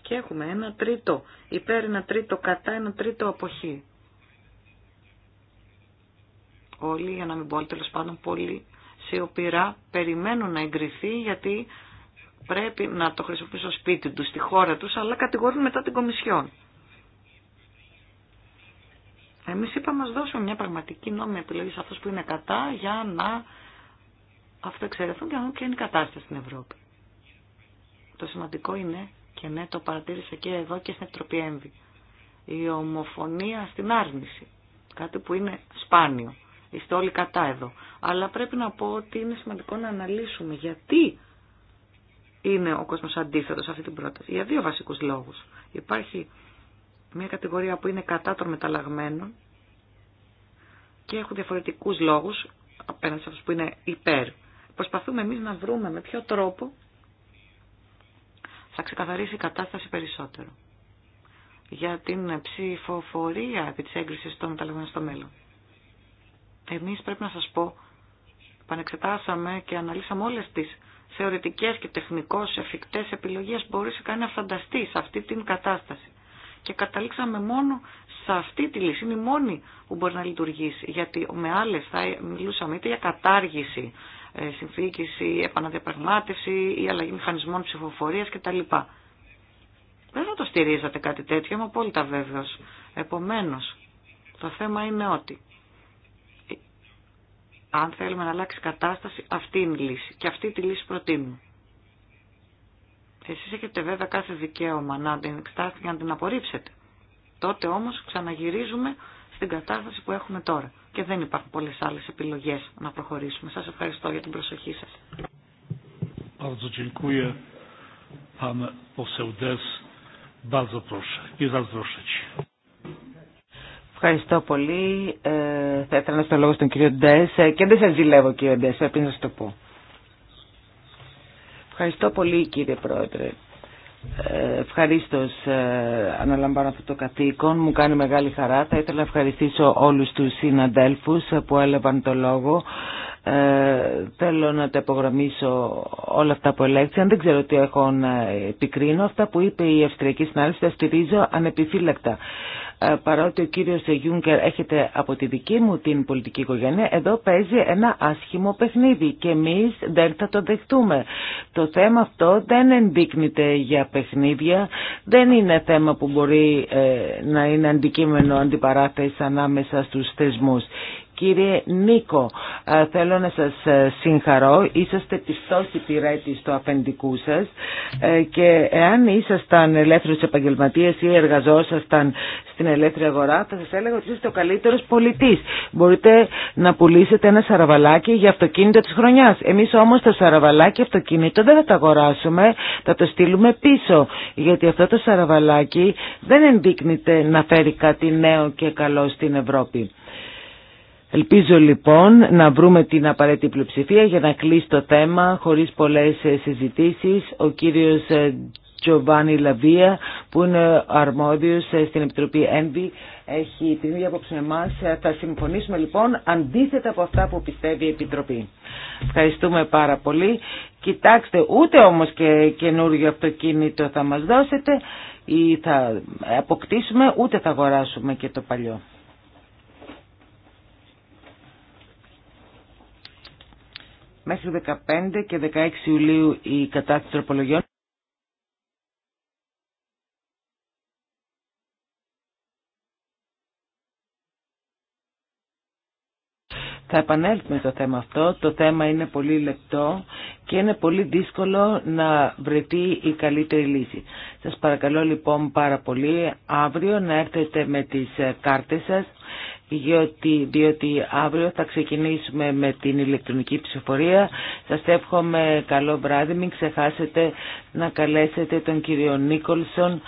Και έχουμε ένα τρίτο υπέρ, ένα τρίτο κατά, ένα τρίτο αποχή. Όλοι, για να μην πω τέλο πάντων, πολύ σιωπηρά περιμένουν να εγκριθεί γιατί πρέπει να το χρησιμοποιήσουν στο σπίτι τους, στη χώρα τους, αλλά κατηγορούν μετά την Κομισιόν. Εμείς είπαμε να δώσουμε μια πραγματική νόμιμη επιλογή σε αυτούς που είναι κατά για να αυτοεξαιρεθούν και να δούμε ποια είναι η κατάσταση στην Ευρώπη. Το σημαντικό είναι και ναι, το παρατήρησα και εδώ και στην Επιτροπή Έμβη. Η ομοφωνία στην άρνηση. Κάτι που είναι σπάνιο. Είστε όλοι κατά εδώ. Αλλά πρέπει να πω ότι είναι σημαντικό να αναλύσουμε γιατί είναι ο κόσμος αντίθετος αυτή την πρόταση. Για δύο βασικούς λόγους. Υπάρχει μια κατηγορία που είναι κατά των μεταλλαγμένων και έχουν διαφορετικούς λόγους απέναντι σε αυτούς που είναι υπέρ. Προσπαθούμε εμείς να βρούμε με ποιο τρόπο θα ξεκαθαρίσει η κατάσταση περισσότερο για την ψηφοφορία επί της έγκρισης των μεταλλαγμένων στο μέλλον. Εμείς πρέπει να σας πω, πανεξετάσαμε και αναλύσαμε όλες τις θεωρητικές και τεχνικώς εφικτές επιλογές μπορείς να κάνει να φανταστεί σε αυτή την κατάσταση. Και καταλήξαμε μόνο σε αυτή τη λύση, είναι η μόνη που μπορεί να λειτουργήσει, γιατί με άλλες θα μιλούσαμε είτε για κατάργηση ε, συνθήκης, η επαναδιαπραγμάτευση, η αλλαγή μηχανισμών ψηφοφορίας κτλ. Δεν θα το στηρίζατε κάτι τέτοιο, είμαι απόλυτα βέβαιος. Επομένως, το θέμα είναι ότι ε, αν θέλουμε να αλλάξει κατάσταση, αυτή είναι η λύση. Και αυτή τη λύση προτείνουμε. Εσείς έχετε βέβαια κάθε δικαίωμα να την εξτάσετε και να την απορρίψετε. Τότε όμως ξαναγυρίζουμε στην κατάσταση που έχουμε τώρα και δεν υπάρχουν πολλές άλλες επιλογές να προχωρήσουμε. Σας ευχαριστώ για την προσοχή σας. Ευχαριστώ πολύ. Ε, θα ήθελα να στο λόγο στον κύριο Ντές ε, και δεν σας ζηλεύω κύριο Ντές, πρέπει να σας το πω. Ευχαριστώ πολύ κύριε Πρόεδρε. Ευχαρίστω ε, αναλαμβάνω αυτό το καθήκον, μου κάνει μεγάλη χαρά. Θα ήθελα να ευχαριστήσω όλους τους συναντέλφους που έλαβαν το λόγο. Ε, θέλω να τα υπογραμμίσω όλα αυτά που ελέγξαν. Δεν ξέρω τι έχω να επικρίνω. Αυτά που είπε η Αυστριακή συνάδελφη τα στηρίζω ανεπιφύλακτα. Ε, παρότι ο κύριος Γιούγκερ έχετε από τη δική μου την πολιτική οικογένεια, εδώ παίζει ένα άσχημο παιχνίδι και εμείς δεν θα το δεχτούμε. Το θέμα αυτό δεν ενδείκνυται για παιχνίδια, δεν είναι θέμα που μπορεί ε, να είναι αντικείμενο αντιπαράθεση ανάμεσα στους θεσμούς. Κύριε Νίκο, ε, θέλω να σας ε, συγχαρώ. Είσαστε πιστός υπηρέτης του αφεντικού σας ε, και εάν ήσασταν ελεύθερος επαγγελματίες ή εργαζόσασταν στην ελεύθερη αγορά θα σας έλεγα ότι είστε ο καλύτερος πολιτής. Μπορείτε να πουλήσετε ένα σαραβαλάκι για αυτοκίνητο της χρονιάς. Εμείς όμως το σαραβαλάκι αυτοκίνητο δεν θα το αγοράσουμε, θα το στείλουμε πίσω. Γιατί αυτό το σαραβαλάκι δεν ενδείκνεται να φέρει κάτι νέο και καλό στην Ευρώπη. Ελπίζω λοιπόν να βρούμε την απαραίτητη πλειοψηφία για να κλείσει το θέμα χωρίς πολλές ε, συζητήσεις. Ο κύριος ε, Τζοβάνι Λαβία που είναι αρμόδιος ε, στην Επιτροπή ΕΝΒΗ έχει την ίδια απόψη με εμάς. Θα συμφωνήσουμε λοιπόν αντίθετα από αυτά που πιστεύει η Επιτροπή. Ευχαριστούμε πάρα πολύ. Κοιτάξτε ούτε όμως και καινούργιο αυτοκίνητο θα μας δώσετε ή θα αποκτήσουμε ούτε θα αγοράσουμε και το παλιό. Μέχρι 15 και 16 Ιουλίου η κατάσταση τροπολογιών. Θα επανέλθουμε στο θέμα αυτό. Το θέμα είναι πολύ λεπτό και είναι πολύ δύσκολο να βρεθεί η καλύτερη λύση. Σας παρακαλώ λοιπόν πάρα πολύ αύριο να έρθετε με τις ε, κάρτες σας διότι, διότι αύριο θα ξεκινήσουμε με την ηλεκτρονική ψηφοφορία. Σας εύχομαι καλό βράδυ. Μην ξεχάσετε να καλέσετε τον κύριο Νίκολσον.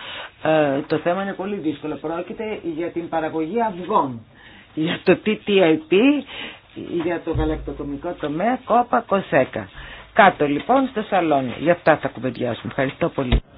Ε, το θέμα είναι πολύ δύσκολο. Πρόκειται για την παραγωγή αυγών. Για το TTIP, για το γαλακτοκομικό τομέα, κόπα κοσέκα. Κάτω λοιπόν στο σαλόνι. γι' αυτά θα κουβεντιάσουμε. Ευχαριστώ πολύ.